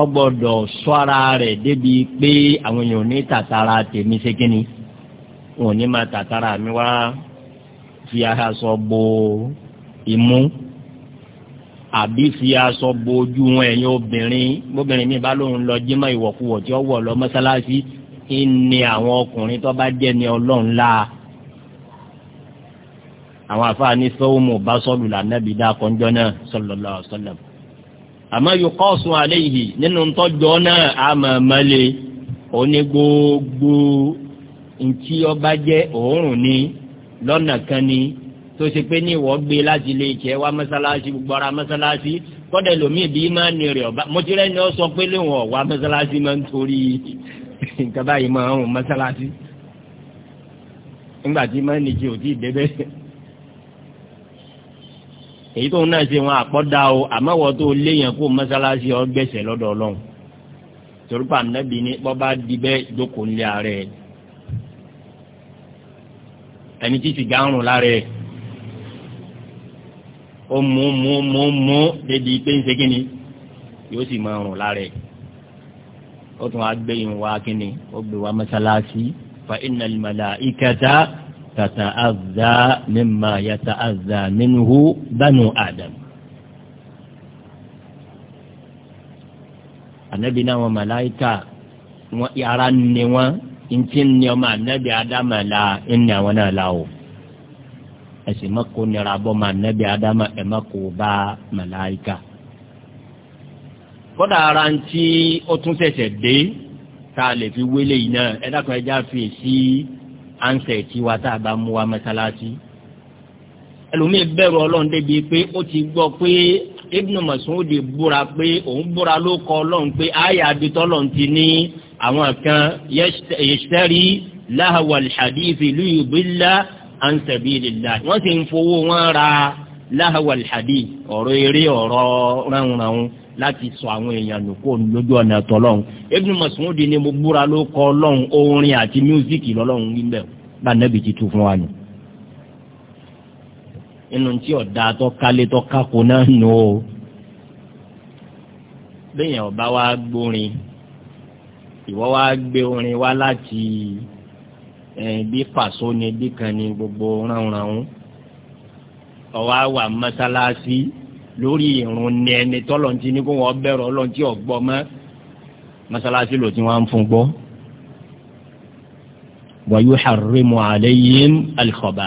ó gbọ́dọ̀ sọ ara rẹ̀ débi pé àwọn èèyàn ò ní tàtàrà tèmi ṣe kínni wọn ò ní máa tàtàrà mi wá fi ara bo imú àbí fi aṣọ bo ojú wọn ẹ̀yin obìnrin bóbìnrin mi bá lóun lọ jímọ̀ ìwọ̀kuwọ̀ tí ó wọ̀ lọ mọ́sálásí ìní àwọn ọkùnrin tó bá jẹ́ ní ọlọ́run láà àwọn àfáà ní sọ́wọ́mù bá sọ́lù lànàbí dá kọjọ́ náà sallallahu alaihi wasallam àmọ́ yóò kọ́ sun alẹ́ yìí nínú tọ́jọ́ náà àmọ̀mọ́lé òní gbogbo ntí ọba jẹ́ òórùn ni lọ́nà kan ni tó ṣe pé ní ìwọ gbé láti ilé ìjẹ wá mọ́sálásí gbogbo ara mọ́sálásí kọ́dẹ̀ lómi ìbí máa ní rẹ̀ ọba mo ti rẹ́ni ọ sọ pé léwọ̀n wá mọ́sálásí máa ń torí nǹkan báyìí máa ń hùn mọ́sálásí nígbà tí máa ń nìjì ò tí ì débẹ̀. èyí tó ń náà ṣe wọn àpọ́dá o àmọ́wọ́ tó léèyàn kó mọ́sálásí ọ gbẹ̀sẹ̀ lọ́dọ̀ ọlọ́run torípa ẹni tí sìgá ń rùn lára ẹ̀ ó mú mú mú mú débi pé ń ṣe kí ni yóò sì máa rùn lára ẹ̀ ó tún á gbé ìhùn wá kí ni ó gbé wá mọ́sálásí fa inna al-malaikata tata'azza mimma yata'azza minhu banu adam. ànábì náà wọn màláìka ara ni wọn ntí ni ọmọ ànábì ádámà la ẹni àwọn náà la o ẹ̀sì mako nira bọ́ ma nẹ́bí adama ẹ̀ mako bá màláìka. kódà ara ń tí ó tún ṣẹ̀ṣẹ̀ dé tá a lè fi wélé yìí náà ẹ dákun ẹja fi sí ansẹ̀ tí wa tá a bá mú wa mẹ́sálásí. ẹlòmíì bẹ̀rù ọlọ́run débi pé ó ti gbọ́ pé Ibn Mas'ud búra pé òun búra ló kọ ọlọ́run pé àyà abitọ́ ọlọ́run ti ní àwọn kan yẹ́sítẹ́rì láhàwàl hadithi lùyùbílà an sabilillah wọ́n sì ń fowó wọn ra lahawal hadith ọ̀rọ̀ eré ọ̀rọ̀ ránranun láti sọ àwọn èèyàn nù kó lójú ọ̀nà tọ́lọ́hún Ibn Mas'ud ni mo búra ló kọ́ ọlọ́hún orin àti mísíkì lọ́lọ́hún níbẹ̀ bá nẹ́bi ti tu fún wa nù. inú tí ọ̀dà tó kálé tó kákó náà nù o bẹ́ẹ̀ yẹn ọba wa gbórin ìwọ́ wa gbé orin wa láti bí pàṣọ ni bí kan ni gbogbo ránranrun ọwọ́ àwà mọ́sálásí lórí ìrun ní ẹni tọ́lọ́ntì ní kó wọ́n bẹ̀rù ọlọ́ntì ọ̀gbọ́ mọ́ mọ́sálásí ló ti wọ́n ń fún gbọ́. wàyú harimu aleyhim alikọba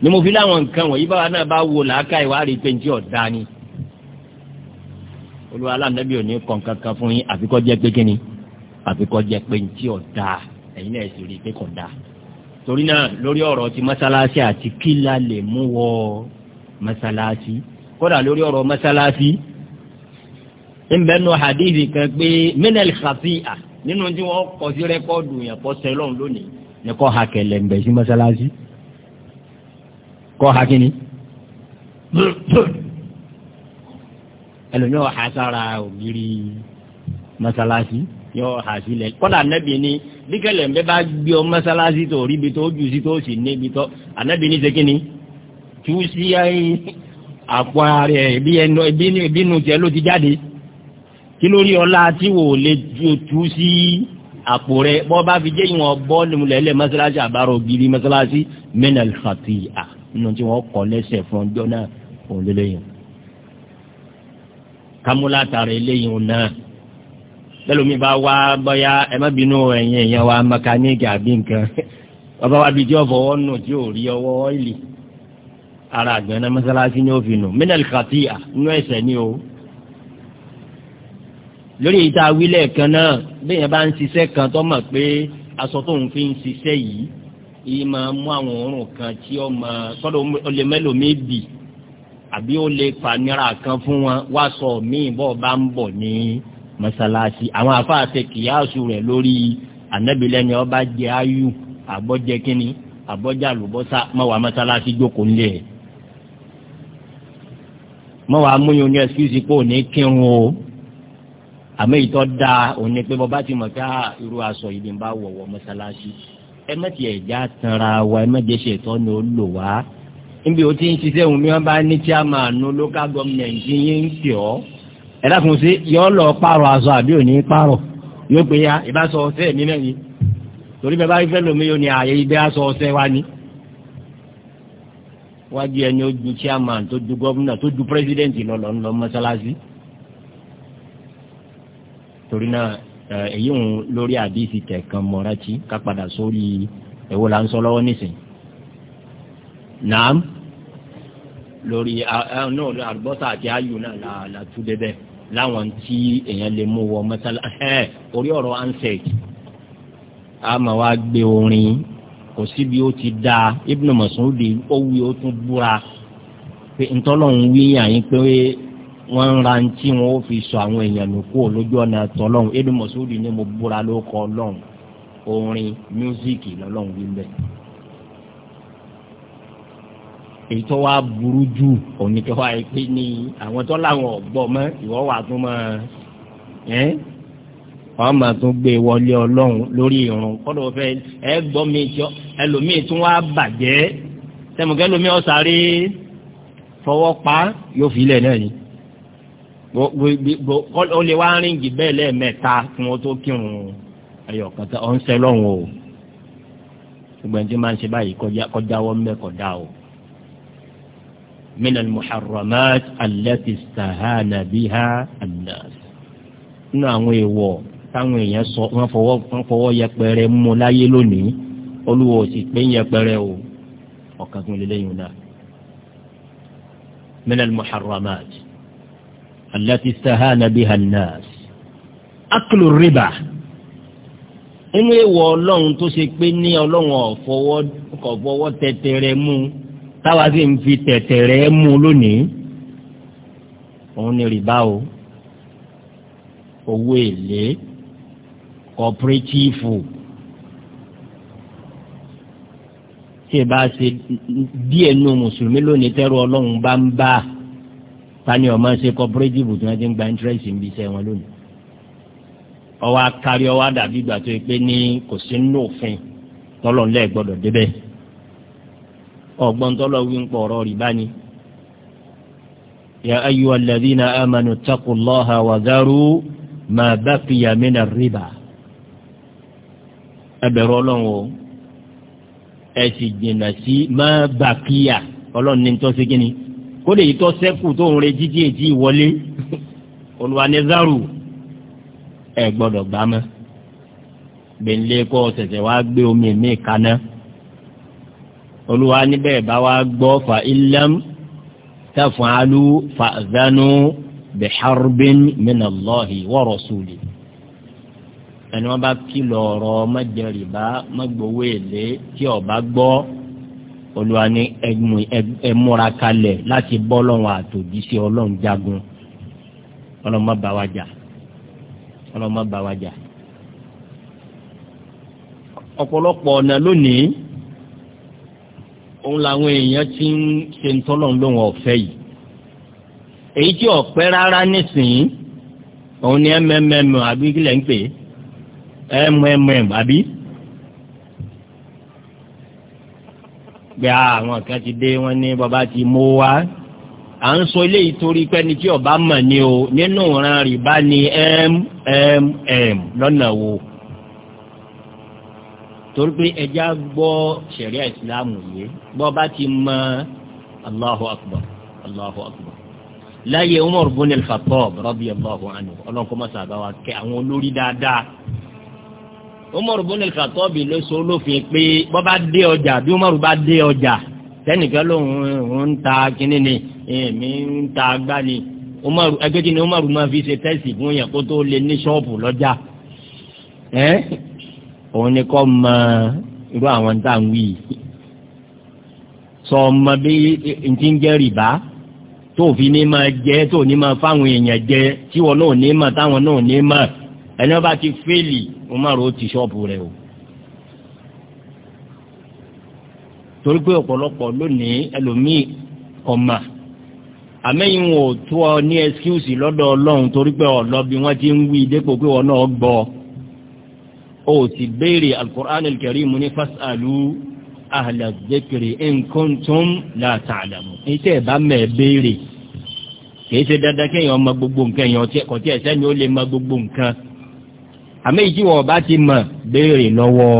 ni mo fi láwọn nǹkan wọ̀nyí báwa náà bá wo làákà ìwádìí pé njẹ́ ọ̀dá ni olúwa aláǹdẹ́bí ò ní kàn kankan fún yín àfikọ́ pé kíni àfikọ́ pé njẹ́ ọ̀dá ẹ̀yin náà sì rí i pé kò dáa torí náà lórí ọ̀rọ̀ ti mọ́sálásí àti kí la lè mú wọ mọ́sálásí kódà lórí ọ̀rọ̀ mọ́sálásí nbẹnu hadithi kan pé minel khafi'a nínú tí wọ́n kọ sí rẹ́kọ́ọ̀dù yẹn kọ́ sẹ́lọ̀n lónìí ni kọ́ ha kẹlẹ̀ ń bẹ̀ sí mọ́sálásí kọ́ ha kí ni ẹlòmíràn ha hasara ògiri masalasi yọ hà sílẹ̀ kọ́dà ànábì ni bí kẹlẹ̀ ń bẹ́ bá gbé ọ mọ́sálásí tó rí ibi tó jù sí tó sì níbi tó ànábì ni ṣe kí ni tú sí àpò ààrẹ ẹbí ẹnu ìbínú tiẹ̀ ló ti jáde kí lórí ọlá tí wò lè tú sí àpò rẹ bọ́ bá fi jẹ́ ìwọ̀n bọ́ọ̀lù lẹ́lẹ̀ mọ́sálásí àbárò gírí mọ́sálásí mẹ́nàlì fàtìyà nínú tí wọ́n kọ́ lẹ́sẹ̀ fún ọjọ́ náà òun lélẹ́yìn kámúlá tààrà eléyìí náà bẹ́lómi bá wá bọ́yá ẹ má bínú ẹ̀yìn èèyàn wa mẹkáníìkì àbí nǹkan bàbá wa bíi tí ọ̀fọ̀ ọwọ́ nù tí ò rí ọwọ́ ọ̀ìlì ara àgbẹ̀ náà mọ́sálásí ni ó fi nù mínẹ́lì kàtíà nú ẹ̀sẹ̀ ni o lórí èyí tá a wí lẹ́ẹ̀kan náà bẹ́ẹ̀ bá ń ṣiṣẹ́ kan tó mọ̀ pé aṣọ tó ń fi ń ṣiṣẹ́ yìí yìí máa mú àwọn òórùn kan tí ó máa kọ́dọ̀ ó lè mẹ́lòmíì bì àbí ó lè fànírà kan fún wọn wá sọ míì bọ́ọ̀ bá ń bọ̀ ní mọ́sálásí àwọn afáàṣe kìyàsù rẹ̀ lórí ànábìlẹ́ni ọba jẹ ayú àbọ̀jẹ kínní àbọ̀jẹ àlùbọ́sà mọ́wàá mọ́sálásí jókòó nílẹ̀ ẹ̀ mọ́wàá múyàn ní ẹ̀sìkúsì pé òní kírun o àmọ́ ìtọ́ da òní pé bọ́ bá ti mọ̀ ká ah, irú aṣọ yìí ń bá wọ̀wọ̀ mọ́sálásí ẹ mẹ́tì ẹ̀já tanra wa ẹ mẹ́jẹ ṣe ìtọ́ ni ó lò wá níbi ó ti ń ṣiṣẹ́ òun ni wọ́n bá ní chairman local government yín ẹ̀dàkùn sí yọ́ lọ pààrọ̀ aṣọ àbí òní pààrọ̀ yóò pé ya ìbáṣọ ọ̀sẹ̀ mi náà ni torí bẹ́ẹ̀ bá fẹ́ lómi yóò ní ààyè ibẹ̀ aṣọ ọ̀sẹ̀ wa ni. wájú ẹni ó ju chairman tó ju gọ́vùnà tó ju pírẹ́sidẹ́ǹtì lọ́lọ́ ńlọ mọ́sálásí. torí náà èyí ń lórí àdìsí tẹ̀kan mọ́ràtí ká padà sórí èwo là ń sọ lọ́wọ́ nísìn. nàám lórí àlùbọ́sà àti ayù náà là tú débẹ̀. láwọn tí èèyàn lè mú wọ mọ́sálá ẹ̀ orí ọ̀rọ̀ ansẹ̀t a ma wá gbé orin kò síbi ó ti dáa Ibn Mas'udi ó wí ó tún búra pé ntọ́lọ́hún wí pé wọ́n ń ra ntí wọn ó fi sọ àwọn èèyàn nù lójú ọ̀nà tọ́lọ́hún ni mo búra ló orin mísíkì lọ́lọ́hún wí bẹ́ẹ̀. èyí tó wá burú jù òní tó wá pé ní àwọn tó láwọn ọ̀gbọ́ mọ́ ìwọ́ wà tún mọ́ ẹ́ wọ́n máa tún gbé e wọlé ọlọ́run lórí irun kọ́dọ̀ fẹ́ ẹ gbọ́ mi jọ ẹlòmíì tún wá bàjẹ́ tẹmùkẹ́ lómi ọ̀sàrí fọwọ́ pa yóò fi ilẹ̀ náà ni ó lè wá ríǹgì bẹ́ẹ̀ lẹ́ẹ̀mẹ́ta kí wọ́n tó kírun ẹyọ kàtà ọ̀nsẹ́ lọ́hùn o ṣùgbọ́n tí máa ń ṣe báyìí kọjá wọ́n mẹ́kọ̀ọ́ dá o. من المحرمات التي استهان بها الناس nínú àwọn èèwọ̀ táwọn èèyàn sọ wọ́n fọwọ́ wọ́n fọwọ́ yẹpẹrẹ mú láyé lónìí olúwo sì o ọ̀kan tó lé lẹ́yìn náà من المحرمات التي استهان بها الناس أكل الربا inú èèwọ̀ ọlọ́run tó ṣe pé ní ọlọ́run ọ̀fọwọ́ kọ̀fọwọ́ tẹtẹrẹ mú táwa sì ń fi tẹ̀tẹ̀ rẹ̀ mú lónìí òun ni rìbá o owó èlé kọpírẹ́tífù tí ẹ bá ṣe díẹ̀ nù mùsùlùmí lónìí tẹ́rù ọlọ́run bá ń bá tani ọmọ ṣe kọpírẹ́tífù tí wọ́n ti ń gba íńtírẹ́sì ń bí iṣẹ́ wọn lónìí ọwọ́ akárí ọwọ́ dàbí ìgbà tó pé ní kò sí nínú òfin tọ́lọ̀ ńlẹ́ gbọ́dọ̀ débẹ̀. ọ̀gbọ́n tọ́lọ̀ wí ń pọ̀ rìbá ni. “ya أيها الذين آمنوا ma الله وذروا ما بقي من الربا ẹbẹ̀rọ ọlọ́run o ẹ sì jìnnà sí má bàkíyà ọlọ́run ní tọ́ kínní kó lè tọ́ sẹ́kù tó ń re jíjí èjì wọlé olúwa níbẹ̀ bá wá gbọ́ fa ilam tafalu fa'zanu biharbin minallahi wa rasuli ẹni wọ́n bá kìlọ̀ ọ̀rọ̀ mọ́jẹ̀rìbá mọ́gbowó èlé tí ọba gbọ́ olúwa ní ẹmúra kalẹ̀ láti bọ́ lọ́wọ́ àtòjíṣẹ́ ọlọ́run jagun ọlọ́mọ bá wa jà ọlọ́mọ bá wa jà ọ̀pọ̀lọpọ̀ ọ̀nà lónìí òun làwọn èèyàn ti ń ṣe ń tọ́lọ̀ lóhùn ọ̀fẹ́ yìí èyí tí ọ̀pẹ́ rárá nísìnyí òun ni mmm àbí kílẹ̀ ń pè mmm àbí. pé àwọn kan ti dé wọn ní bàbá ti mú wá à ń sọ eléyìí torí pé tí ọba mọ̀ ni o nínú ìran rìbá ni mmm lọ́nà wo torí pé ẹja gbọ́ sẹ̀ríà ìsìláàmù yìí gbọ́ bá ti mọ Allahu akbar Allahu akbar láyé Umar bin al-Khattab radiyallahu anhu ọlọ́run kó má sábà wa kẹ́ àwọn olórí dáadáa Umar bin al-Khattab ló sọ lófin pé bọ́ bá dé ọjà bí Umar bá dé ọjà tẹnìkan lòun ń ta kínní ni èmi ń ta gbá ni Umar ẹgbẹ́ kí Umar máa fi ṣe tẹ́sì fún yẹn kó tó lè ní ṣọ́ọ̀bù lọ́jà òun ni kọ́ mọ irú àwọn tá à ń wí yìí sọ ọmọ bí ntí ń jẹ́ rìbá tó fi ní máa jẹ tó ní máa fáwọn èèyàn jẹ tí wọn náà ní mà táwọn náà ní mà ẹni wọn bá ti fẹ́ẹ̀lì wọn máa rò ti ṣọ́ọ̀bù rẹ o. torí pé ọ̀pọ̀lọpọ̀ lónìí ẹlòmíì ọ̀mà àmẹ́yìn wọn ò tó ọ ní ẹskíùsì lọ́dọ̀ ọlọ́run torí pé ọ̀lọ́ bí ti ń wí dépò pé wọn náà gbọ́ ọ o ti béèrè alkùránì kẹrìmù ní fásàlú ahàlàzẹ́kìrì nǹkan la ta'lamu iṣẹ́ ìbá mẹ́ béèrè kìí ṣe dandan kéèyàn mọ gbogbo nǹkan èèyàn tí ẹ̀kọ́ tí ẹ̀sẹ́ ni ó lè mọ gbogbo nǹkan àmì ìjíwọ̀ ọba ti mọ̀ béèrè lọ́wọ́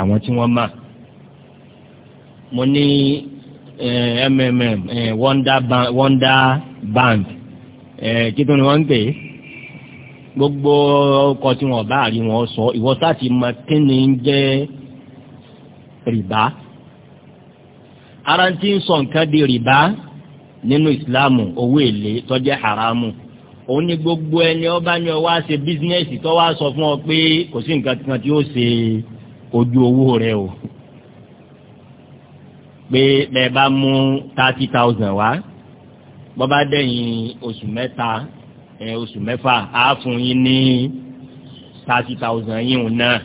àwọn tí wọ́n mọ̀ mo ní mmm wonder bank eh, kí ni wọ́n ń pè é gbogbo ọkọ̀ tí wọ́n bá rí wọn sọ ìwọ sáti mọ kí ni ń jẹ́ rìbá ara ti ń sọ nǹkan di rìbá nínú ìsìláàmù owó èlé tó jẹ́ haramu òun ni gbogbo ẹni ọba ni ọ wá ṣe bísínẹ́sì wá sọ fún ọ pé kò sí nǹkan kan tí ó ṣe ojú owó rẹ o pé bẹ́ẹ̀ bá mú thirty thousand wá bọ́bá dẹ̀yìn oṣù mẹ́ta oṣù mẹ́fà á fún yín ní thirty thousand yín ò náà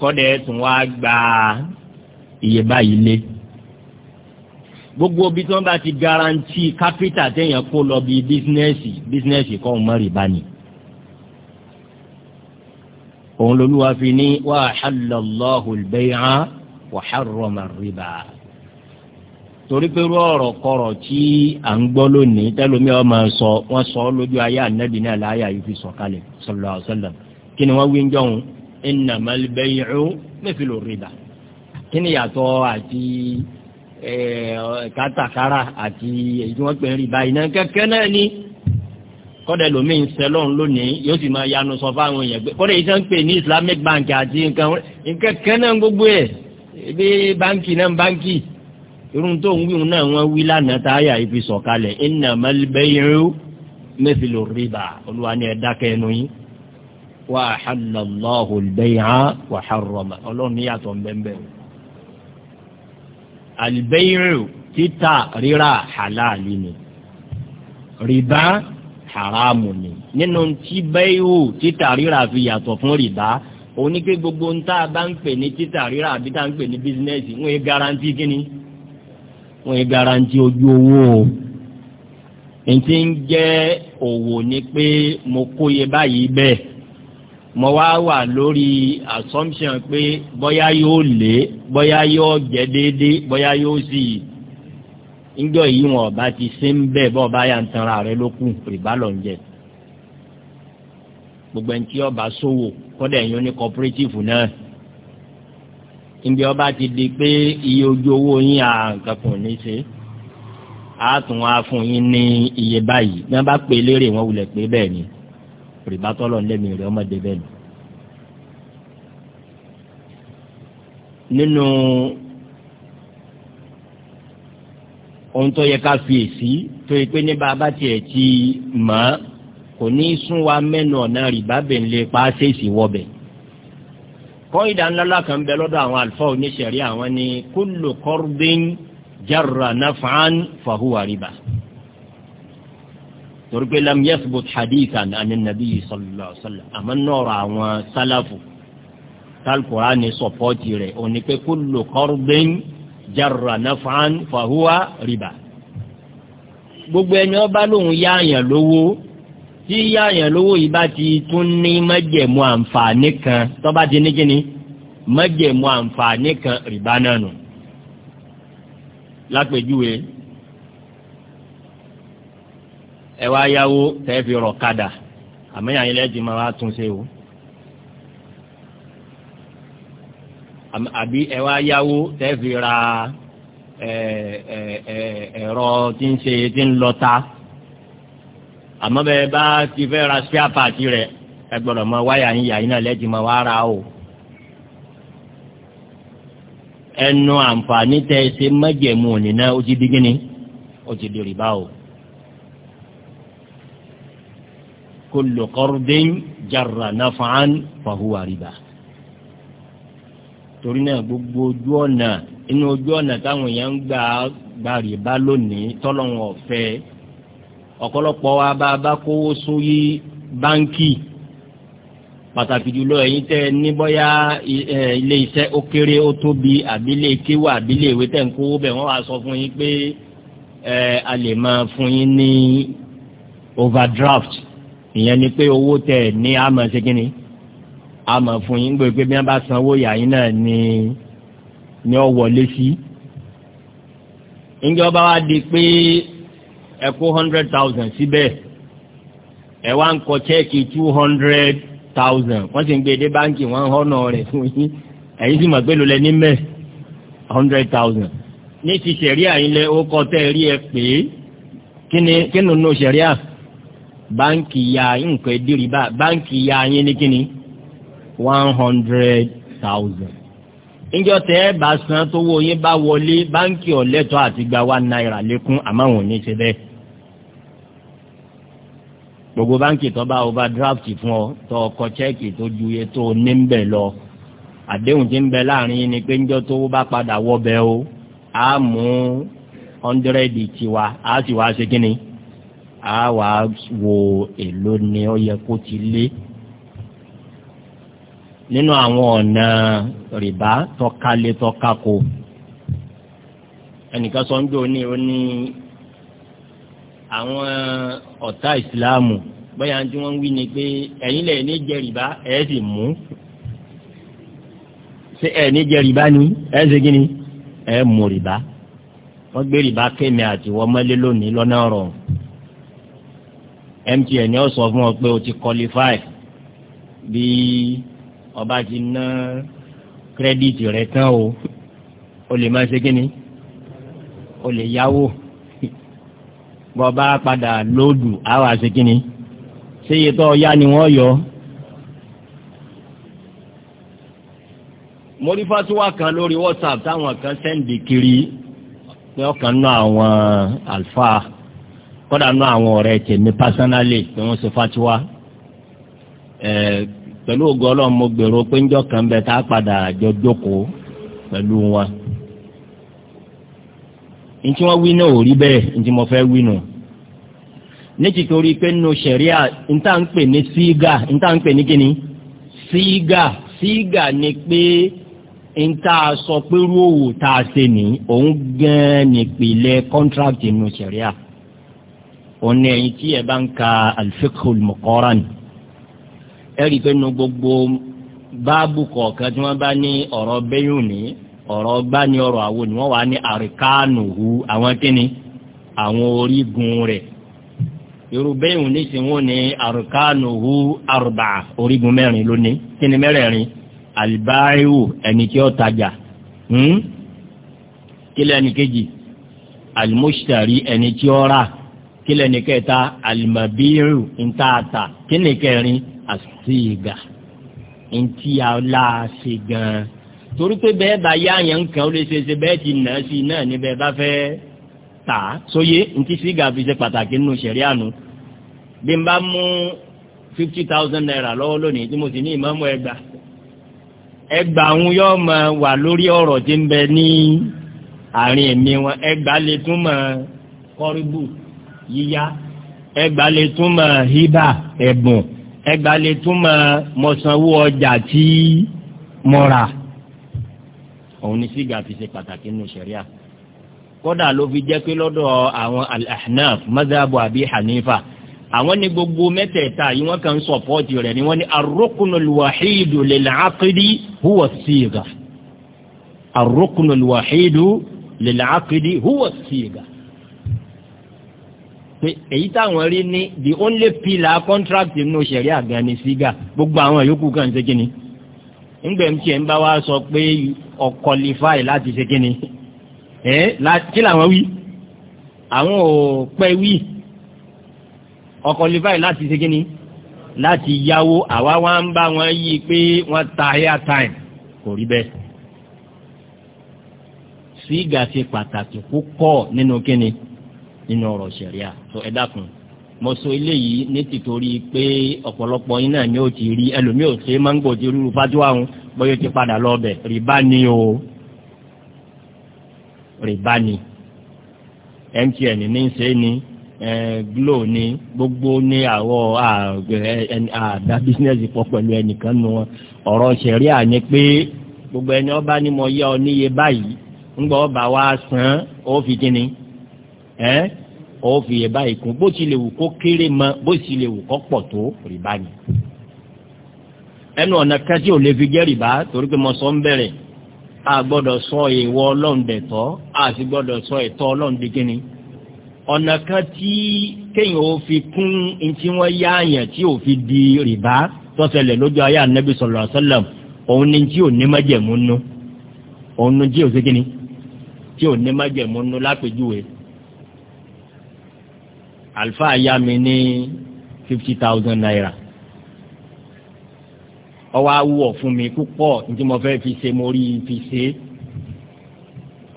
kọ́dẹ̀ tún wá gba iye báyìí lé gbogbo bí tí wọ́n bá ti garanti kápítà téèyàn kó lọ bí bísínẹ́sì bísínẹ́sì kọ́ ọ̀hún mọ́rì bá òun lolúwa fi ní wàhálà lọ́hùn bẹ́ẹ̀ hàn wàhálà rọ̀mà rìbá torí pé irú ọ̀rọ̀ kọ̀rọ̀ tí à ń gbọ́ lónìí tẹ́lómi ọmọ sọ wọ́n sọ ọ́ lójú ayé ànábì náà láyà yìí fi sọ kalẹ̀ sọlọ àṣọlọ kí ni wọ́n wí ń jọ̀hún ẹnà màlúbẹ́yìí mẹ́fìlò rìbà kí ni yàtọ̀ àti kátàkárà àti èyí tí wọ́n pè ń rìbà iná kẹ́kẹ́ náà ni kọ́dẹ̀ lómi ń sẹ lónìí yóò sì máa yanu sọ fáwọn èèyàn pé kọ́dẹ̀ iṣẹ́ ń pè ní islamic bank àti nǹkan kẹ́kẹ́ náà gbogbo ẹ̀ bí báńkì náà báńkì irun tó ń wíwọn náà wọ́n wí lánàá táyà ibi sọ̀kalẹ̀ innamal bay'u mithlu riba olúwa ni ẹ dákẹ́ ẹnu yín wa ahalla Allahu al-bay'a wa harrama ọlọ́run ní yàtọ̀ ńbẹ́ńbẹ́ o. al-bay'u títà rírà halali ni rìbá haramu ni nínú tí bẹ́ẹ̀wò títà rírà fi yàtọ̀ fún rìbá oníke gbogbo ń tá a bá ń pè ní títà rírà àbí tá a ń pè ní bísínẹ́sì ń wọ́n yé garanti kínní wọn yẹ garanti ojú owó o ntí ń jẹ́ òwò ni pé mo kó iye báyìí bẹ́ẹ̀ mo wá wà lórí assumption pé bóyá yóò lé bóyá yóò jẹ́ déédéé bóyá yóò sì ńjọ yìí wọn ọba ti ṣe ń bẹ bọ ọba yà tanra rẹ lókun rìbá lọ ń jẹ gbogbo ẹni ọba sówò kọ́dà ẹ̀yìn oní cooperative náà níbi ọba ti di pé iye ojú owó yín à nǹkan kan ní ṣe á tún wá fún yín ní iye báyìí bí wọ́n bá pè lérè wọn wulẹ̀ pé bẹ́ẹ̀ ni rìbátọ́lọ̀ lẹ́mìí rẹ̀ ọmọdé bẹ́ẹ̀ ni. nínú ohun tó yẹ ká fi èsì tó yẹ pé ní bàbá tiẹ̀ ti mọ̀ ọ́ kò ní í sún wa mẹ́nu ọ̀nà rìbá bẹ̀ ń lè pa á ṣèṣì wọ̀bẹ̀ kọ́ìdà ńláńlá kan bẹ lọ́dọ̀ àwọn àlùfáà oníṣẹ̀rí àwọn ni kullu qardin jarra naf'an fahuwa riba torí pé lam yathbut hadithan ani nabi sallallahu alaihi wasallam àmọ́ nọ̀rọ̀ àwọn sálàfù tálkùrá ni sọ̀pọ́tì rẹ̀ òní pé kullu qardin jarra naf'an fahuwa riba gbogbo ẹni ó bá lóun yáàyàn lówó tí yáàyàn lówó yìí bá ti tún ní májẹ̀mú àǹfààní kan tó bá ti ní kíni májẹ̀mú àǹfààní kan rìbá náà nù lápèjúwe ẹ wá yáwó tẹ́ fi rọ̀ kadà àmọ́ yàn ilẹ̀ máa wá tún ṣe o àbí ẹ wá yáwó tẹ́ fi ra ẹ̀rọ tí ń ṣe tí ń lọ́ta. E, àmọ́ bẹ́ẹ̀ bá ti fẹ́ ra spare part rẹ̀ ẹ gbọ́dọ̀ mọ wáyà yín yàyín náà lẹ́jì mọ wàá ra o. ẹnu àǹfààní tẹ ẹ ṣe mẹ́jẹ̀mú nínú ó ti di gíní ó ti di rìbá o. kullu qardin jarra naf'an fahuwa riba. torí náà gbogbo ojú ọ̀nà inú ojú ọ̀nà táwọn èèyàn ń gbà gbà rìbá lónìí tọ́lọ́wọ̀n ọ̀fẹ́ ọ̀pọ̀lọpọ̀ wa bá a bá kówó sórí báńkì pàtàkì jùlọ ẹ̀yin tẹ́ ẹ ní bọ́yá ilé iṣẹ́ ó kéré ó tóbi àbílẹ̀ kéwà àbílẹ̀ ìwé tẹ̀ ń kówó bẹ̀ wọ́n wá sọ fún yín pé a lè máa fún yín ní overdraft ìyẹn ni pé owó tẹ̀ ní àmọ̀ ṣe kínní àmọ̀ fún yín gbé pé bí wọ́n bá sanwó yàyín náà ni ni ọ wọlé sí. ǹjẹ́ ọba wa di pé. ẹ hundred thousand síbẹ̀ ẹ wá ń kọ chẹ́ẹ̀kì two hundred thousand wọ́n sì ń gbé e dé báńkì wọ́n họ́nà rẹ̀ fún yín ẹ̀yin sì mọ̀ pé ló lẹ ní mẹ́ hundred thousand ní ti sẹ̀ríà yín lẹ ó kọ́ tẹ́ rí ẹ pé kí ni nínú sẹ̀ríà báńkì ya nǹkan ìdírí bá báńkì ya yín ní kíni one hundred thousand níjọ́ tẹ́ ẹ bá san tówó yín bá wọlé báńkì ọ̀lẹ́tọ̀ àti gba one naira lékún àmọ́ àwọn ò ní ṣe bẹ́ẹ̀. gbogbo báńkì tó bá overdraft fún ọ tó ọkọ chẹ́ẹ̀kì tó ju iye tó ní ń bẹ̀ lọ àdéhùn tí ń bẹ láàrin yín ni pé ńjọ́ tó bá padà wọbẹ̀ o á mú ọ́ndẹ́rẹ́dì tiwa á sì wá ṣe kínni á wá wo èlò ni ó yẹ kó ti lé nínú àwọn ọ̀nà rìbá tọ́kalé tọ́kako ẹnìkan sọ ń jò ní ó ní àwọn ọ̀tá ìsìláàmù bóyá tí wọ́n ń wí ni pé ẹ̀yin lẹ̀ ní jẹ rìbá ẹ̀ sì mú ṣé ẹ̀ ní jẹ ni ẹ̀ ṣe kí ni ẹ̀ mú rìbá wọ́n gbé rìbá kémi àti wọ́n mọ́lé lónìí lọ́nà ọ̀rọ̀ MTN yóò sọ fún ọ pé o ti qualify bí ọba ti ná kírẹ́díìtì rẹ tán o o lè máa ṣe kí ni o lè yáwó bọ́ba padà lóòdù àwọn àṣekínni ṣé iye tó yá ni wọ́n yọ. mo rí kan lórí whatsapp táwọn kan sẹ́ǹdì kiri pé ọkàn náà àwọn àlùfáà kọ́dà náà àwọn ọ̀rẹ́ tèmi pásánálì pé wọ́n ṣe fatuwa pẹ̀lú ògo ọlọ́run mo gbèrò pé njọ́ kan bẹ tá a padà jọ jókòó pẹ̀lú wọn. ntí wọ́n wí náà ò rí bẹ́ẹ̀ ntí mo fẹ́ wí nù ní títorí pé nínú sẹ̀ríà níta ń pè ní sígà níta ń pè ní kíni sígà sígà ni pé níta sọ pé ruowó tá a ṣe ní òun gan-an nípìnlẹ̀ contract nínú sẹ̀ríà òun ni ẹ̀yin tí ẹ bá ń ka al-fiqhul ẹ rí i pé nínú gbogbo báàbù kọ̀ọ̀kan tí wọ́n bá ní ọ̀rọ̀ bẹ́yùn ní ọ̀rọ̀ bá ní ọ̀rọ̀ àwọn ni wọ́n wà ní àríkáànù hu àwọn kíni àwọn orígun rẹ̀ yorùbá ìhùn ní ti wọn ní arkanuhu arba'a orígun mẹ́rin lónìí kíni mẹ́rẹ̀ẹ̀rin alibaiwu ẹni tí ó tajà hmm? kílẹ̀ ẹni kejì alimusitari ẹni tí ó rà kílẹ̀ ẹni kẹta alimabiru ntaata kíni kẹrin asiga ntí aláàṣẹ gan torí pé bẹ́ẹ̀ bá yáàyàn kan ó lè ṣe ṣe bẹ́ẹ̀ ti nà sí náà ní bẹ́ẹ̀ bá fẹ́ẹ́ tà á sóyè ntí sígà fi ṣe pàtàkì nínú sẹ̀rí àánú bí n bá mú fifty thousand naira lọ́wọ́ lónìí tí mo sì ní ìmọ̀mú ẹgbà ẹgbà àwọn yóò máa wà lórí ọ̀rọ̀ tí ń bẹ ní àárín èmi wọn ẹgbà lè tún máa kọ́rìbù yíyá ẹgbà lè tún máa ẹ̀bùn ẹgbà lè tún mọ̀sánwó ọjà tí mọ̀ra òun ni sígà fi ṣe pàtàkì nínú sẹ̀rí àánú kódà ló fi jẹ́ pé lọ́dọ̀ àwọn al-ahnaf madhabu abi hanifa àwọn ní gbogbo mẹ́tẹ̀ẹ̀ta yìí wọ́n kàn ń sọ̀pọ́ọ̀tì rẹ̀ ni wọ́n ní ar-ruknul wahidu lil-aqdi huwa as-sigha èyí táwọn rí ní the only pillar contract nínú sẹ̀rí àgbà ní sígà gbogbo àwọn yòókù kan ṣe kíni ńgbẹ̀mtì ẹ̀ ń bá wa sọ pé ọ̀kọ̀lifáì láti ṣe kíni ẹ la làwọn wí àwọn ò pẹ́ wí ọkọ̀ levi láti ṣe kíni láti yáwó àwa wá ń bá wọn yí pé wọ́n ta air time kò rí bẹ́ẹ̀. sígà ṣe pàtàkì púpọ̀ nínú kíni nínú ọ̀rọ̀ ṣẹ̀ríà tó ẹ dákun mo sọ eléyìí ní tìtorí pé ọ̀pọ̀lọpọ̀ yín náà ni ó ti rí ẹlòmíì ò ṣe máa ń gbòdì rúru fájú àwọn bóyá ó ti padà lọ bẹ̀ rìbá ni o. rìbá ni MTN ní í ṣe ni Glo ni gbogbo ní àwọ̀ àdá bísínẹ́sì pọ̀ pẹ̀lú ẹnìkan nu wọn ọ̀rọ̀ ṣẹ̀ríà ni pé gbogbo ẹni ọba ni mo yá ọ níye báyìí ńgbà ọba wa san ó fi kíni ẹ ó fi yẹ báyìí kún bó tilẹ̀ wù kó kéré mọ bó tilẹ̀ wù kó pọ̀ tó rìbá ni ẹnu ọ̀nà kẹ́tí ò lè fi jẹ́ rìbá torí pé mo sọ ń bẹ̀rẹ̀ a gbọ́dọ̀ sọ ìwọ ọlọ́run dẹ̀tọ́ a sì gbọ́dọ̀ sọ ìtọ́ ọlọ́run di kíni ọ̀nà kan tí kéèyàn ó fi kún ntí wọ́n yá àyàn tí ò fi di rìbá tọ́sẹ̀lẹ̀ lójú ayé anabi sọ̀rọ̀ àṣọlẹ̀m òun ni tí ò ní májẹ̀mú nú òun ni tí ò sí kíni tí ò ní májẹ̀mú nú lápèjúwe àlùfáà yá mi ní fifty thousand naira ọwọ́ awúwọ̀ fún mi púpọ̀ ntí mo fẹ́ fi ṣe mo rí i fi ṣe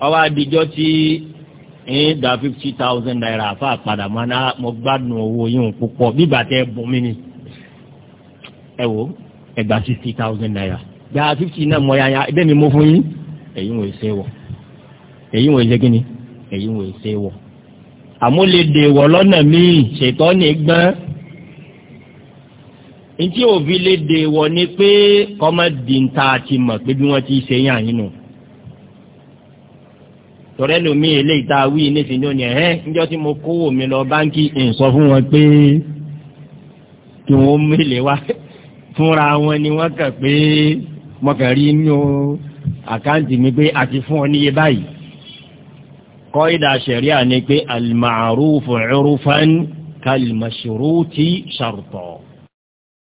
ọwọ́ adijọ́ tí ń eh, da fifty thousand naira fún àpàdà mọ́ náà mo gbádùn owó yín púpọ̀ bíbà tẹ́ bùn mí ni ẹ wo ẹ gba sixty thousand naira gba fifty náà mọ̀ yáyá ẹgbẹ́ mi mú fún yín èyí wò ṣe wọ̀ èyí wò ṣe kíni èyí wò ṣe wọ̀ àmúlédè lọ́nà míì ṣètọ́ gbọ́n ntí òbí léde wọ ni pé kọ́mọ́dì ń ta ti mọ̀ pé bí wọ́n ti ṣe yàn yín nù tọ́rẹ́ lomi eléyìí tá a wí nísìnyí ní òní ẹ̀hẹ́ níjọ́ tí mo kówó mi lọ báńkì ń sọ fún wọn pé kí wọ́n mélé wá fúnra wọn ni wọ́n kàn pé mọ̀kàn rí inú àkáǹtì mi pé àti fún ọ níye báyìí kọ́ ìdá sẹ̀ríà ni pé al-ma'rufu 'urfan kal-mashruti